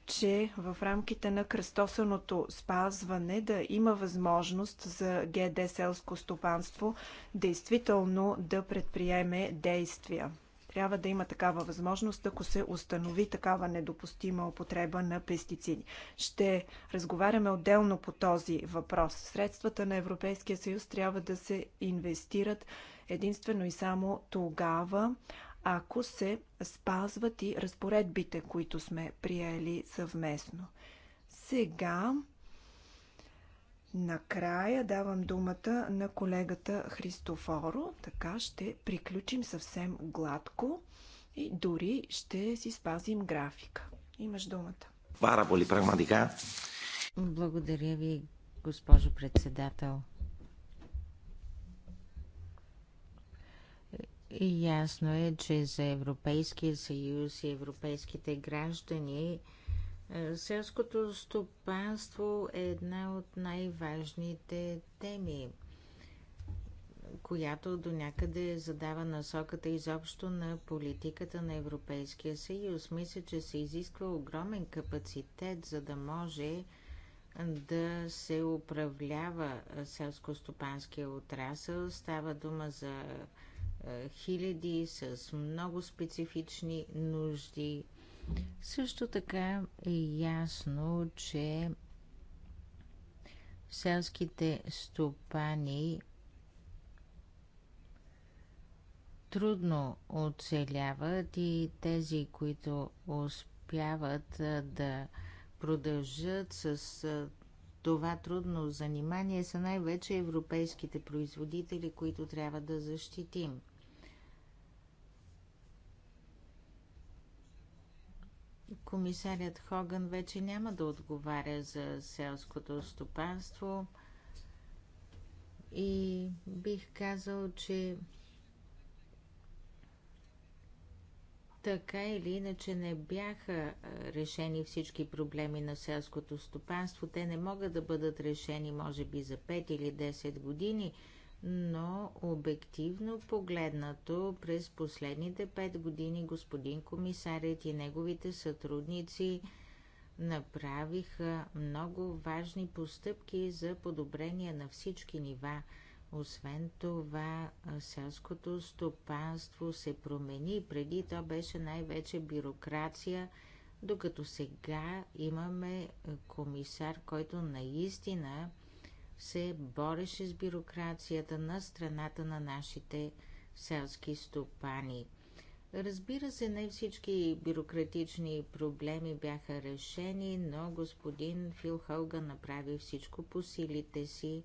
че в рамките на кръстосаното спазване да има възможност за ГД селско стопанство действително да предприеме действия. Трябва да има такава възможност, ако се установи такава недопустима употреба на пестициди. Ще разговаряме отделно по този въпрос. Средствата на Европейския съюз трябва да се инвестират единствено и само тогава, ако се спазват и разпоредбите, които сме приели съвместно. Сега Накрая давам думата на колегата Христофоро, така ще приключим съвсем гладко и дори ще си спазим графика. Имаш думата. Пара боли прагматика. Благодаря ви, госпожо председател. Ясно е, че за Европейския съюз и европейските граждани – е, селското стопанство е една от най-важните теми, която до някъде задава насоката изобщо на политиката на Европейския съюз. Мисля, че се изисква огромен капацитет, за да може да се управлява селско-стопанския отрасъл. Става дума за е, хиляди с много специфични нужди – също така е ясно, че селските стопани трудно оцеляват и тези, които успяват да продължат с това трудно занимание, са най-вече европейските производители, които трябва да защитим. Комисарят Хоган вече няма да отговаря за селското стопанство и бих казал, че така или иначе не бяха решени всички проблеми на селското стопанство. Те не могат да бъдат решени, може би, за 5 или 10 години – но обективно погледнато през последните пет години господин комисарят и неговите сътрудници направиха много важни постъпки за подобрение на всички нива. Освен това, селското стопанство се промени. Преди то беше най-вече бюрокрация, докато сега имаме комисар, който наистина се бореше с бюрокрацията на страната на нашите селски стопани. Разбира се, не всички бюрократични проблеми бяха решени, но господин Фил Хълга направи всичко по силите си,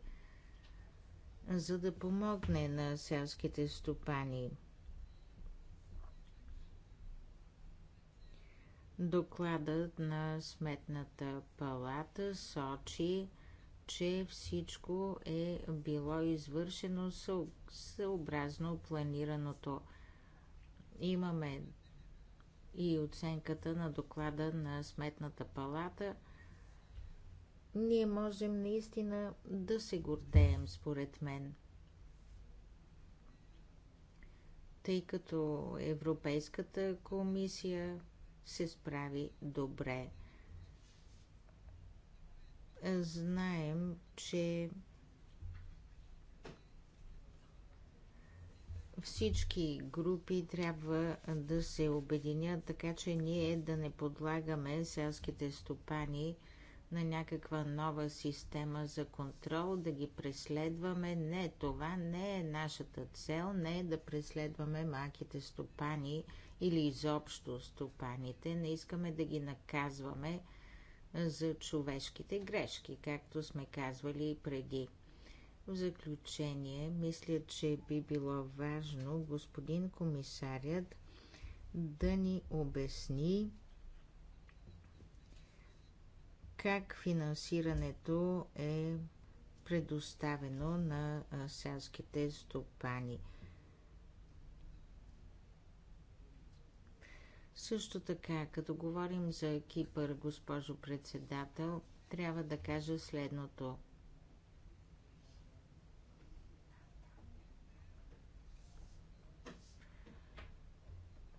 за да помогне на селските стопани. Докладът на Сметната палата сочи, че всичко е било извършено съобразно планираното. Имаме и оценката на доклада на Сметната палата. Ние можем наистина да се гордеем, според мен. Тъй като Европейската комисия се справи добре – знаем, че всички групи трябва да се обединят, така че ние да не подлагаме селските стопани на някаква нова система за контрол, да ги преследваме. Не, това не е нашата цел, не е да преследваме малките стопани или изобщо стопаните. Не искаме да ги наказваме, за човешките грешки, както сме казвали и преди. В заключение, мисля, че би било важно господин комисарят да ни обясни как финансирането е предоставено на селските стопани – Също така, като говорим за Кипър, госпожо председател, трябва да кажа следното.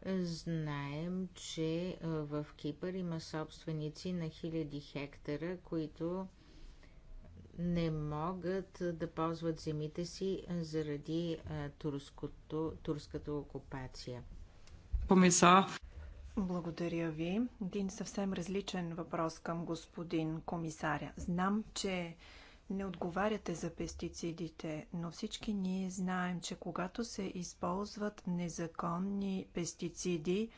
Знаем, че в Кипър има собственици на хиляди хектара, които не могат да ползват земите си заради турското, турската окупация. Комисар. Благодаря ви. Един съвсем различен въпрос към господин комисаря. Знам, че не отговаряте за пестицидите, но всички ние знаем, че когато се използват незаконни пестициди,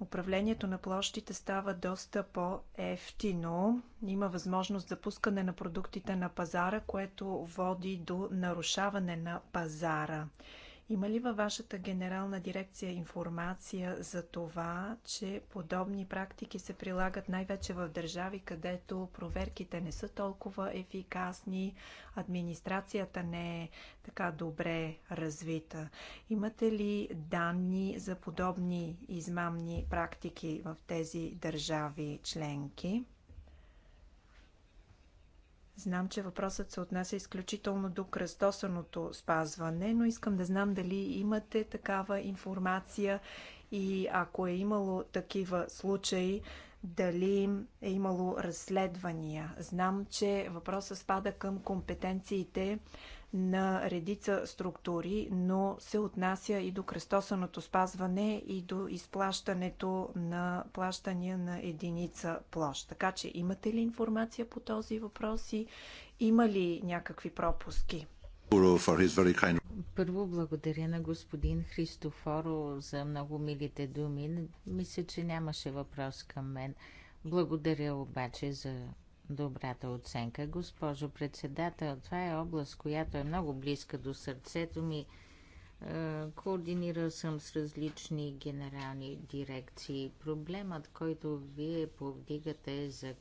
управлението на площите става доста по-ефтино. Има възможност за пускане на продуктите на пазара, което води до нарушаване на пазара. Има ли във вашата генерална дирекция информация за това, че подобни практики се прилагат най-вече в държави, където проверките не са толкова ефикасни, администрацията не е така добре развита? Имате ли данни за подобни измамни практики в тези държави членки? Знам, че въпросът се отнася изключително до кръстосаното спазване, но искам да знам дали имате такава информация и ако е имало такива случаи, дали е имало разследвания. Знам, че въпросът спада към компетенциите на редица структури, но се отнася и до кръстосаното спазване и до изплащането на плащания на единица площ. Така че имате ли информация по този въпрос и има ли някакви пропуски? Първо благодаря на господин Христофоро за много милите думи. Мисля, че нямаше въпрос към мен. Благодаря обаче за добрата оценка. Госпожо председател, това е област, която е много близка до сърцето ми. Е, координирал съм с различни генерални дирекции. Проблемът, който вие повдигате за е,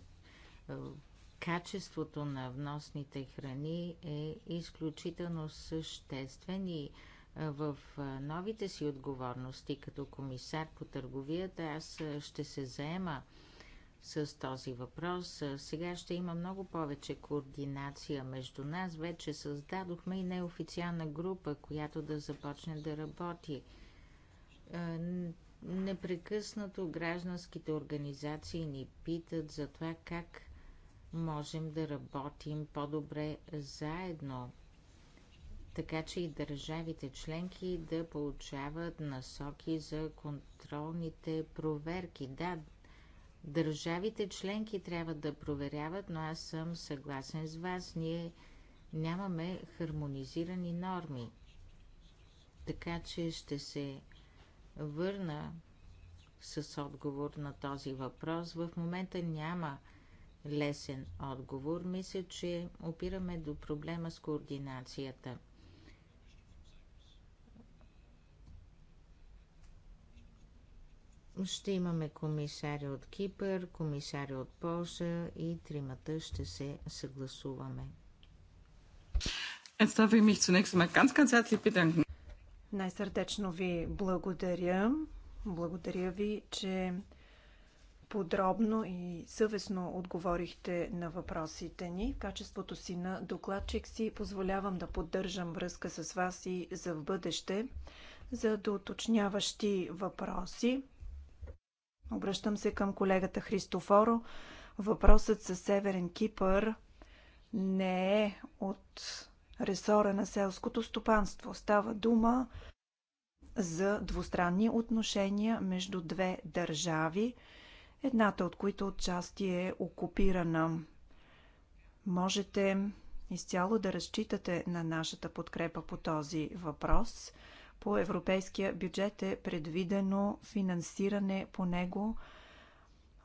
качеството на вносните храни е изключително съществен и е, в новите си отговорности като комисар по търговията аз ще се заема с този въпрос. Сега ще има много повече координация между нас. Вече създадохме и неофициална група, която да започне да работи. Непрекъснато гражданските организации ни питат за това как можем да работим по-добре заедно, така че и държавите членки да получават насоки за контролните проверки. Да, Държавите членки трябва да проверяват, но аз съм съгласен с вас. Ние нямаме хармонизирани норми. Така че ще се върна с отговор на този въпрос. В момента няма лесен отговор. Мисля, че опираме до проблема с координацията – Ще имаме комисари от Кипър, комисари от Польша и тримата ще се съгласуваме. Най-сърдечно ви благодаря. Благодаря ви, че подробно и съвестно отговорихте на въпросите ни. В качеството си на докладчик си позволявам да поддържам връзка с вас и за в бъдеще за да уточняващи въпроси. Обръщам се към колегата Христофоро. Въпросът със Северен Кипър не е от ресора на селското стопанство. Става дума за двустранни отношения между две държави, едната от които отчасти е окупирана. Можете изцяло да разчитате на нашата подкрепа по този въпрос – по европейския бюджет е предвидено финансиране по него.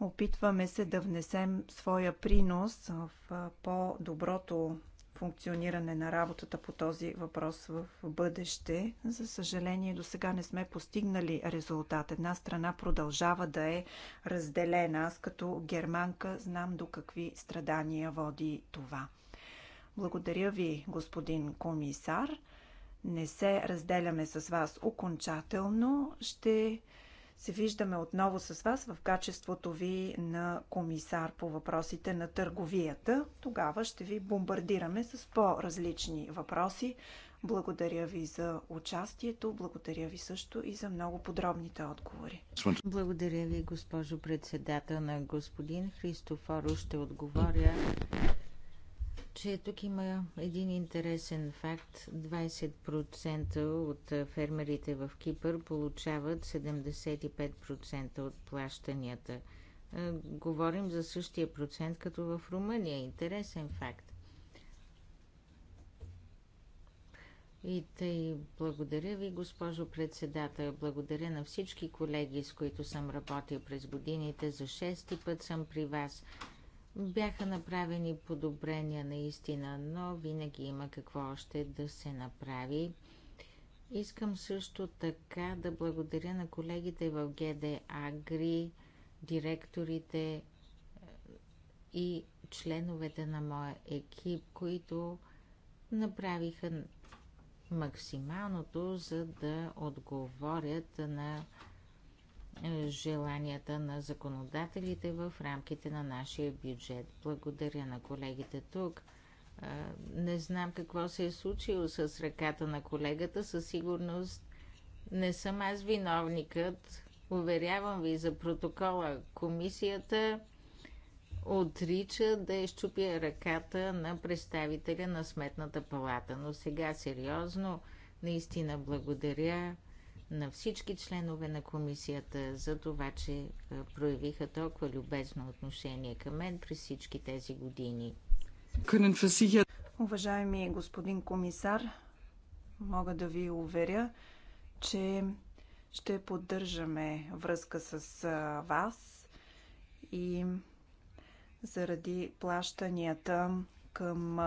Опитваме се да внесем своя принос в по-доброто функциониране на работата по този въпрос в бъдеще. За съжаление, до сега не сме постигнали резултат. Една страна продължава да е разделена. Аз като германка знам до какви страдания води това. Благодаря ви, господин комисар не се разделяме с вас окончателно. Ще се виждаме отново с вас в качеството ви на комисар по въпросите на търговията. Тогава ще ви бомбардираме с по-различни въпроси. Благодаря ви за участието, благодаря ви също и за много подробните отговори. Благодаря ви, госпожо председател на господин Христофоро. Ще отговоря че тук има един интересен факт. 20% от фермерите в Кипър получават 75% от плащанията. Говорим за същия процент като в Румъния. Интересен факт. И тъй благодаря ви, госпожо председател. Благодаря на всички колеги, с които съм работил през годините. За шести път съм при вас. Бяха направени подобрения наистина, но винаги има какво още да се направи. Искам също така да благодаря на колегите в ГД Агри, директорите е, и членовете на моя екип, които направиха максималното, за да отговорят на желанията на законодателите в рамките на нашия бюджет. Благодаря на колегите тук. Не знам какво се е случило с ръката на колегата. Със сигурност не съм аз виновникът. Уверявам ви за протокола. Комисията отрича да изчупя ръката на представителя на Сметната палата. Но сега сериозно, наистина благодаря на всички членове на комисията за това, че е, проявиха толкова любезно отношение към мен през всички тези години. Уважаеми господин комисар, мога да ви уверя, че ще поддържаме връзка с вас и заради плащанията към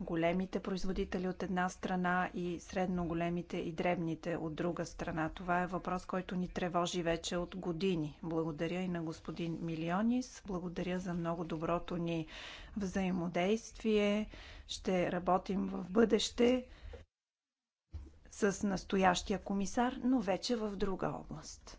големите производители от една страна и средно големите и дребните от друга страна. Това е въпрос, който ни тревожи вече от години. Благодаря и на господин Милионис. Благодаря за много доброто ни взаимодействие. Ще работим в бъдеще с настоящия комисар, но вече в друга област.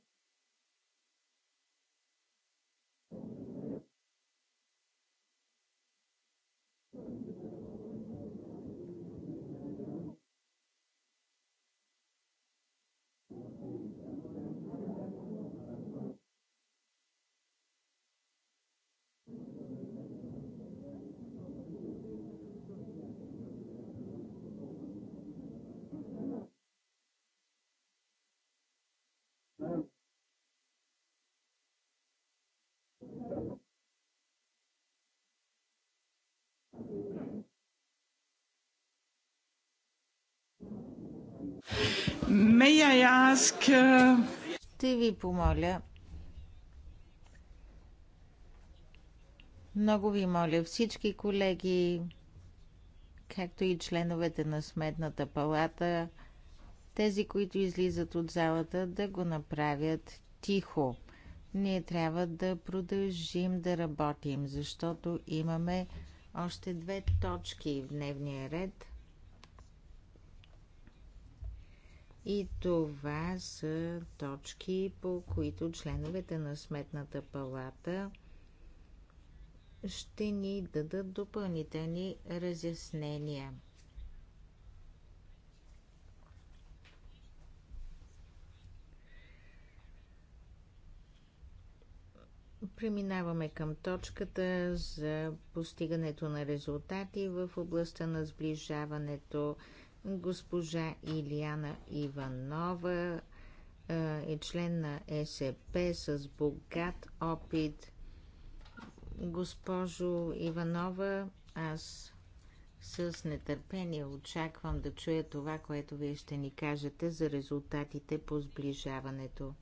May I ask... Uh, Ще ви помоля. Много ви моля всички колеги, както и членовете на Сметната палата, тези, които излизат от залата, да го направят тихо. Ние трябва да продължим да работим, защото имаме още две точки в дневния ред – И това са точки, по които членовете на Сметната палата ще ни дадат допълнителни разяснения. Преминаваме към точката за постигането на резултати в областта на сближаването. Госпожа Илияна Иванова е член на СП с богат опит. Госпожо Иванова, аз с нетърпение очаквам да чуя това, което вие ще ни кажете за резултатите по сближаването.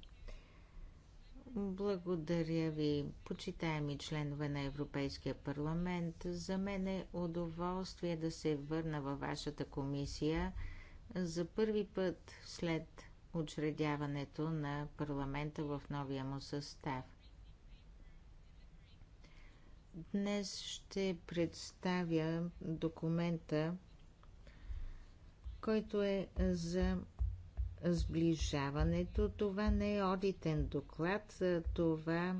Благодаря ви, почитаеми членове на Европейския парламент. За мен е удоволствие да се върна във вашата комисия за първи път след учредяването на парламента в новия му състав. Днес ще представя документа, който е за сближаването. Това не е одитен доклад, това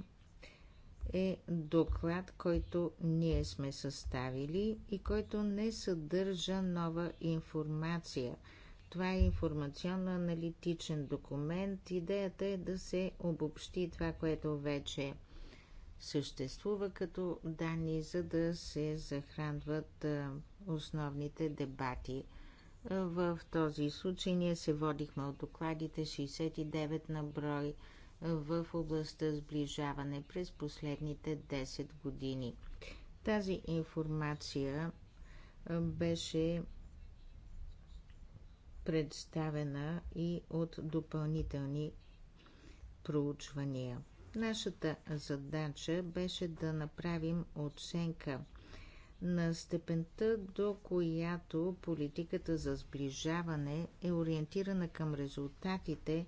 е доклад, който ние сме съставили и който не съдържа нова информация. Това е информационно-аналитичен документ. Идеята е да се обобщи това, което вече съществува като данни, за да се захранват основните дебати – в този случай ние се водихме от докладите 69 на брой в областта сближаване през последните 10 години. Тази информация беше представена и от допълнителни проучвания. Нашата задача беше да направим оценка – на степента, до която политиката за сближаване е ориентирана към резултатите,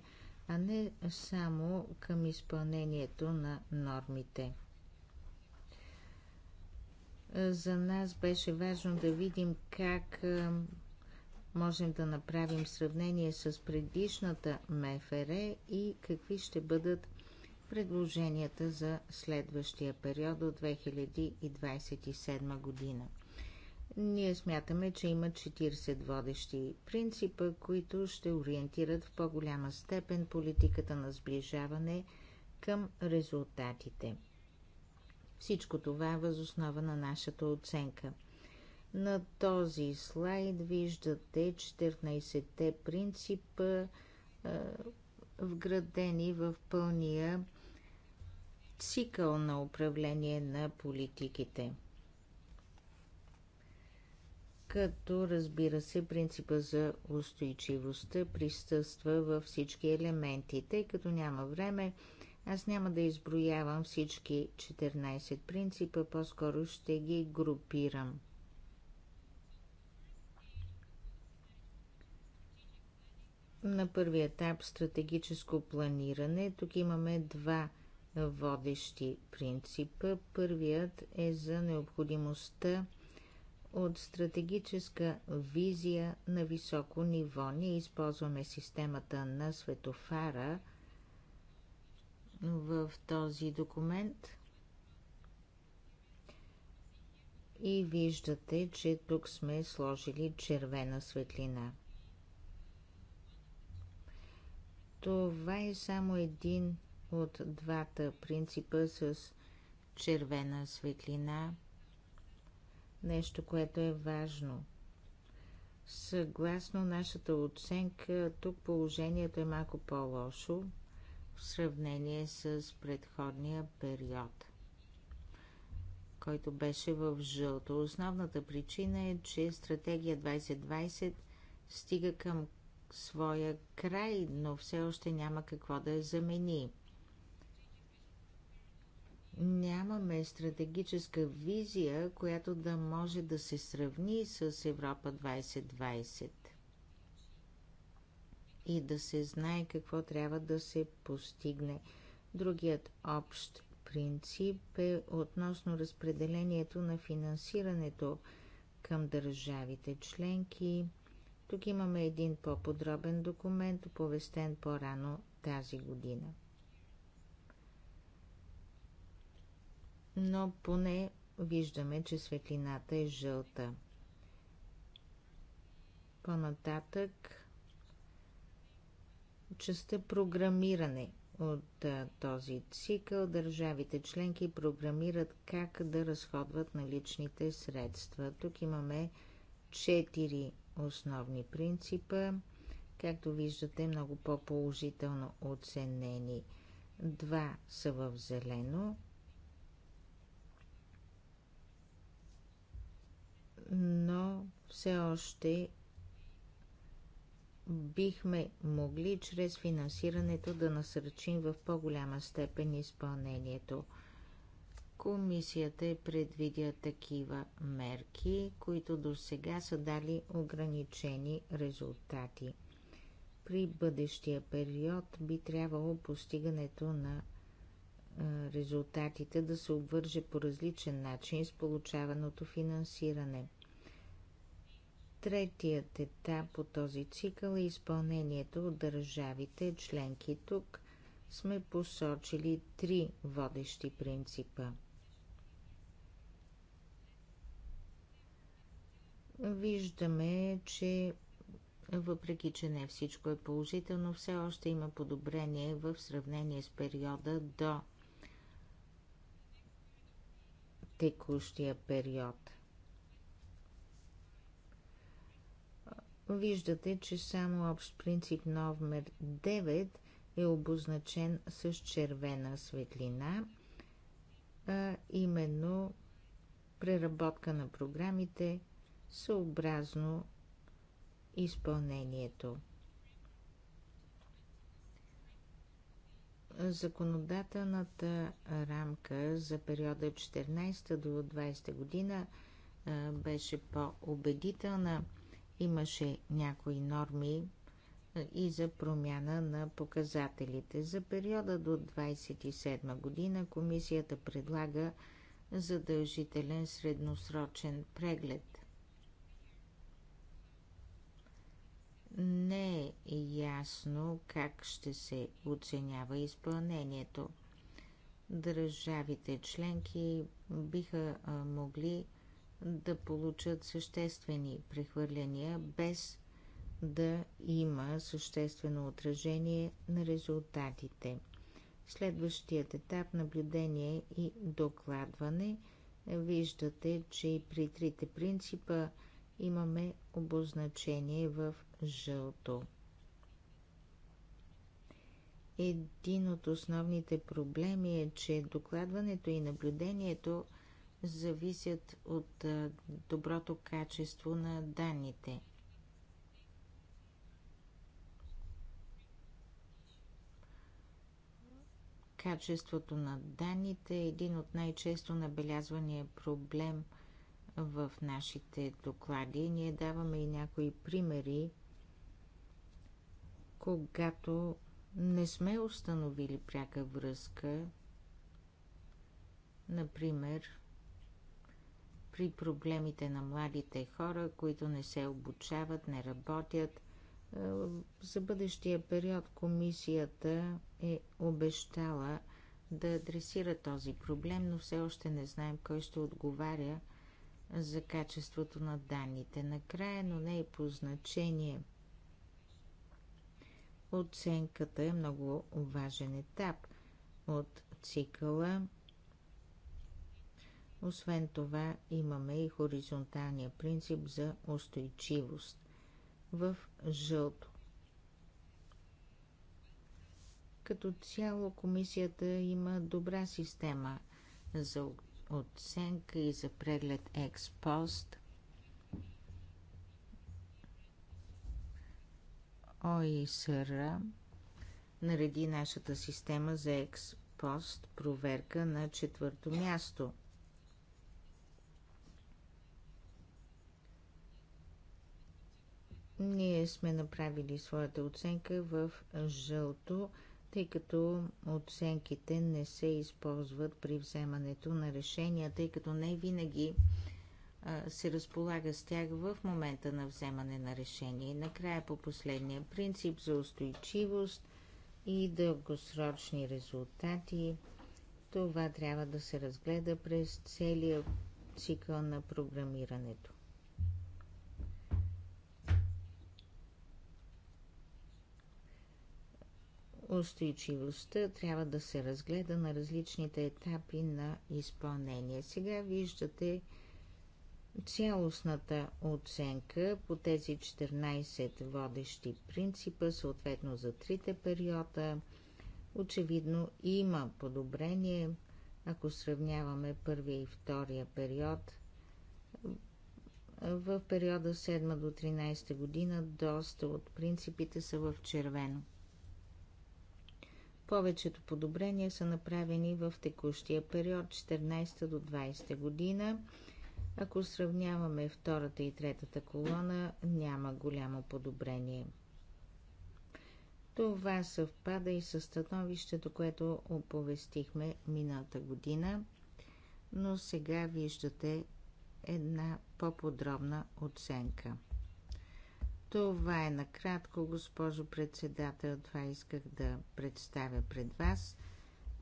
а не само към изпълнението на нормите. За нас беше важно да видим как можем да направим сравнение с предишната МФР и какви ще бъдат предложенията за следващия период до 2027 година. Ние смятаме, че има 40 водещи принципа, които ще ориентират в по-голяма степен политиката на сближаване към резултатите. Всичко това е възоснова на нашата оценка. На този слайд виждате 14-те принципа, вградени в пълния цикъл на управление на политиките. Като разбира се, принципа за устойчивостта присъства във всички елементи, тъй като няма време, аз няма да изброявам всички 14 принципа, по-скоро ще ги групирам. На първи етап стратегическо планиране. Тук имаме два водещи принципа. Първият е за необходимостта от стратегическа визия на високо ниво. Ние използваме системата на светофара в този документ и виждате, че тук сме сложили червена светлина. Това е само един от двата принципа с червена светлина. Нещо, което е важно. Съгласно нашата оценка, тук положението е малко по-лошо в сравнение с предходния период, който беше в жълто. Основната причина е, че стратегия 2020 стига към своя край, но все още няма какво да я замени нямаме стратегическа визия, която да може да се сравни с Европа 2020 и да се знае какво трябва да се постигне. Другият общ принцип е относно разпределението на финансирането към държавите членки. Тук имаме един по-подробен документ, оповестен по-рано тази година. но поне виждаме, че светлината е жълта. По-нататък частта програмиране от този цикъл държавите членки програмират как да разходват наличните средства. Тук имаме четири основни принципа, както виждате много по-положително оценени. Два са в зелено, но все още бихме могли чрез финансирането да насърчим в по-голяма степен изпълнението. Комисията е предвидя такива мерки, които до сега са дали ограничени резултати. При бъдещия период би трябвало постигането на резултатите да се обвърже по различен начин с получаваното финансиране – Третият етап от този цикъл е изпълнението от държавите членки. Тук сме посочили три водещи принципа. Виждаме, че въпреки, че не всичко е положително, все още има подобрение в сравнение с периода до текущия период – Виждате, че само общ принцип номер 9 е обозначен с червена светлина, а именно преработка на програмите съобразно изпълнението. Законодателната рамка за периода 14 до 20 година беше по-убедителна – Имаше някои норми е, и за промяна на показателите. За периода до 27 година комисията предлага задължителен средносрочен преглед. Не е ясно как ще се оценява изпълнението. Държавите членки биха могли да получат съществени прехвърляния, без да има съществено отражение на резултатите. Следващият етап наблюдение и докладване. Виждате, че и при трите принципа имаме обозначение в жълто. Един от основните проблеми е, че докладването и наблюдението – зависят от доброто качество на данните. Качеството на данните е един от най-често набелязвания проблем в нашите доклади. Ние даваме и някои примери, когато не сме установили пряка връзка, например, при проблемите на младите хора, които не се обучават, не работят. Е, за бъдещия период комисията е обещала да адресира този проблем, но все още не знаем кой ще отговаря за качеството на данните. Накрая, но не и е по значение. Оценката е много важен етап от цикъла освен това имаме и хоризонталния принцип за устойчивост в жълто. Като цяло комисията има добра система за оценка и за преглед експост. ОИСР нареди нашата система за експост проверка на четвърто място – Ние сме направили своята оценка в жълто, тъй като оценките не се използват при вземането на решения, тъй като не винаги се разполага с тях в момента на вземане на решение. И накрая по последния принцип за устойчивост и дългосрочни резултати. Това трябва да се разгледа през целия цикъл на програмирането. устойчивостта трябва да се разгледа на различните етапи на изпълнение. Сега виждате цялостната оценка по тези 14 водещи принципа, съответно за трите периода. Очевидно има подобрение, ако сравняваме първия и втория период. В периода 7 до 13 година доста от принципите са в червено. Повечето подобрения са направени в текущия период 14 до 20 година. Ако сравняваме втората и третата колона, няма голямо подобрение. Това съвпада и с становището, което оповестихме миналата година, но сега виждате една по-подробна оценка. Това е накратко, госпожо председател. Това исках да представя пред вас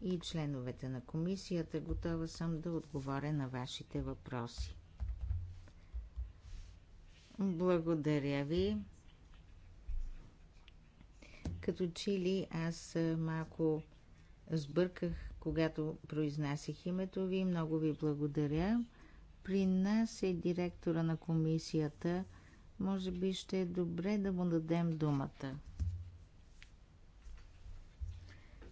и членовете на комисията. Готова съм да отговоря на вашите въпроси. Благодаря ви. Като че ли аз малко сбърках, когато произнасях името ви. Много ви благодаря. При нас е директора на комисията – може би ще е добре да му дадем думата.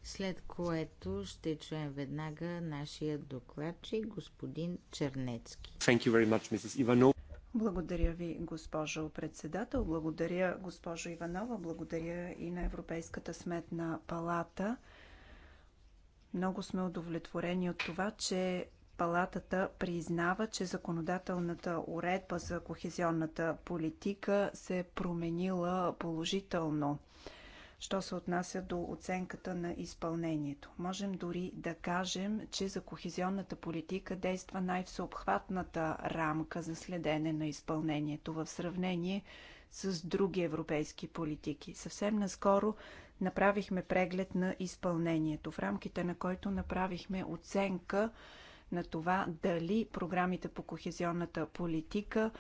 След което ще чуем веднага нашия докладчик, господин Чернецки. Thank you very much, Mrs. Ivanova. Благодаря ви, госпожо председател. Благодаря, госпожо Иванова. Благодаря и на Европейската сметна палата. Много сме удовлетворени от това, че Палатата признава, че законодателната уредба за кохезионната политика се е променила положително, що се отнася до оценката на изпълнението. Можем дори да кажем, че за кохезионната политика действа най-всеобхватната рамка за следене на изпълнението в сравнение с други европейски политики. Съвсем наскоро направихме преглед на изпълнението, в рамките на който направихме оценка – на това дали програмите по кохезионната политика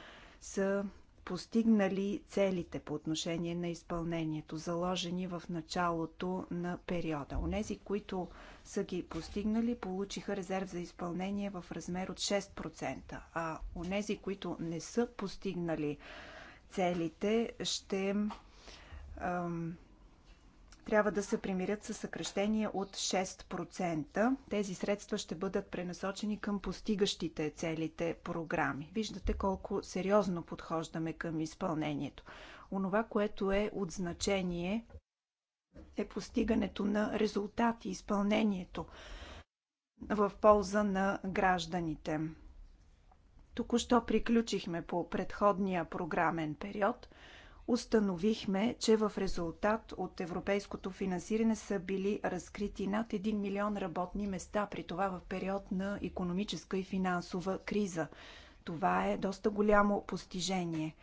са постигнали целите по отношение на изпълнението, заложени в началото на периода. Онези, които са ги постигнали, получиха резерв за изпълнение в размер от 6%, а онези, които не са постигнали целите, ще ам, трябва да се примирят с съкръщение от 6%. Тези средства ще бъдат пренасочени към постигащите целите програми. Виждате колко сериозно подхождаме към изпълнението. Онова, което е от значение е постигането на резултати, изпълнението в полза на гражданите. Току-що приключихме по предходния програмен период – установихме, че в резултат от европейското финансиране са били разкрити над 1 милион работни места, при това в период на економическа и финансова криза. Това е доста голямо постижение.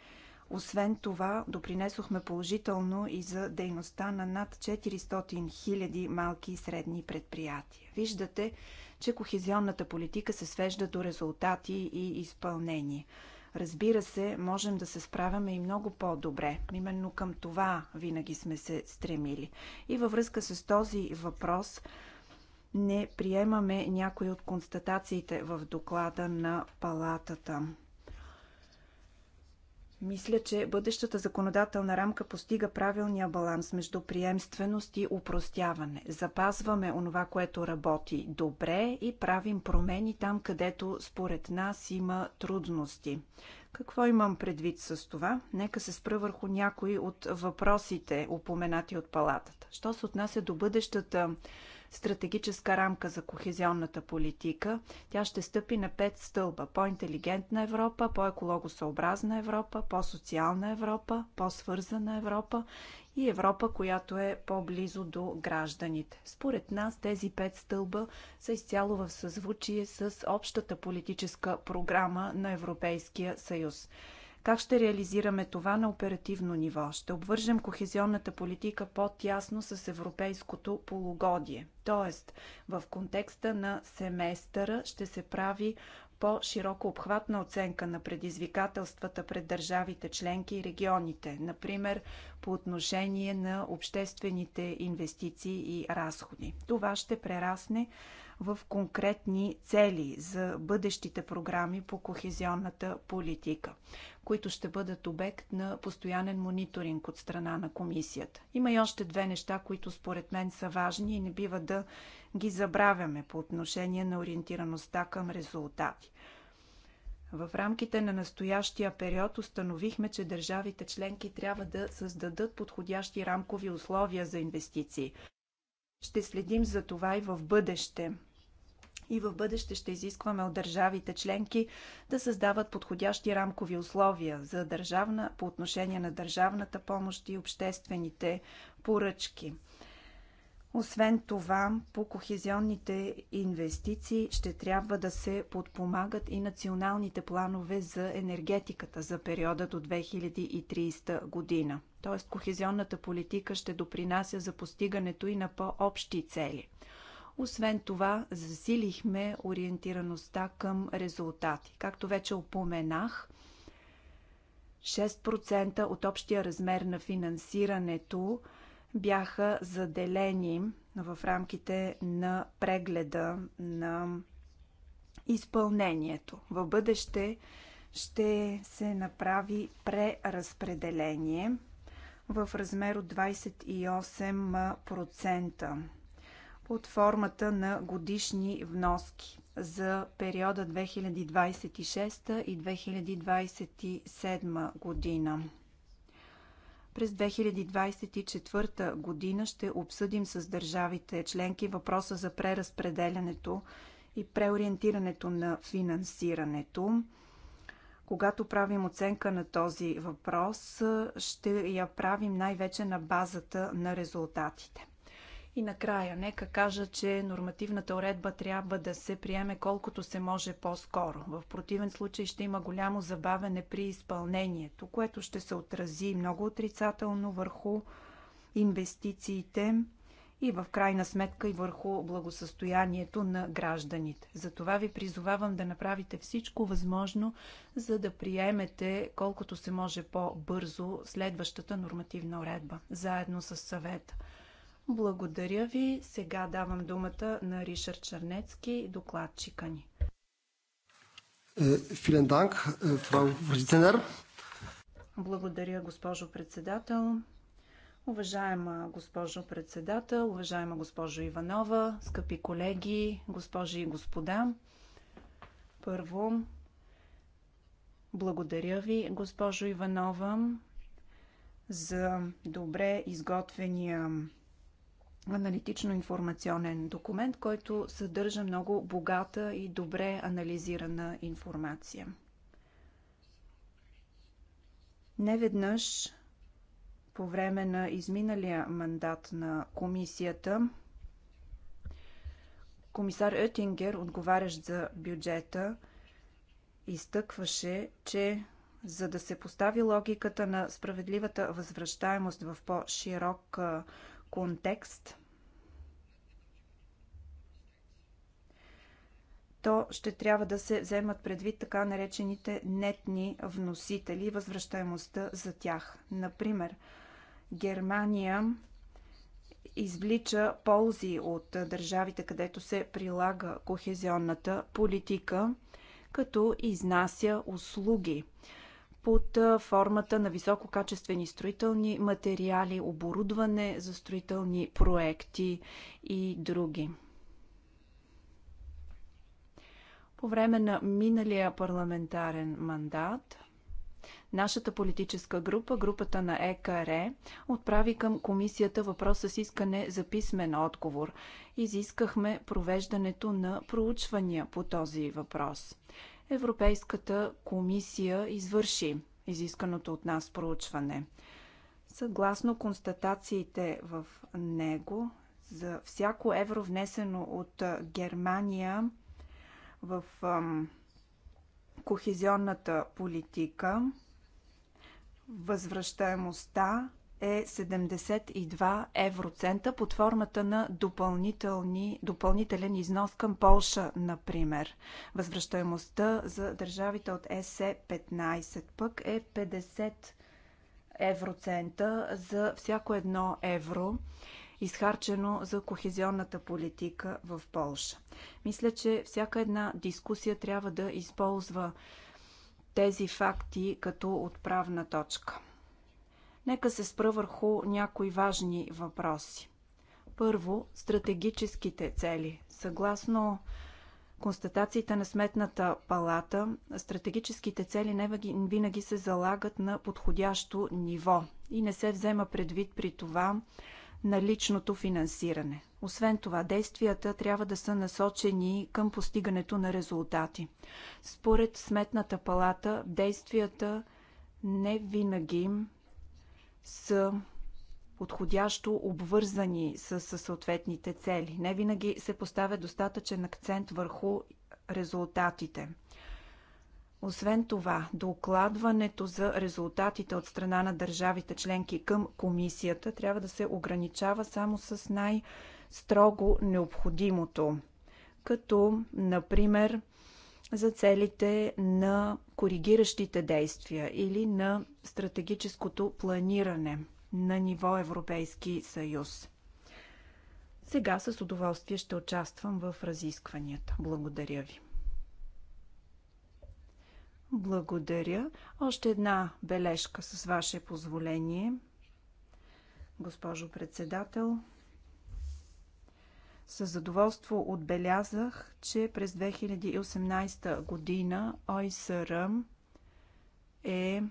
Освен това, допринесохме положително и за дейността на над 400 000 малки и средни предприятия. Виждате, че кохезионната политика се свежда до резултати и изпълнение. Разбира се, можем да се справяме и много по-добре. Именно към това винаги сме се стремили. И във връзка с този въпрос не приемаме някои от констатациите в доклада на палатата. Мисля, че бъдещата законодателна рамка постига правилния баланс между приемственост и упростяване. Запазваме онова, което работи добре и правим промени там, където според нас има трудности. Какво имам предвид с това? Нека се спра върху някои от въпросите, упоменати от палатата. Що се отнася до бъдещата стратегическа рамка за кохезионната политика. Тя ще стъпи на пет стълба. По-интелигентна Европа, по-екологосъобразна Европа, по-социална Европа, по-свързана Европа и Европа, която е по-близо до гражданите. Според нас тези пет стълба са изцяло в съзвучие с общата политическа програма на Европейския съюз. Как ще реализираме това на оперативно ниво? Ще обвържем кохезионната политика по-тясно с европейското полугодие. Тоест, в контекста на семестъра ще се прави по-широко обхватна оценка на предизвикателствата пред държавите членки и регионите, например по отношение на обществените инвестиции и разходи. Това ще прерасне в конкретни цели за бъдещите програми по кохезионната политика, които ще бъдат обект на постоянен мониторинг от страна на комисията. Има и още две неща, които според мен са важни и не бива да ги забравяме по отношение на ориентираността към резултати. В рамките на настоящия период установихме, че държавите членки трябва да създадат подходящи рамкови условия за инвестиции. Ще следим за това и в бъдеще. И в бъдеще ще изискваме от държавите членки да създават подходящи рамкови условия за държавна, по отношение на държавната помощ и обществените поръчки. Освен това, по кохезионните инвестиции ще трябва да се подпомагат и националните планове за енергетиката за периода до 2030 година. Тоест, кохезионната политика ще допринася за постигането и на по-общи цели. Освен това, засилихме ориентираността към резултати. Както вече опоменах, 6% от общия размер на финансирането – бяха заделени в рамките на прегледа на изпълнението. В бъдеще ще се направи преразпределение в размер от 28% под формата на годишни вноски за периода 2026 и 2027 година. През 2024 година ще обсъдим с държавите членки въпроса за преразпределянето и преориентирането на финансирането. Когато правим оценка на този въпрос, ще я правим най-вече на базата на резултатите. И накрая, нека кажа, че нормативната уредба трябва да се приеме колкото се може по-скоро. В противен случай ще има голямо забавене при изпълнението, което ще се отрази много отрицателно върху инвестициите и в крайна сметка и върху благосъстоянието на гражданите. Затова ви призовавам да направите всичко възможно, за да приемете колкото се може по-бързо следващата нормативна уредба, заедно с съвета. Благодаря ви. Сега давам думата на Ришард Чернецки, докладчика ни. Е, филен данк, фрау е, е Благодаря, госпожо председател. Уважаема госпожо председател, уважаема госпожо Иванова, скъпи колеги, госпожи и господа. Първо, благодаря ви, госпожо Иванова, за добре изготвения аналитично-информационен документ, който съдържа много богата и добре анализирана информация. Неведнъж по време на изминалия мандат на комисията, комисар Оттингер, отговарящ за бюджета, изтъкваше, че за да се постави логиката на справедливата възвръщаемост в по-широк контекст, то ще трябва да се вземат предвид така наречените нетни вносители и възвръщаемостта за тях. Например, Германия извлича ползи от държавите, където се прилага кохезионната политика, като изнася услуги под формата на висококачествени строителни материали, оборудване за строителни проекти и други. По време на миналия парламентарен мандат Нашата политическа група, групата на ЕКР, отправи към комисията въпроса с искане за писмен отговор. Изискахме провеждането на проучвания по този въпрос. Европейската комисия извърши изисканото от нас проучване. Съгласно констатациите в него, за всяко евро внесено от Германия в кохезионната политика, възвръщаемостта е 72 евроцента под формата на допълнителен износ към Полша, например. Възвръщаемостта за държавите от ЕСЕ е 15 пък е 50 евроцента за всяко едно евро изхарчено за кохезионната политика в Полша. Мисля, че всяка една дискусия трябва да използва тези факти като отправна точка. Нека се спра върху някои важни въпроси. Първо, стратегическите цели. Съгласно констатациите на Сметната палата, стратегическите цели не винаги се залагат на подходящо ниво и не се взема предвид при това на личното финансиране. Освен това, действията трябва да са насочени към постигането на резултати. Според Сметната палата, действията не винаги са подходящо обвързани с съответните цели. Не винаги се поставя достатъчен акцент върху резултатите. Освен това, докладването за резултатите от страна на държавите членки към комисията трябва да се ограничава само с най-строго необходимото, като, например, за целите на коригиращите действия или на стратегическото планиране на ниво Европейски съюз. Сега с удоволствие ще участвам в разискванията. Благодаря ви. Благодаря. Още една бележка с ваше позволение. Госпожо председател, със задоволство отбелязах, че през 2018 година ОИСР е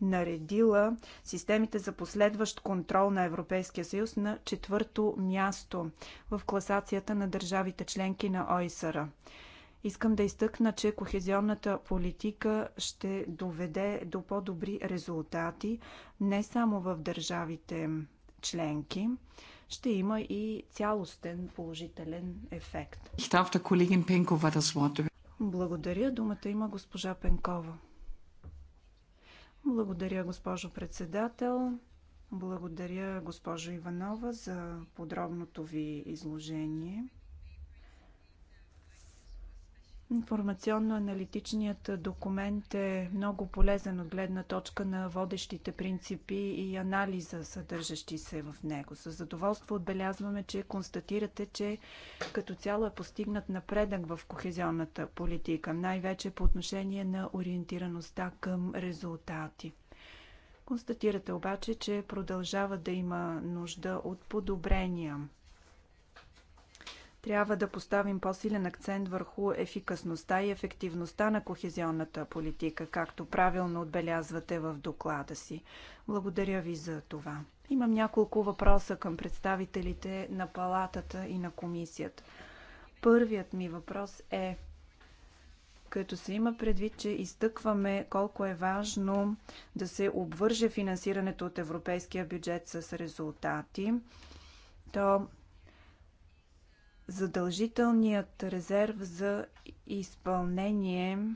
наредила системите за последващ контрол на Европейския съюз на четвърто място в класацията на държавите членки на ОИСР. Искам да изтъкна, че кохезионната политика ще доведе до по-добри резултати не само в държавите членки, ще има и цялостен положителен ефект. Благодаря. Думата има госпожа Пенкова. Благодаря, госпожо председател. Благодаря, госпожо Иванова, за подробното ви изложение. Информационно-аналитичният документ е много полезен от гледна точка на водещите принципи и анализа, съдържащи се в него. С задоволство отбелязваме, че констатирате, че като цяло е постигнат напредък в кохезионната политика, най-вече по отношение на ориентираността към резултати. Констатирате обаче, че продължава да има нужда от подобрения трябва да поставим по-силен акцент върху ефикасността и ефективността на кохезионната политика, както правилно отбелязвате в доклада си. Благодаря ви за това. Имам няколко въпроса към представителите на палатата и на комисията. Първият ми въпрос е като се има предвид, че изтъкваме колко е важно да се обвърже финансирането от европейския бюджет с резултати, то задължителният резерв за изпълнение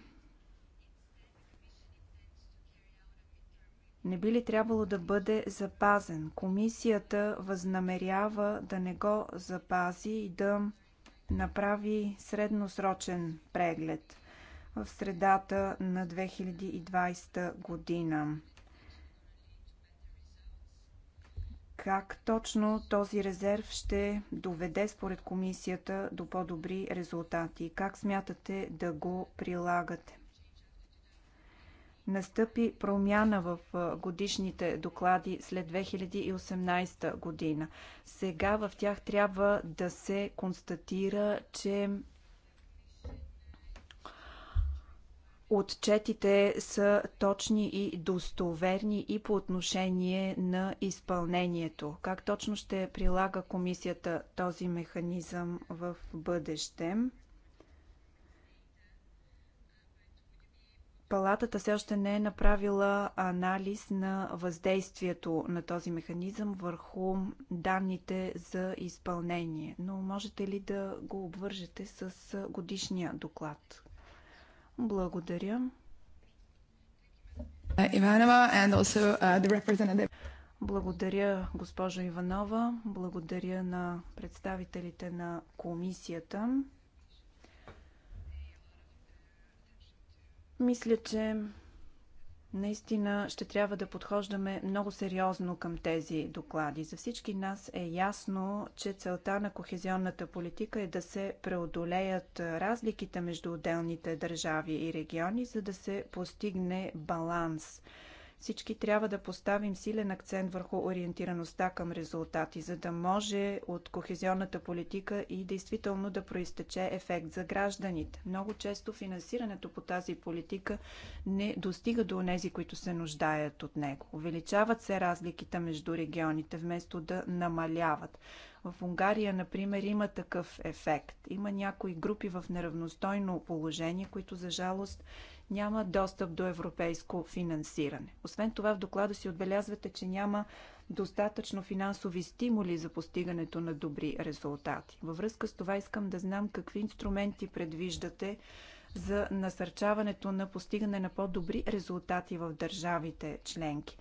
не би ли трябвало да бъде запазен? Комисията възнамерява да не го запази и да направи средносрочен преглед в средата на 2020 година. Как точно този резерв ще доведе според комисията до по-добри резултати? Как смятате да го прилагате? Настъпи промяна в годишните доклади след 2018 година. Сега в тях трябва да се констатира, че отчетите са точни и достоверни и по отношение на изпълнението? Как точно ще прилага комисията този механизъм в бъдеще? Палатата все още не е направила анализ на въздействието на този механизъм върху данните за изпълнение, но можете ли да го обвържете с годишния доклад, благодаря. Иванова uh, and also uh, the representative. Благодаря, госпожа Иванова. Благодаря на представителите на комисията. Мисля, че Наистина ще трябва да подхождаме много сериозно към тези доклади. За всички нас е ясно, че целта на кохезионната политика е да се преодолеят разликите между отделните държави и региони, за да се постигне баланс – всички трябва да поставим силен акцент върху ориентираността към резултати, за да може от кохезионната политика и действително да проистече ефект за гражданите. Много често финансирането по тази политика не достига до онези, които се нуждаят от него. Увеличават се разликите между регионите, вместо да намаляват. В Унгария, например, има такъв ефект. Има някои групи в неравностойно положение, които за жалост няма достъп до европейско финансиране. Освен това, в доклада си отбелязвате, че няма достатъчно финансови стимули за постигането на добри резултати. Във връзка с това искам да знам какви инструменти предвиждате за насърчаването на постигане на по-добри резултати в държавите членки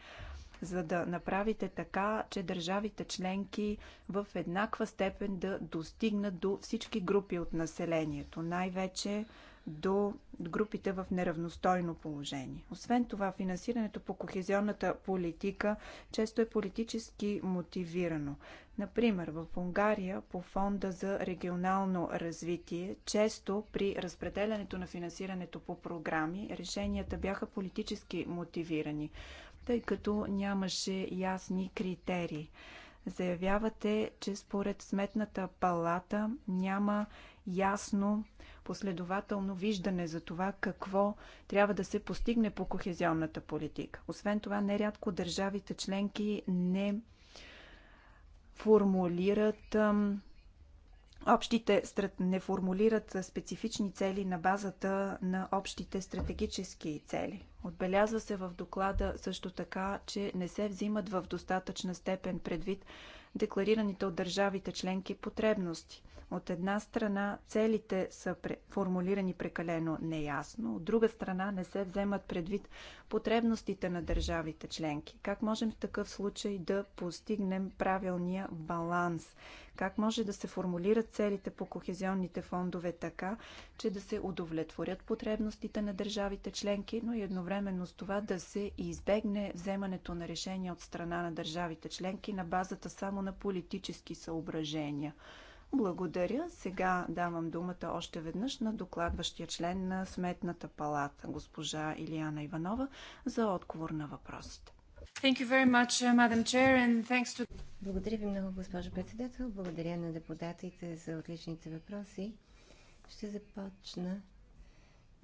за да направите така, че държавите членки в еднаква степен да достигнат до всички групи от населението, най-вече до групите в неравностойно положение. Освен това, финансирането по кохезионната политика често е политически мотивирано. Например, в Унгария по Фонда за регионално развитие често при разпределянето на финансирането по програми решенията бяха политически мотивирани, тъй като нямаше ясни критерии заявявате, че според сметната палата няма ясно последователно виждане за това какво трябва да се постигне по кохезионната политика. Освен това, нерядко държавите членки не формулират общите, не формулират специфични цели на базата на общите стратегически цели. Отбелязва се в доклада също така, че не се взимат в достатъчна степен предвид декларираните от държавите членки потребности – от една страна целите са формулирани прекалено неясно, от друга страна не се вземат предвид потребностите на държавите членки. Как можем в такъв случай да постигнем правилния баланс? Как може да се формулират целите по кохезионните фондове така, че да се удовлетворят потребностите на държавите членки, но и едновременно с това да се избегне вземането на решения от страна на държавите членки на базата само на политически съображения? Благодаря. Сега давам думата още веднъж на докладващия член на Сметната палата, госпожа Илияна Иванова, за отговор на въпросите. Much, uh, Chair, to... Благодаря ви много, госпожо председател. Благодаря на депутатите за отличните въпроси. Ще започна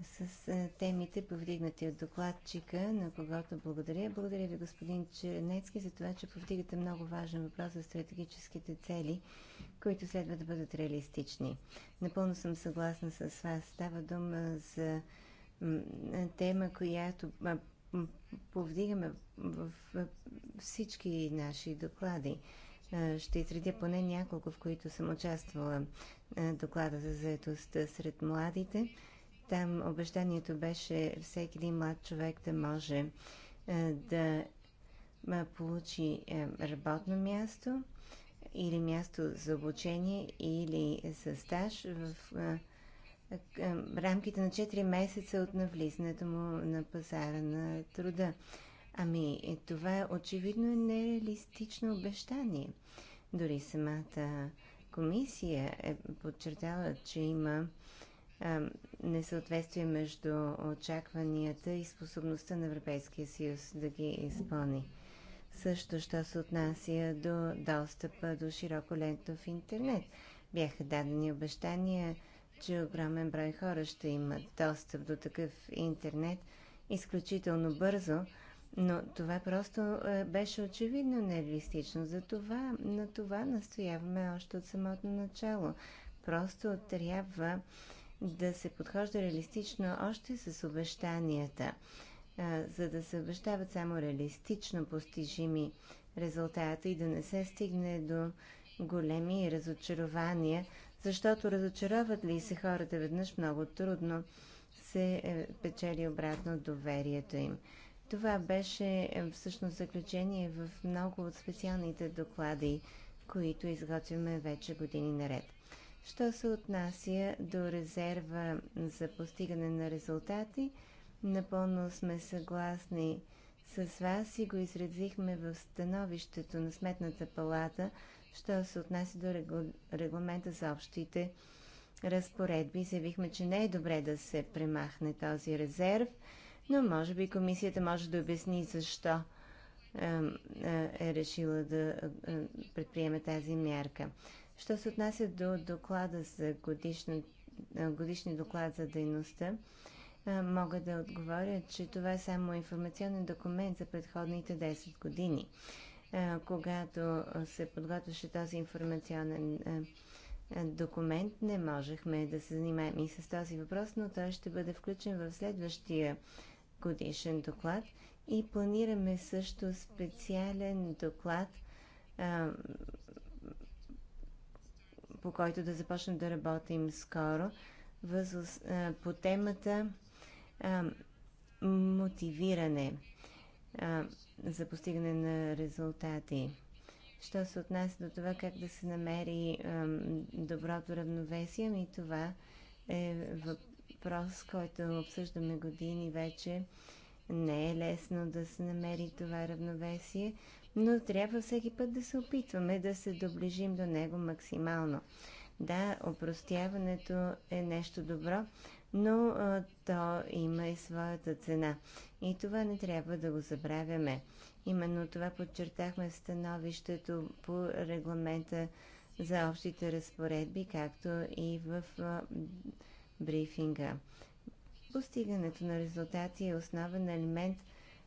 с е, темите, повдигнати от докладчика, на когото благодаря. Благодаря ви, господин Чернецки, за това, че повдигате много важен въпрос за стратегическите цели, които следва да бъдат реалистични. Напълно съм съгласна с вас. Става дума за тема, която повдигаме в всички наши доклади. Ще изредя поне няколко, в които съм участвала. Доклада за заедостта сред младите – там обещанието беше всеки един млад човек да може е, да получи е, работно място или място за обучение или за стаж в е, рамките на 4 месеца от навлизането му на пазара на труда. Ами, това очевидно е нереалистично обещание. Дори самата комисия е подчертала, че има несъответствие между очакванията и способността на Европейския съюз да ги изпълни. Също, що се отнася до достъпа до широко лентов интернет. Бяха дадени обещания, че огромен брой хора ще имат достъп до такъв интернет изключително бързо, но това просто е, беше очевидно нереалистично. За това, на това настояваме още от самото начало. Просто трябва да се подхожда реалистично още с обещанията, за да се обещават само реалистично постижими резултати и да не се стигне до големи разочарования, защото разочароват ли се хората веднъж много трудно се е, печели обратно доверието им. Това беше е, всъщност заключение в много от специалните доклади, които изготвяме вече години наред. Що се отнася до резерва за постигане на резултати, напълно сме съгласни с вас и го изразихме в становището на Сметната палата, що се отнася до регламента за общите разпоредби. Заявихме, че не е добре да се премахне този резерв, но може би комисията може да обясни защо е, е решила да е, е, предприеме тази мярка. Що се отнася до доклада за годишна, годишния доклад за дейността, мога да отговоря, че това е само информационен документ за предходните 10 години. Когато се подготвяше този информационен документ, не можехме да се занимаем и с този въпрос, но той ще бъде включен в следващия годишен доклад и планираме също специален доклад по който да започнем да работим скоро възос, а, по темата а, мотивиране а, за постигане на резултати. Що се отнася до това как да се намери а, доброто равновесие, ми това е въпрос, който обсъждаме години вече. Не е лесно да се намери това равновесие, но трябва всеки път да се опитваме да се доближим до него максимално. Да, опростяването е нещо добро, но а, то има и своята цена. И това не трябва да го забравяме. Именно това подчертахме в становището по регламента за общите разпоредби, както и в а, брифинга. Постигането на резултати е основен елемент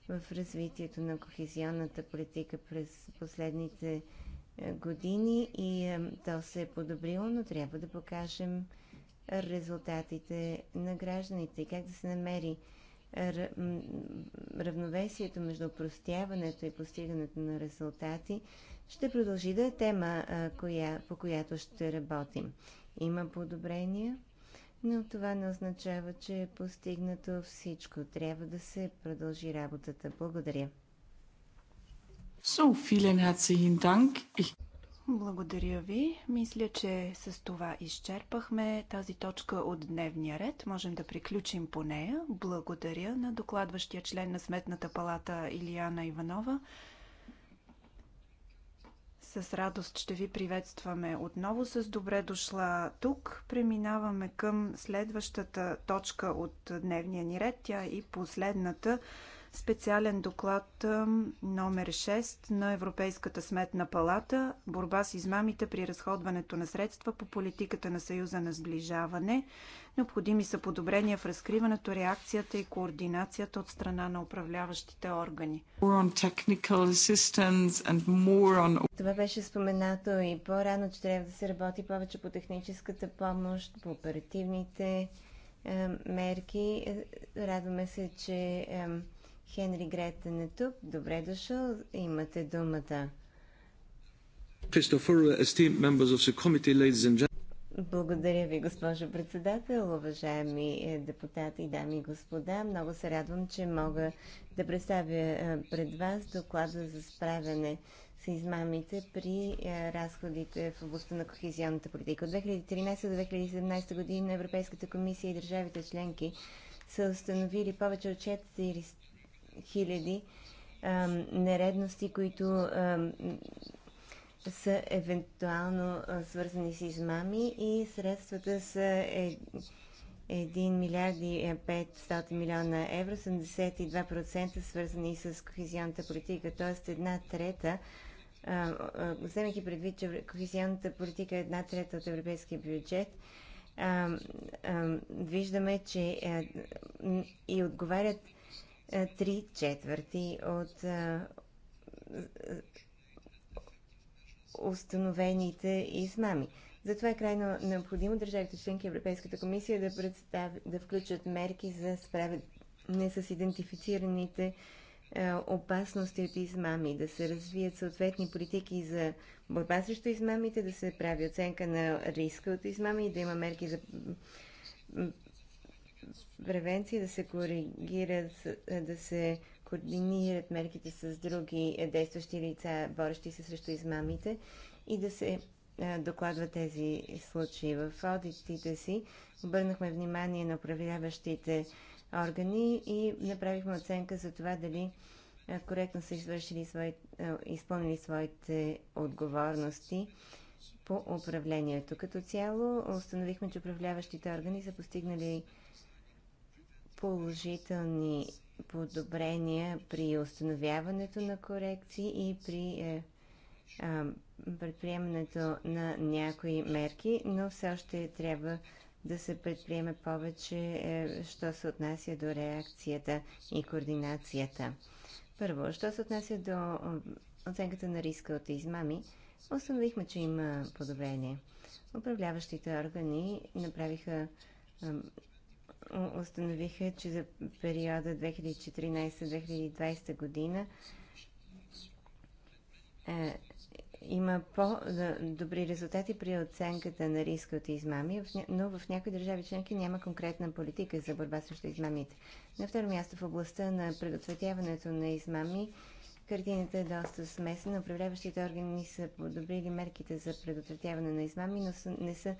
в развитието на кохезионната политика през последните е, години и е, то се е подобрило, но трябва да покажем резултатите на гражданите и как да се намери е, равновесието между простяването и постигането на резултати ще продължи да е тема, коя, по която ще работим. Има подобрения, но това не означава, че е постигнато всичко. Трябва да се продължи работата. Благодаря. So, vielen herzlichen Dank. Благодаря ви. Мисля, че с това изчерпахме тази точка от дневния ред. Можем да приключим по нея. Благодаря на докладващия член на Сметната палата Илияна Иванова. С радост ще ви приветстваме отново с добре дошла тук. Преминаваме към следващата точка от дневния ни ред. Тя е и последната специален доклад номер 6 на Европейската сметна палата борба с измамите при разходването на средства по политиката на Съюза на сближаване. Необходими са подобрения в разкриването, реакцията и координацията от страна на управляващите органи. Това беше споменато и по-рано, че трябва да се работи повече по техническата помощ, по оперативните мерки. Радваме се, че Хенри Гретен е тук. Добре дошъл. Имате думата. Благодаря ви, госпожо председател, уважаеми е, депутати, и дами и господа. Много се радвам, че мога да представя е, пред вас доклада за справяне с измамите при е, разходите в областта на кохезионната политика. От 2013 до 2017 година Европейската комисия и държавите членки са установили повече от хиляди нередности, които са евентуално свързани с измами и средствата са 1 е, милиард и 500 е, милиона евро, 72% свързани с кохезионната политика, т.е. една трета. Вземайки предвид, че кохезионната политика е една трета от европейския бюджет, виждаме, че е, и отговарят е, три четвърти от е, установените измами. Затова е крайно необходимо държавите членки Европейската комисия да, представ... да включат мерки за справяне с идентифицираните е, опасности от измами, да се развият съответни политики за борба срещу измамите, да се прави оценка на риска от измами и да има мерки за превенция, да се коригират, е, да се координират мерките с други е, действащи лица, борещи се срещу измамите и да се е, докладва тези случаи. В одитите си обърнахме внимание на управляващите органи и направихме оценка за това дали коректно са извършили свои, изпълнили своите отговорности по управлението. Като цяло установихме, че управляващите органи са постигнали положителни подобрения при установяването на корекции и при е, а, предприемането на някои мерки, но все още трябва да се предприеме повече, е, що се отнася до реакцията и координацията. Първо, що се отнася до оценката на риска от измами, установихме, че има подобрение. Управляващите органи направиха установиха, че за периода 2014-2020 година е, има по-добри резултати при оценката на риска от измами, но в някои държави членки няма конкретна политика за борба срещу измамите. На второ място в областта на предотвратяването на измами картината е доста смесена. Управляващите органи са подобрили мерките за предотвратяване на измами, но не са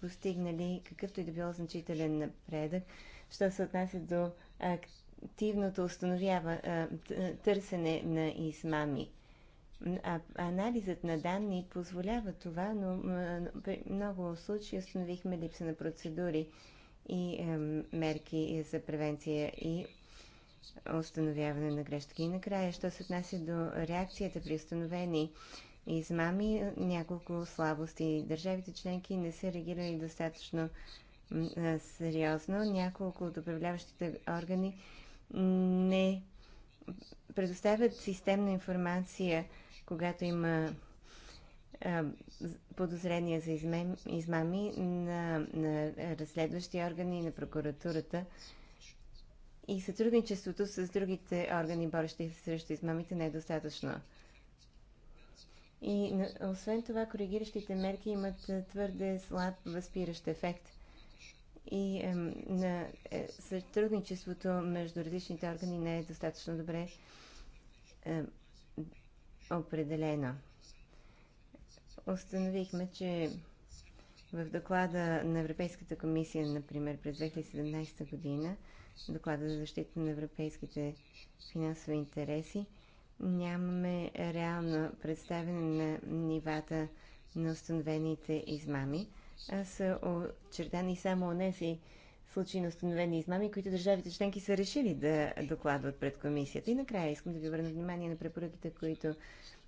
постигнали какъвто и да било значителен напредък, що се отнася до активното установява търсене на измами. А, анализът на данни позволява това, но при много случаи установихме липса на процедури и е, мерки за превенция и установяване на грешки. И накрая, що се отнася до реакцията при установени измами, няколко слабости. Държавите членки не са реагирали достатъчно сериозно. Няколко от управляващите органи не предоставят системна информация, когато има подозрения за измами на, на разследващи органи, на прокуратурата и сътрудничеството с другите органи, борещи се срещу измамите, не е достатъчно. И освен това, коригиращите мерки имат е, твърде слаб възпиращ ефект. И е, на, е, сътрудничеството между различните органи не е достатъчно добре е, определено. Установихме, че в доклада на Европейската комисия, например, през 2017 година, доклада за защита на европейските финансови интереси, нямаме реално представяне на нивата на установените измами, а са очертани само тези случаи на установени измами, които държавите членки са решили да докладват пред комисията. И накрая искам да ви обърна внимание на препоръките, които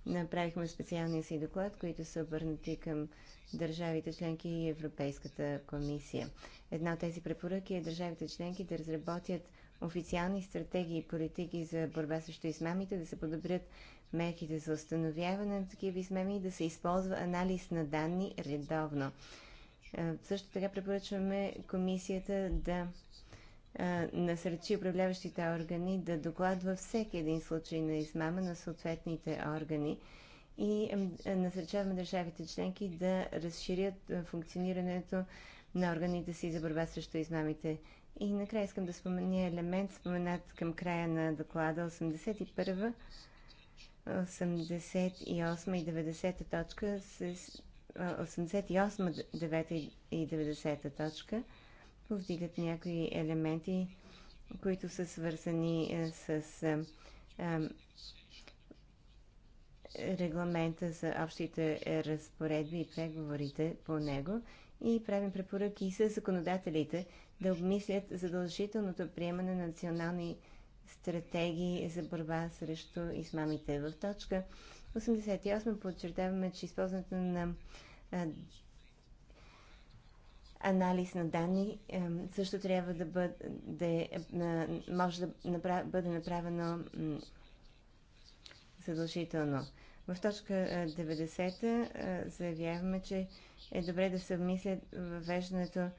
направихме в специалния си доклад, които са обърнати към държавите членки и Европейската комисия. Една от тези препоръки е държавите членки да разработят официални стратегии и политики за борба срещу измамите, да се подобрят мерките за установяване на такива измами и да се използва анализ на данни редовно. Е, също така препоръчваме комисията да е, насречи управляващите органи да докладва всеки един случай на измама на съответните органи и е, насречаваме държавите членки да разширят функционирането на органите си за борба срещу измамите. И накрая искам да спомена елемент, споменат към края на доклада 81, 88 и 90 точка, 88, 9 и 90 точка повдигат някои елементи, които са свързани е, с е, е, регламента за общите разпоредби и преговорите по него и правим препоръки и с законодателите да обмислят задължителното приемане на национални стратегии за борба срещу измамите. В точка 88 подчертаваме, че използването на анализ на данни също трябва да, бъде, да е, може да бъде направено задължително. В точка 90 е, е, заявяваме, че е добре да се обмислят въвеждането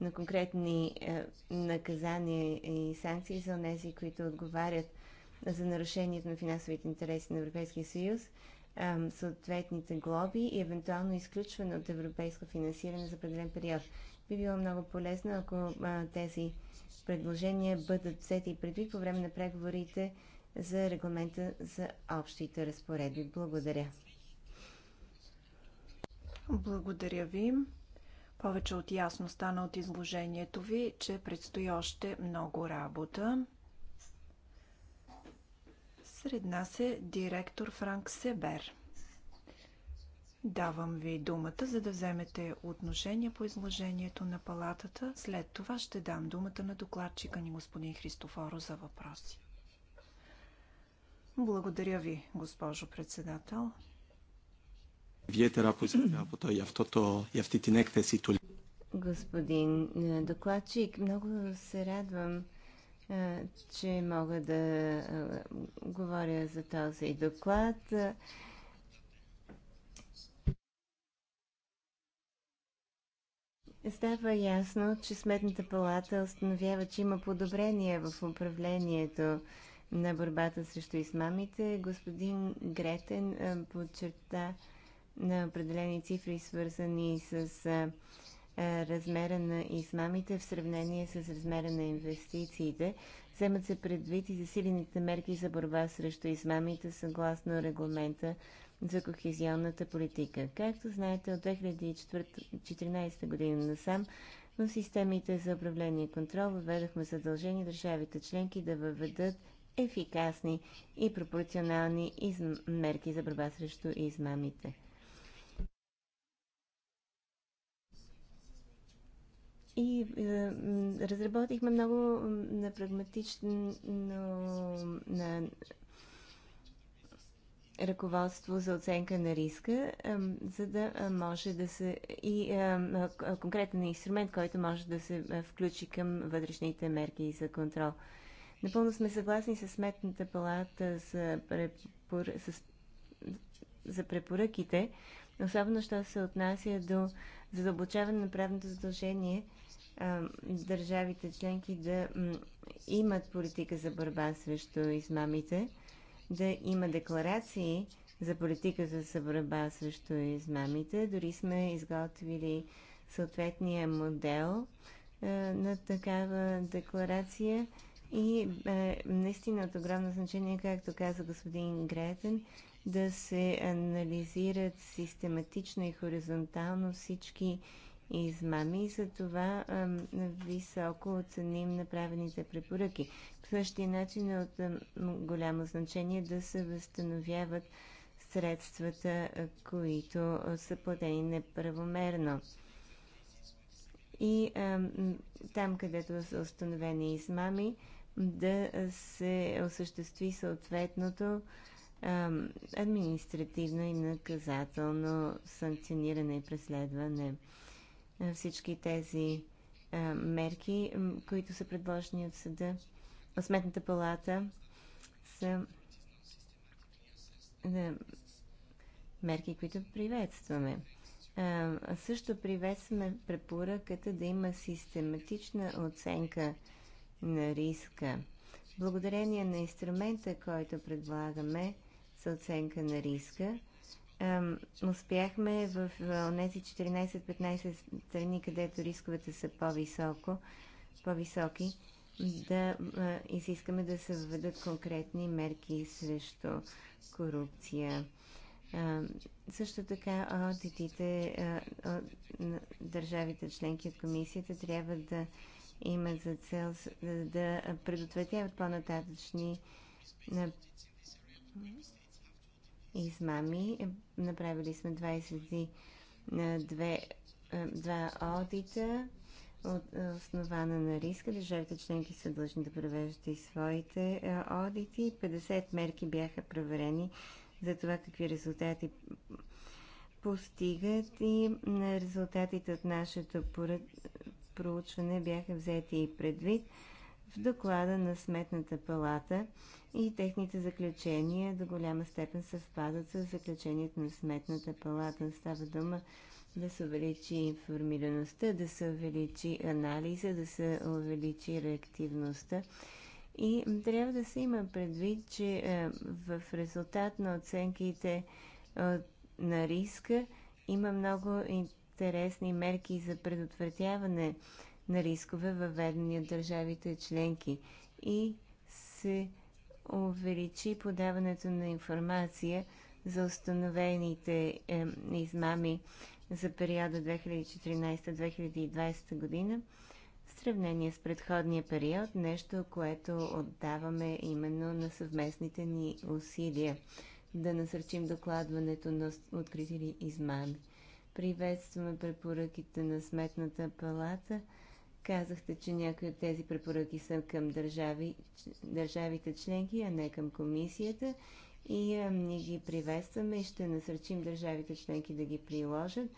на конкретни е, наказания и санкции за тези, които отговарят за нарушението на финансовите интереси на Европейския съюз, съответните глоби и евентуално изключване от европейско финансиране за определен период. Би било много полезно, ако тези предложения бъдат взети предвид по време на преговорите за регламента за общите разпоредби. Благодаря. Благодаря ви. Повече от ясно стана от изложението ви, че предстои още много работа. Сред нас е директор Франк Себер. Давам ви думата, за да вземете отношение по изложението на палатата. След това ще дам думата на докладчика ни господин Христофоро за въпроси. Благодаря ви, госпожо председател ιδιαίτερα που είστε από το, για, αυτό το, για αυτή την έκθεση του. Господин е, докладчик, много се радвам, е, че мога да е, говоря за този доклад. Става ясно, че Сметната палата установява, че има подобрения в управлението на борбата срещу измамите. Господин Гретен подчерта, на определени цифри, свързани с размера на измамите в сравнение с размера на инвестициите. Вземат се предвид и засилените мерки за борба срещу измамите съгласно регламента за кохезионната политика. Както знаете, от 2014 година насам в системите за управление и контрол въведохме задължени държавите членки да въведат ефикасни и пропорционални мерки за борба срещу измамите. и е, разработихме много на прагматично на ръководство за оценка на риска, е, за да може да се и е, конкретен инструмент, който може да се включи към вътрешните мерки за контрол. Напълно сме съгласни с Сметната палата за, препор... с... за препоръките, особено що се отнася до задълбочаване на правното задължение държавите членки да имат политика за борба срещу измамите, да има декларации за политика за борба срещу измамите. Дори сме изготвили съответния модел на такава декларация и е, наистина от огромно значение, както каза господин Гретен, да се анализират систематично и хоризонтално всички и измами и за това а, високо оценим направените препоръки. По същия начин е от а, голямо значение да се възстановяват средствата, които са платени неправомерно. И а, там, където са установени измами, да се осъществи съответното а, административно и наказателно санкциониране и преследване. Е, всички тези е, мерки, които са предложени от съда, от Сметната палата, са е, мерки, които приветстваме. А, също приветстваме препоръката да има систематична оценка на риска. Благодарение на инструмента, който предлагаме за оценка на риска, успяхме в тези 14-15 страни, където рисковете са по-високо, по-високи, да изискаме да се введат конкретни мерки срещу корупция. А, също така аудитите на държавите членки от комисията трябва да имат за цел да, да предотвратяват по-нататъчни измами. Направили сме 22 е, два одита от е, основана на риска. Държавите членки са длъжни да провеждат и своите е, одити. 50 мерки бяха проверени за това какви резултати постигат и резултатите от нашето проучване бяха взети и предвид в доклада на Сметната палата и техните заключения до голяма степен съвпадат с заключението на Сметната палата. Става дума да се увеличи информираността, да се увеличи анализа, да се увеличи реактивността. И трябва да се има предвид, че е, в резултат на оценките е, на риска има много интересни мерки за предотвратяване на рискове, въведени от държавите членки и се увеличи подаването на информация за установените е, измами за периода 2014-2020 година в сравнение с предходния период, нещо, което отдаваме именно на съвместните ни усилия да насърчим докладването на открити измами. Приветстваме препоръките на Сметната палата – Казахте, че някои от тези препоръки са към държави, държавите членки, а не към комисията. И а, ние ги приветстваме и ще насърчим държавите членки да ги приложат.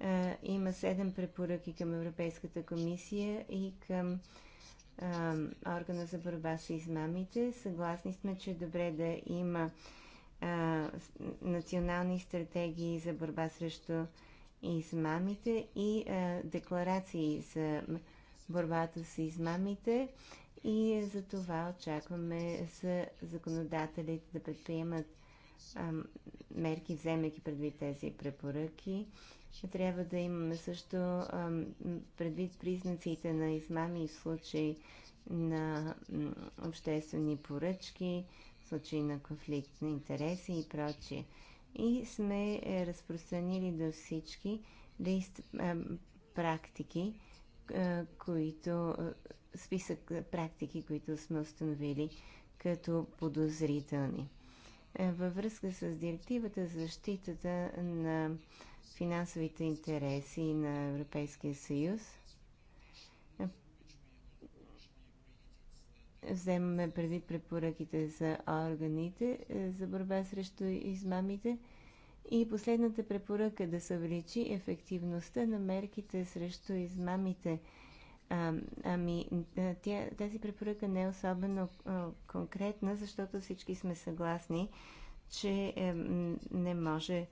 А, има седем препоръки към Европейската комисия и към а, органа за борба с измамите. Съгласни сме, че е добре да има а, национални стратегии за борба срещу измамите и а, декларации за борбата с измамите и за това очакваме за законодателите да предприемат ам, мерки, вземайки предвид тези препоръки. Трябва да имаме също ам, предвид признаците на измами в случай на обществени поръчки, в случай на конфликт на интереси и прочие. И сме е, разпространили до всички лист ам, практики, е, които, е, списък практики, които сме установили като подозрителни. Е, във връзка с директивата за защитата на финансовите интереси на Европейския съюз, вземаме предвид препоръките за органите за борба срещу измамите – и последната препоръка е да се увеличи ефективността на мерките срещу измамите. А, ами, тя, тази препоръка не е особено а, конкретна, защото всички сме съгласни, че е, не може,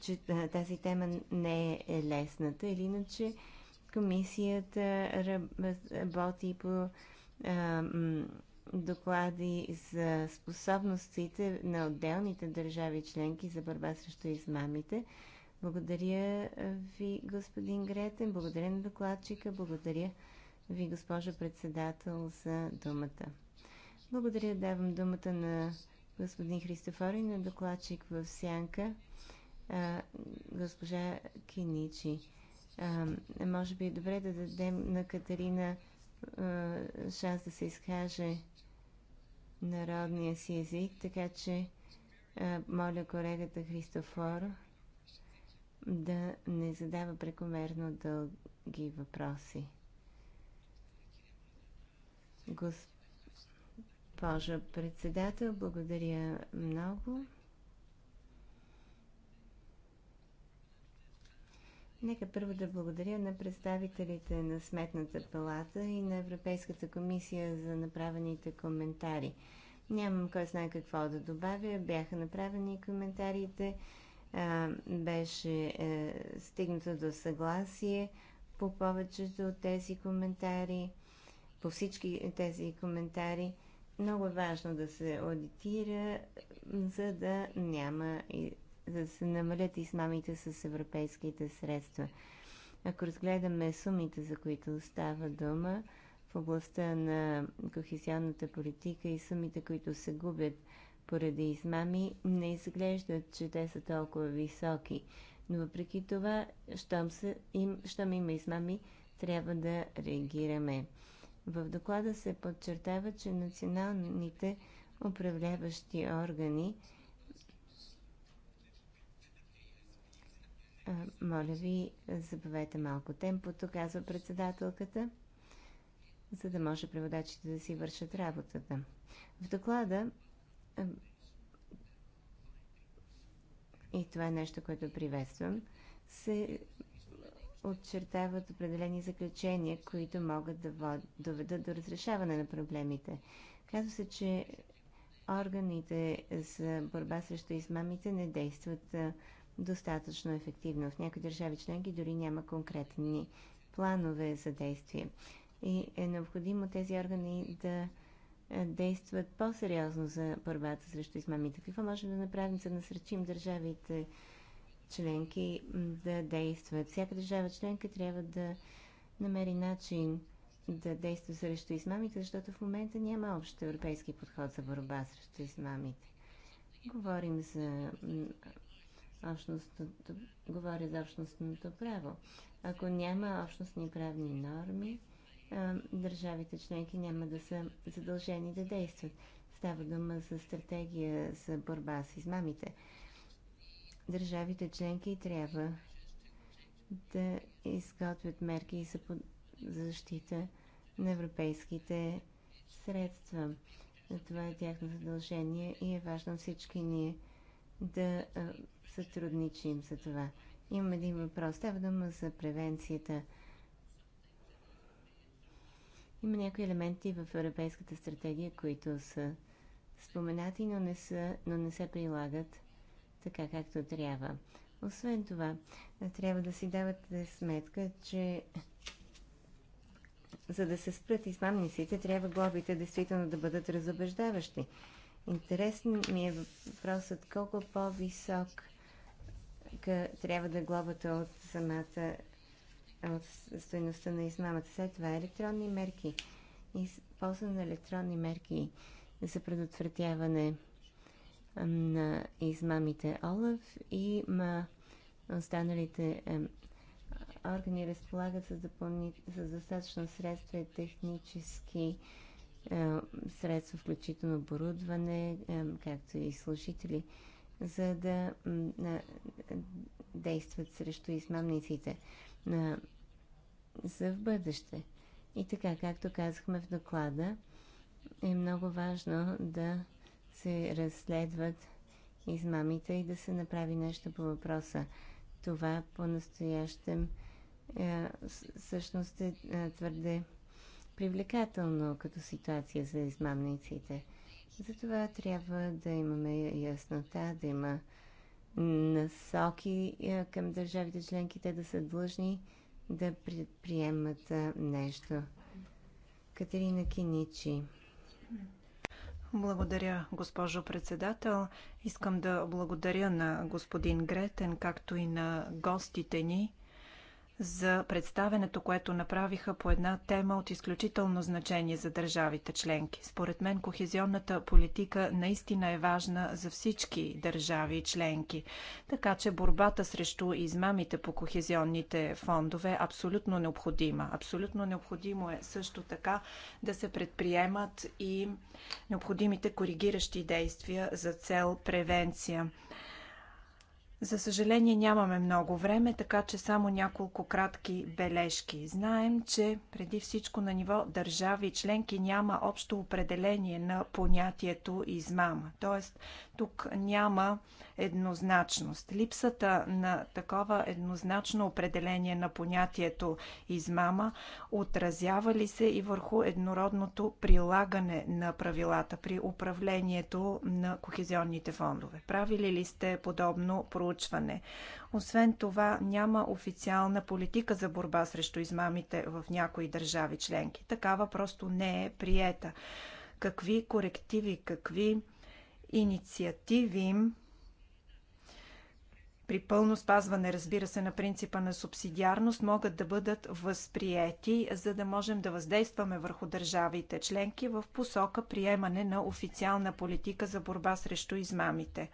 че а, тази тема не е лесната. Или иначе комисията работи по а, доклади за способностите на отделните държави членки за борба срещу измамите. Благодаря ви, господин Гретен, благодаря на докладчика, благодаря ви, госпожо председател, за думата. Благодаря, давам думата на господин Христофори, на докладчик в Сянка, а, госпожа Киничи. А, може би е добре да дадем на Катерина шанс да се изкаже народния си език, така че а, моля колегата Христофор да не задава прекомерно дълги въпроси. Госпожа председател, благодаря много. Нека първо да благодаря на представителите на Сметната палата и на Европейската комисия за направените коментари. Нямам кой знае какво да добавя. Бяха направени коментарите. беше е, стигнато до съгласие по повечето от тези коментари, по всички тези коментари. Много е важно да се аудитира, за да няма да се намалят измамите с европейските средства. Ако разгледаме сумите, за които става дума, в областта на кохезионната политика и сумите, които се губят поради измами, не изглеждат, че те са толкова високи. Но въпреки това, щом, са, им, щом има измами, трябва да реагираме. В доклада се подчертава, че националните управляващи органи Моля ви, забавете малко темпото, казва председателката, за да може преводачите да си вършат работата. В доклада и това е нещо, което приветствам, се отчертават определени заключения, които могат да доведат до разрешаване на проблемите. Казва се, че органите за борба срещу измамите не действат достатъчно ефективно. В някои държави членки дори няма конкретни планове за действие. И е необходимо тези органи да е, действат по-сериозно за борбата срещу измамите. Какво може да направим, за да насръчим държавите членки да действат? Всяка държава членка трябва да намери начин да действа срещу измамите, защото в момента няма общ европейски подход за борба срещу измамите. Говорим за общностното, говоря за общностното право. Ако няма общностни правни норми, държавите членки няма да са задължени да действат. Става дума за стратегия за борба с измамите. Държавите членки трябва да изготвят мерки за защита на европейските средства. Това е тяхно задължение и е важно всички ние да сътрудничим за това. Имам един въпрос. Става дума за превенцията. Има някои елементи в Европейската стратегия, които са споменати, но не, са, но не се прилагат така, както трябва. Освен това, трябва да си давате сметка, че за да се спрат измамниците, трябва глобите действително да бъдат разобеждаващи. Интересен ми е въпросът колко по-висок трябва да е глобата от самата от стоеността на измамата. След това електронни мерки. Използване на електронни мерки за предотвратяване на измамите Олаф и ма, останалите органи разполагат с, допълни, с достатъчно средства и технически е, средства, включително оборудване, е, както и служители, за да действат срещу измамниците за в бъдеще. И така, както казахме в доклада, е много важно да се разследват измамите и да се направи нещо по въпроса. Това по-настоящем е, всъщност е, е твърде привлекателно като ситуация за измамниците. Затова трябва да имаме яснота, да има насоки е, към държавите членки, те да са длъжни да предприемат е, нещо. Катерина Киничи. Благодаря, госпожо председател. Искам да благодаря на господин Гретен, както и на гостите ни за представенето, което направиха по една тема от изключително значение за държавите членки. Според мен кохезионната политика наистина е важна за всички държави и членки, така че борбата срещу измамите по кохезионните фондове е абсолютно необходима. Абсолютно необходимо е също така да се предприемат и необходимите коригиращи действия за цел превенция. За съжаление нямаме много време, така че само няколко кратки бележки. Знаем, че преди всичко на ниво държави членки няма общо определение на понятието измама. Тоест, тук няма еднозначност. Липсата на такова еднозначно определение на понятието измама отразява ли се и върху еднородното прилагане на правилата при управлението на кохезионните фондове? Правили ли сте подобно проучване? Освен това, няма официална политика за борба срещу измамите в някои държави членки. Такава просто не е приета. Какви корективи, какви инициативи при пълно спазване, разбира се, на принципа на субсидиарност, могат да бъдат възприети, за да можем да въздействаме върху държавите членки в посока приемане на официална политика за борба срещу измамите,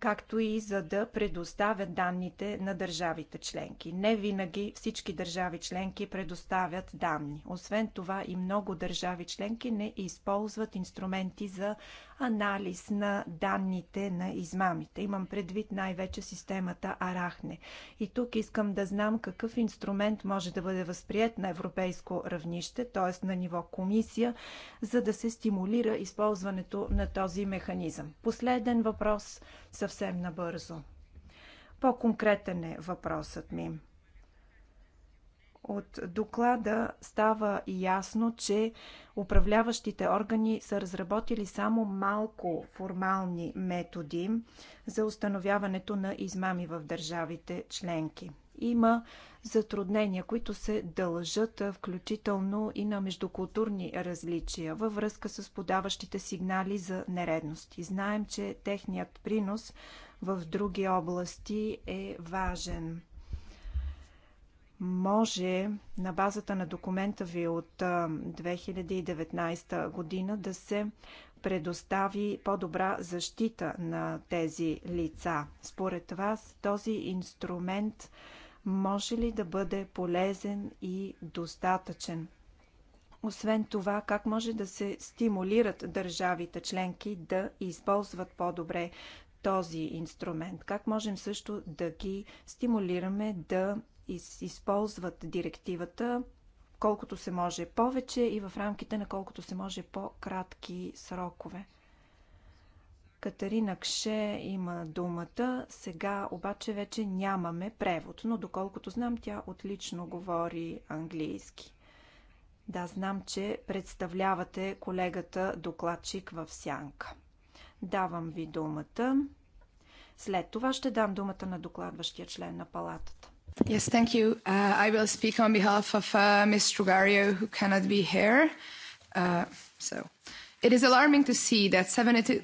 както и за да предоставят данните на държавите членки. Не винаги всички държави членки предоставят данни. Освен това и много държави членки не използват инструменти за анализ на данните на измамите. Имам предвид най-вече системата Арахне. И тук искам да знам какъв инструмент може да бъде възприят на европейско равнище, т.е. на ниво комисия, за да се стимулира използването на този механизъм. Последен въпрос съвсем набързо. По-конкретен е въпросът ми. От доклада става ясно, че управляващите органи са разработили само малко формални методи за установяването на измами в държавите членки. Има затруднения, които се дължат включително и на междукултурни различия във връзка с подаващите сигнали за нередности. Знаем, че техният принос в други области е важен може на базата на документа ви от 2019 година да се предостави по-добра защита на тези лица. Според вас този инструмент може ли да бъде полезен и достатъчен? Освен това, как може да се стимулират държавите членки да използват по-добре този инструмент? Как можем също да ги стимулираме да използват директивата колкото се може повече и в рамките на колкото се може по-кратки срокове. Катарина Кше има думата, сега обаче вече нямаме превод, но доколкото знам, тя отлично говори английски. Да, знам, че представлявате колегата докладчик в Сянка. Давам ви думата. След това ще дам думата на докладващия член на палатата. Yes, thank you. Uh, I will speak on behalf of uh, Ms. Trugario, who cannot be here. Uh, so. It is alarming to see that 72%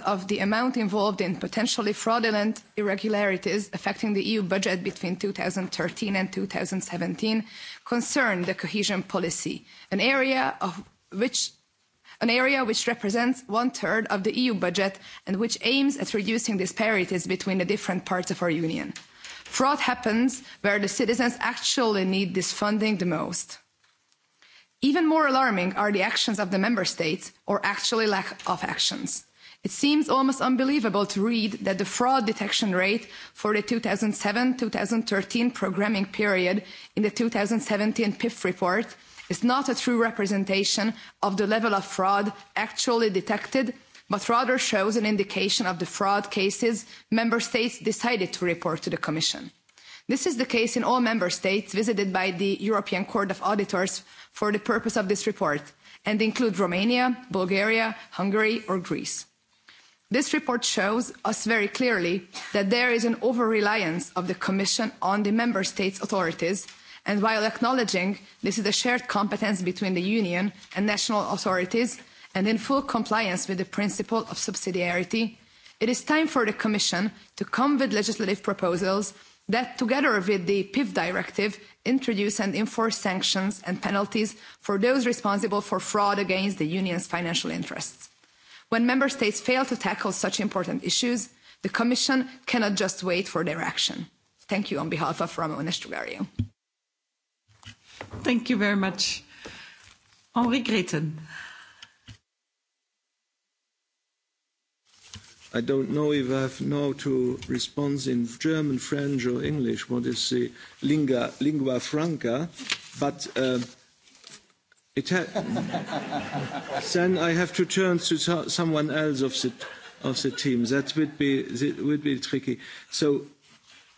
of the amount involved in potentially fraudulent irregularities affecting the EU budget between 2013 and 2017 concerned the cohesion policy, an area of which an area which represents one third of the EU budget and which aims at reducing disparities between the different parts of our union fraud happens where the citizens actually need this funding the most. even more alarming are the actions of the member states or actually lack of actions. it seems almost unbelievable to read that the fraud detection rate for the two thousand and seven two thousand and thirteen programming period in the two thousand and seventeen pif report is not a true representation of the level of fraud actually detected but rather shows an indication of the fraud cases member states decided to report to the commission. this is the case in all member states visited by the european court of auditors for the purpose of this report and include romania bulgaria hungary or greece. this report shows us very clearly that there is an over reliance of the commission on the member states' authorities and while acknowledging this is a shared competence between the union and national authorities and in full compliance with the principle of subsidiarity, it is time for the Commission to come with legislative proposals that, together with the PIF directive, introduce and enforce sanctions and penalties for those responsible for fraud against the Union's financial interests. When Member States fail to tackle such important issues, the Commission cannot just wait for their action. Thank you on behalf of Ramon Estrugario. Thank you very much. Henri Greten. I don't know if I have now to respond in German, French, or English. What is the lingua, lingua franca? But uh, it ha- then I have to turn to someone else of the of the team. That would be that would be tricky. So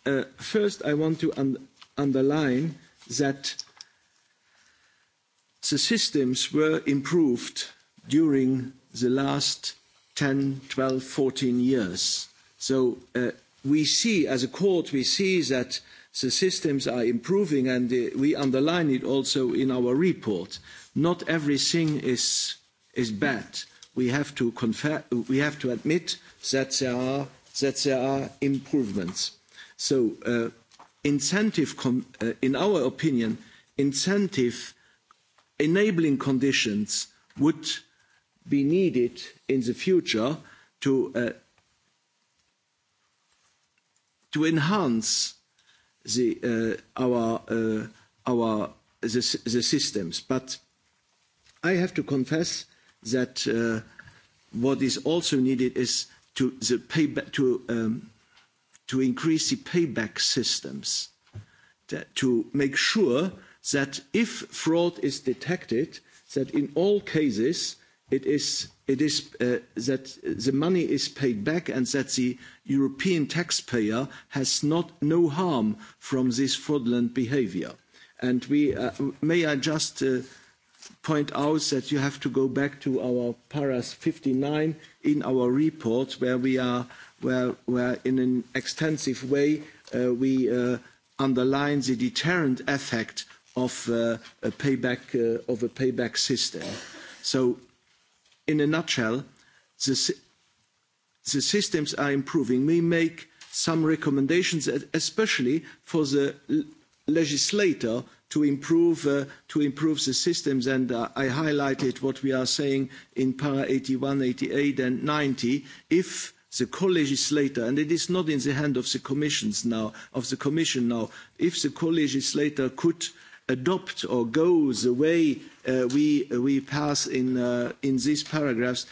uh, first, I want to un- underline that the systems were improved during the last 10, 12, 14 years. So we see, as a court, we see that the systems are improving, and we underline it also in our report. Not everything is bad. We have to admit that there are improvements. So, incentive in our opinion, incentive enabling conditions would be needed in the future to uh, to enhance the uh, our uh, our the, the systems but i have to confess that uh, what is also needed is to the payback to um, to increase the payback systems that, to make sure that if fraud is detected that in all cases it is that the money is paid back and that the European taxpayer has no harm from this fraudulent behaviour. And we, may I just point out that you have to go back to our paras 59 in our report where we are, where, where in an extensive way we underline the deterrent effect of a payback, of a payback system. So in a nutshell, the, the systems are improving. We make some recommendations, especially for the legislator to improve the systems. and I highlighted what we are saying in para 81, 88, and 90. If the co-legislator, and it is not in the hand of the commissions now, of the commission now, if the co-legislator could adopts or goes the way we, we pass in, in these paragraphs,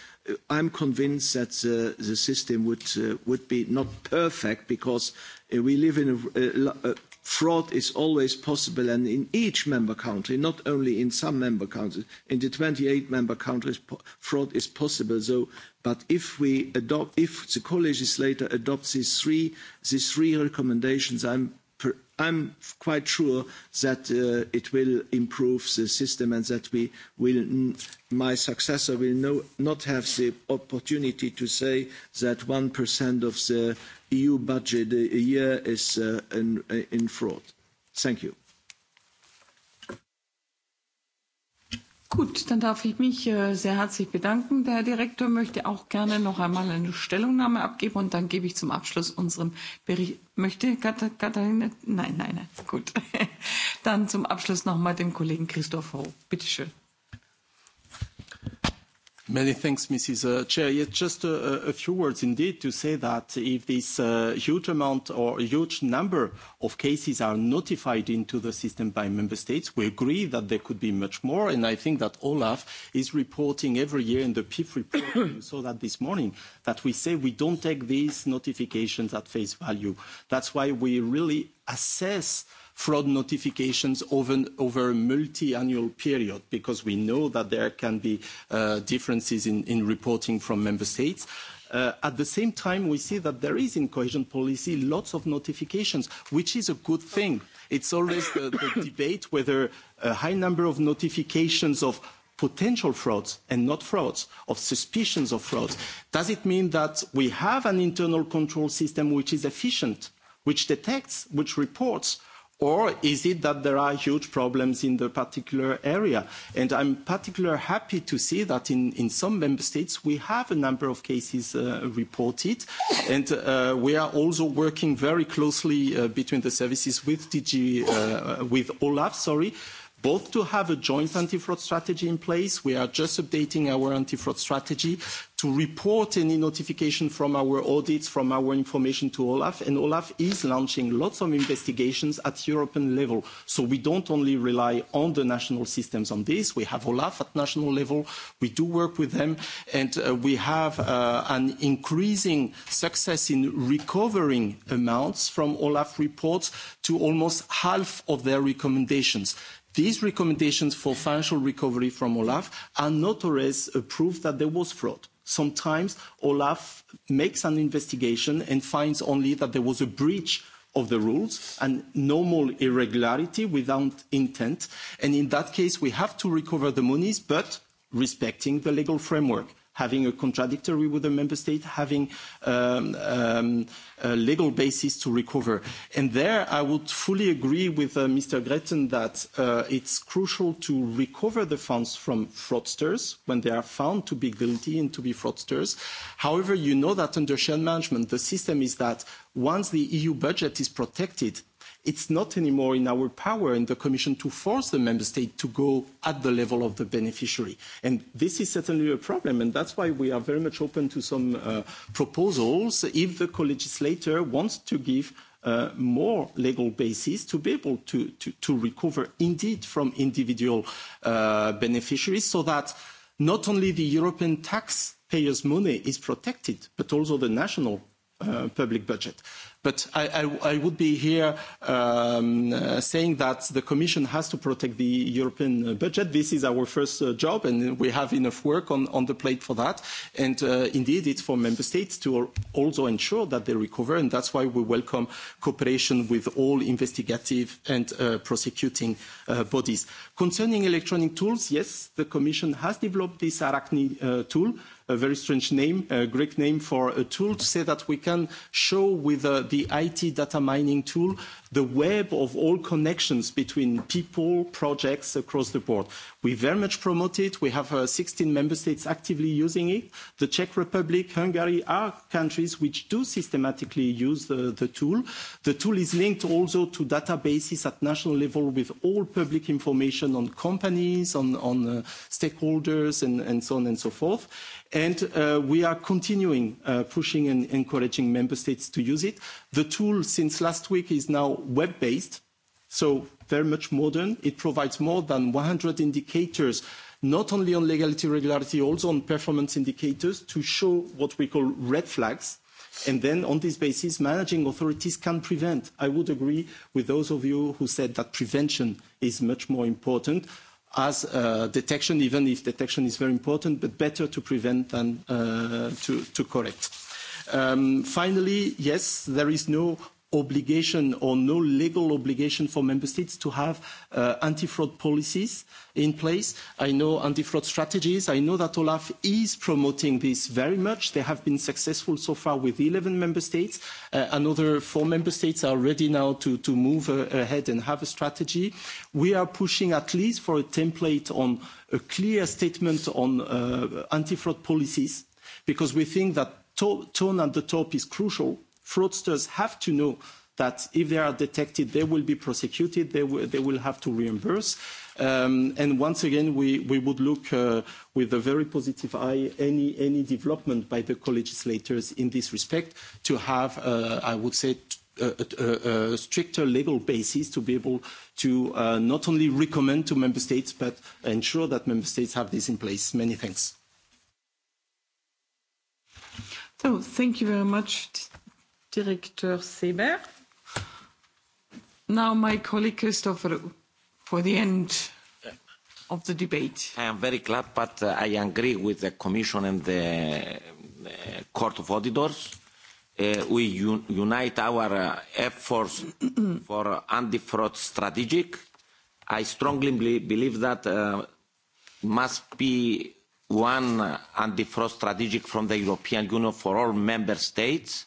I'm convinced that the, the system would, would be not perfect because we live in a, fraud is always possible and in each member country, not only in some member countries, in the twenty eight member countries, fraud is possible. So, but if we adopt, if the co-legislator adopts these three, these three recommendations, I'm I'm quite sure that it will improve the system and that we will, my successor will no, not have the opportunity to say that 1% of the EU budget a year is in, fraud. Thank you. Gut, dann darf ich mich sehr herzlich bedanken. Der Herr Direktor möchte auch gerne noch einmal eine Stellungnahme abgeben und dann gebe ich zum Abschluss unserem Bericht. Möchte Katharina? Nein, nein, nein. Gut. Dann zum Abschluss nochmal dem Kollegen Christoph Ho. Bitte schön. Many thanks, Mrs. Chair. Yes, just a few words indeed to say that if this huge amount or huge number of cases are notified into the system by member states, we agree that there could be much more, and I think that Olaf is reporting every year in the PIF report, you saw that this morning, that we say we don't take these notifications at face value. That's why we really assess uh, fraud notifications over a multi-annual period, because we know that there can be differences in reporting from member states. At the same time, we see that there is in cohesion policy lots of notifications, which is a good thing. It's always the debate whether a high number of notifications of potential frauds and not frauds, of suspicions of frauds. Does it mean that we have an internal control system which is efficient, which detects, which reports, Or is it that there are huge problems in the particular area? And I'm particularly happy to see that in, in some member states we have a number of cases uh, reported. And uh, we are also working very closely uh, between the services with DG, uh, with OLAF, sorry, both to have a joint anti-fraud strategy in place. We are just updating our anti-fraud strategy to report any notification from our audits, from our information to Olaf, and Olaf is launching lots of investigations at European level. So we don't only rely on the national systems on this. We have Olaf at national level. We do work with them, and we have an increasing success in recovering amounts from Olaf reports to almost half of their recommendations. These recommendations for financial recovery from Olaf are not always a proof that there was fraud. Sometimes Olaf makes an investigation and finds only that there was a breach of the rules and normal irregularity without intent. And in that case, we have to recover the monies, but respecting the legal framework having a contradictory with the member state, having um, um, a legal basis to recover. And there I would fully agree with uh, Mr. Gretten that uh, it's crucial to recover the funds from fraudsters when they are found to be guilty and to be fraudsters. However, you know that under shared management, the system is that once the EU budget is protected, it's not anymore in our power in the Commission to force the member state to go at the level of the beneficiary. And this is certainly a problem, and that's why we are very much open to some uh, proposals if the co-legislator wants to give uh, more legal basis to be able to, to, to recover indeed from individual uh, beneficiaries so that not only the European taxpayers' money is protected, but also the national uh, public budget. But I, I, I would be here um, uh, saying that the Commission has to protect the European budget. This is our first uh, job, and we have enough work on, on the plate for that. And uh, indeed, it's for member states to also ensure that they recover, and that's why we welcome cooperation with all investigative and uh, prosecuting uh, bodies. Concerning electronic tools, yes, the Commission has developed this Arachne uh, tool a very strange name, a Greek name for a tool to say that we can show with the IT data mining tool the web of all connections between people, projects across the board. We very much promote it. We have uh, 16 member states actively using it. The Czech Republic, Hungary are countries which do systematically use the, the tool. The tool is linked also to databases at national level with all public information on companies, on, on uh, stakeholders, and, and so on and so forth. And uh, we are continuing uh, pushing and encouraging member states to use it. The tool since last week is now web-based, so very much modern. It provides more than 100 indicators, not only on legality, regularity, also on performance indicators to show what we call red flags. And then on this basis, managing authorities can prevent. I would agree with those of you who said that prevention is much more important as detection, even if detection is very important, but better to prevent than to correct. Finally, yes, there is no obligation or no legal obligation for member states to have uh, anti-fraud policies in place. I know anti-fraud strategies. I know that Olaf is promoting this very much. They have been successful so far with 11 member states. Uh, another four member states are ready now to, to move uh, ahead and have a strategy. We are pushing at least for a template on a clear statement on uh, anti-fraud policies because we think that tone at the top is crucial fraudsters have to know that if they are detected, they will be prosecuted, they, they will have to reimburse. Um, and once again, we, we would look uh, with a very positive eye any, any development by the co-legislators in this respect to have, uh, I would say, a, stricter legal basis to be able to uh, not only recommend to member states, but ensure that member states have this in place. Many thanks. So thank you very much Director Seber. Now my colleague Christopher for the end of the debate. I am very glad, but uh, I agree with the Commission and the uh, Court of Auditors. Uh, we un unite our uh, efforts for anti-fraud strategic. I strongly believe that uh, must be one anti-fraud strategic from the European Union for all member states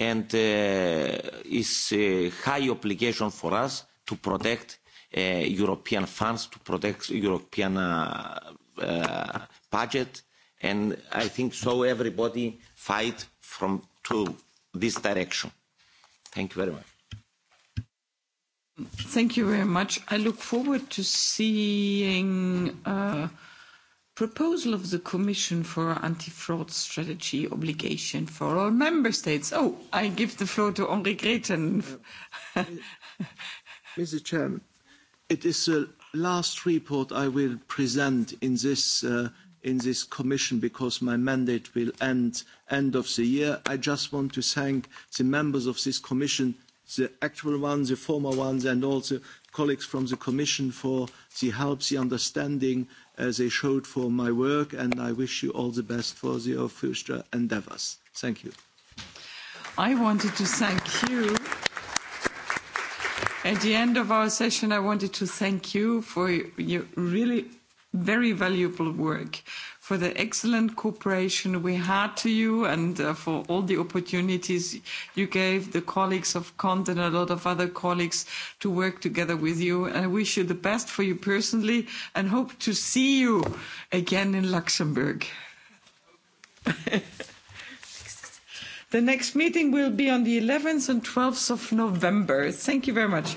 and uh, is a high obligation for us to protect uh, European funds, to protect European uh, uh, budget, and I think so everybody fight from to this direction. Thank you very much. Thank you very much. I look forward to seeing. Uh, proposal of the Commission for anti-fraud strategy obligation for all member states. Oh, I give the floor to Henri Greten. Mr. Chairman, it is the last report I will present in this uh, in this commission because my mandate will end end of the year. I just want to thank the members of this commission, the actual ones, the former ones, and also colleagues from the commission for the help, the understanding, as they showed for my work, and I wish you all the best for your future endeavours. Thank you. I wanted to thank you. At the end of our session, I wanted to thank you for your really very valuable work for the excellent cooperation we had to you and uh, for all the opportunities you gave the colleagues of Cont and a lot of other colleagues to work together with you. And I wish you the best for you personally and hope to see you again in Luxembourg. the next meeting will be on the 11th and 12th of November. Thank you very much.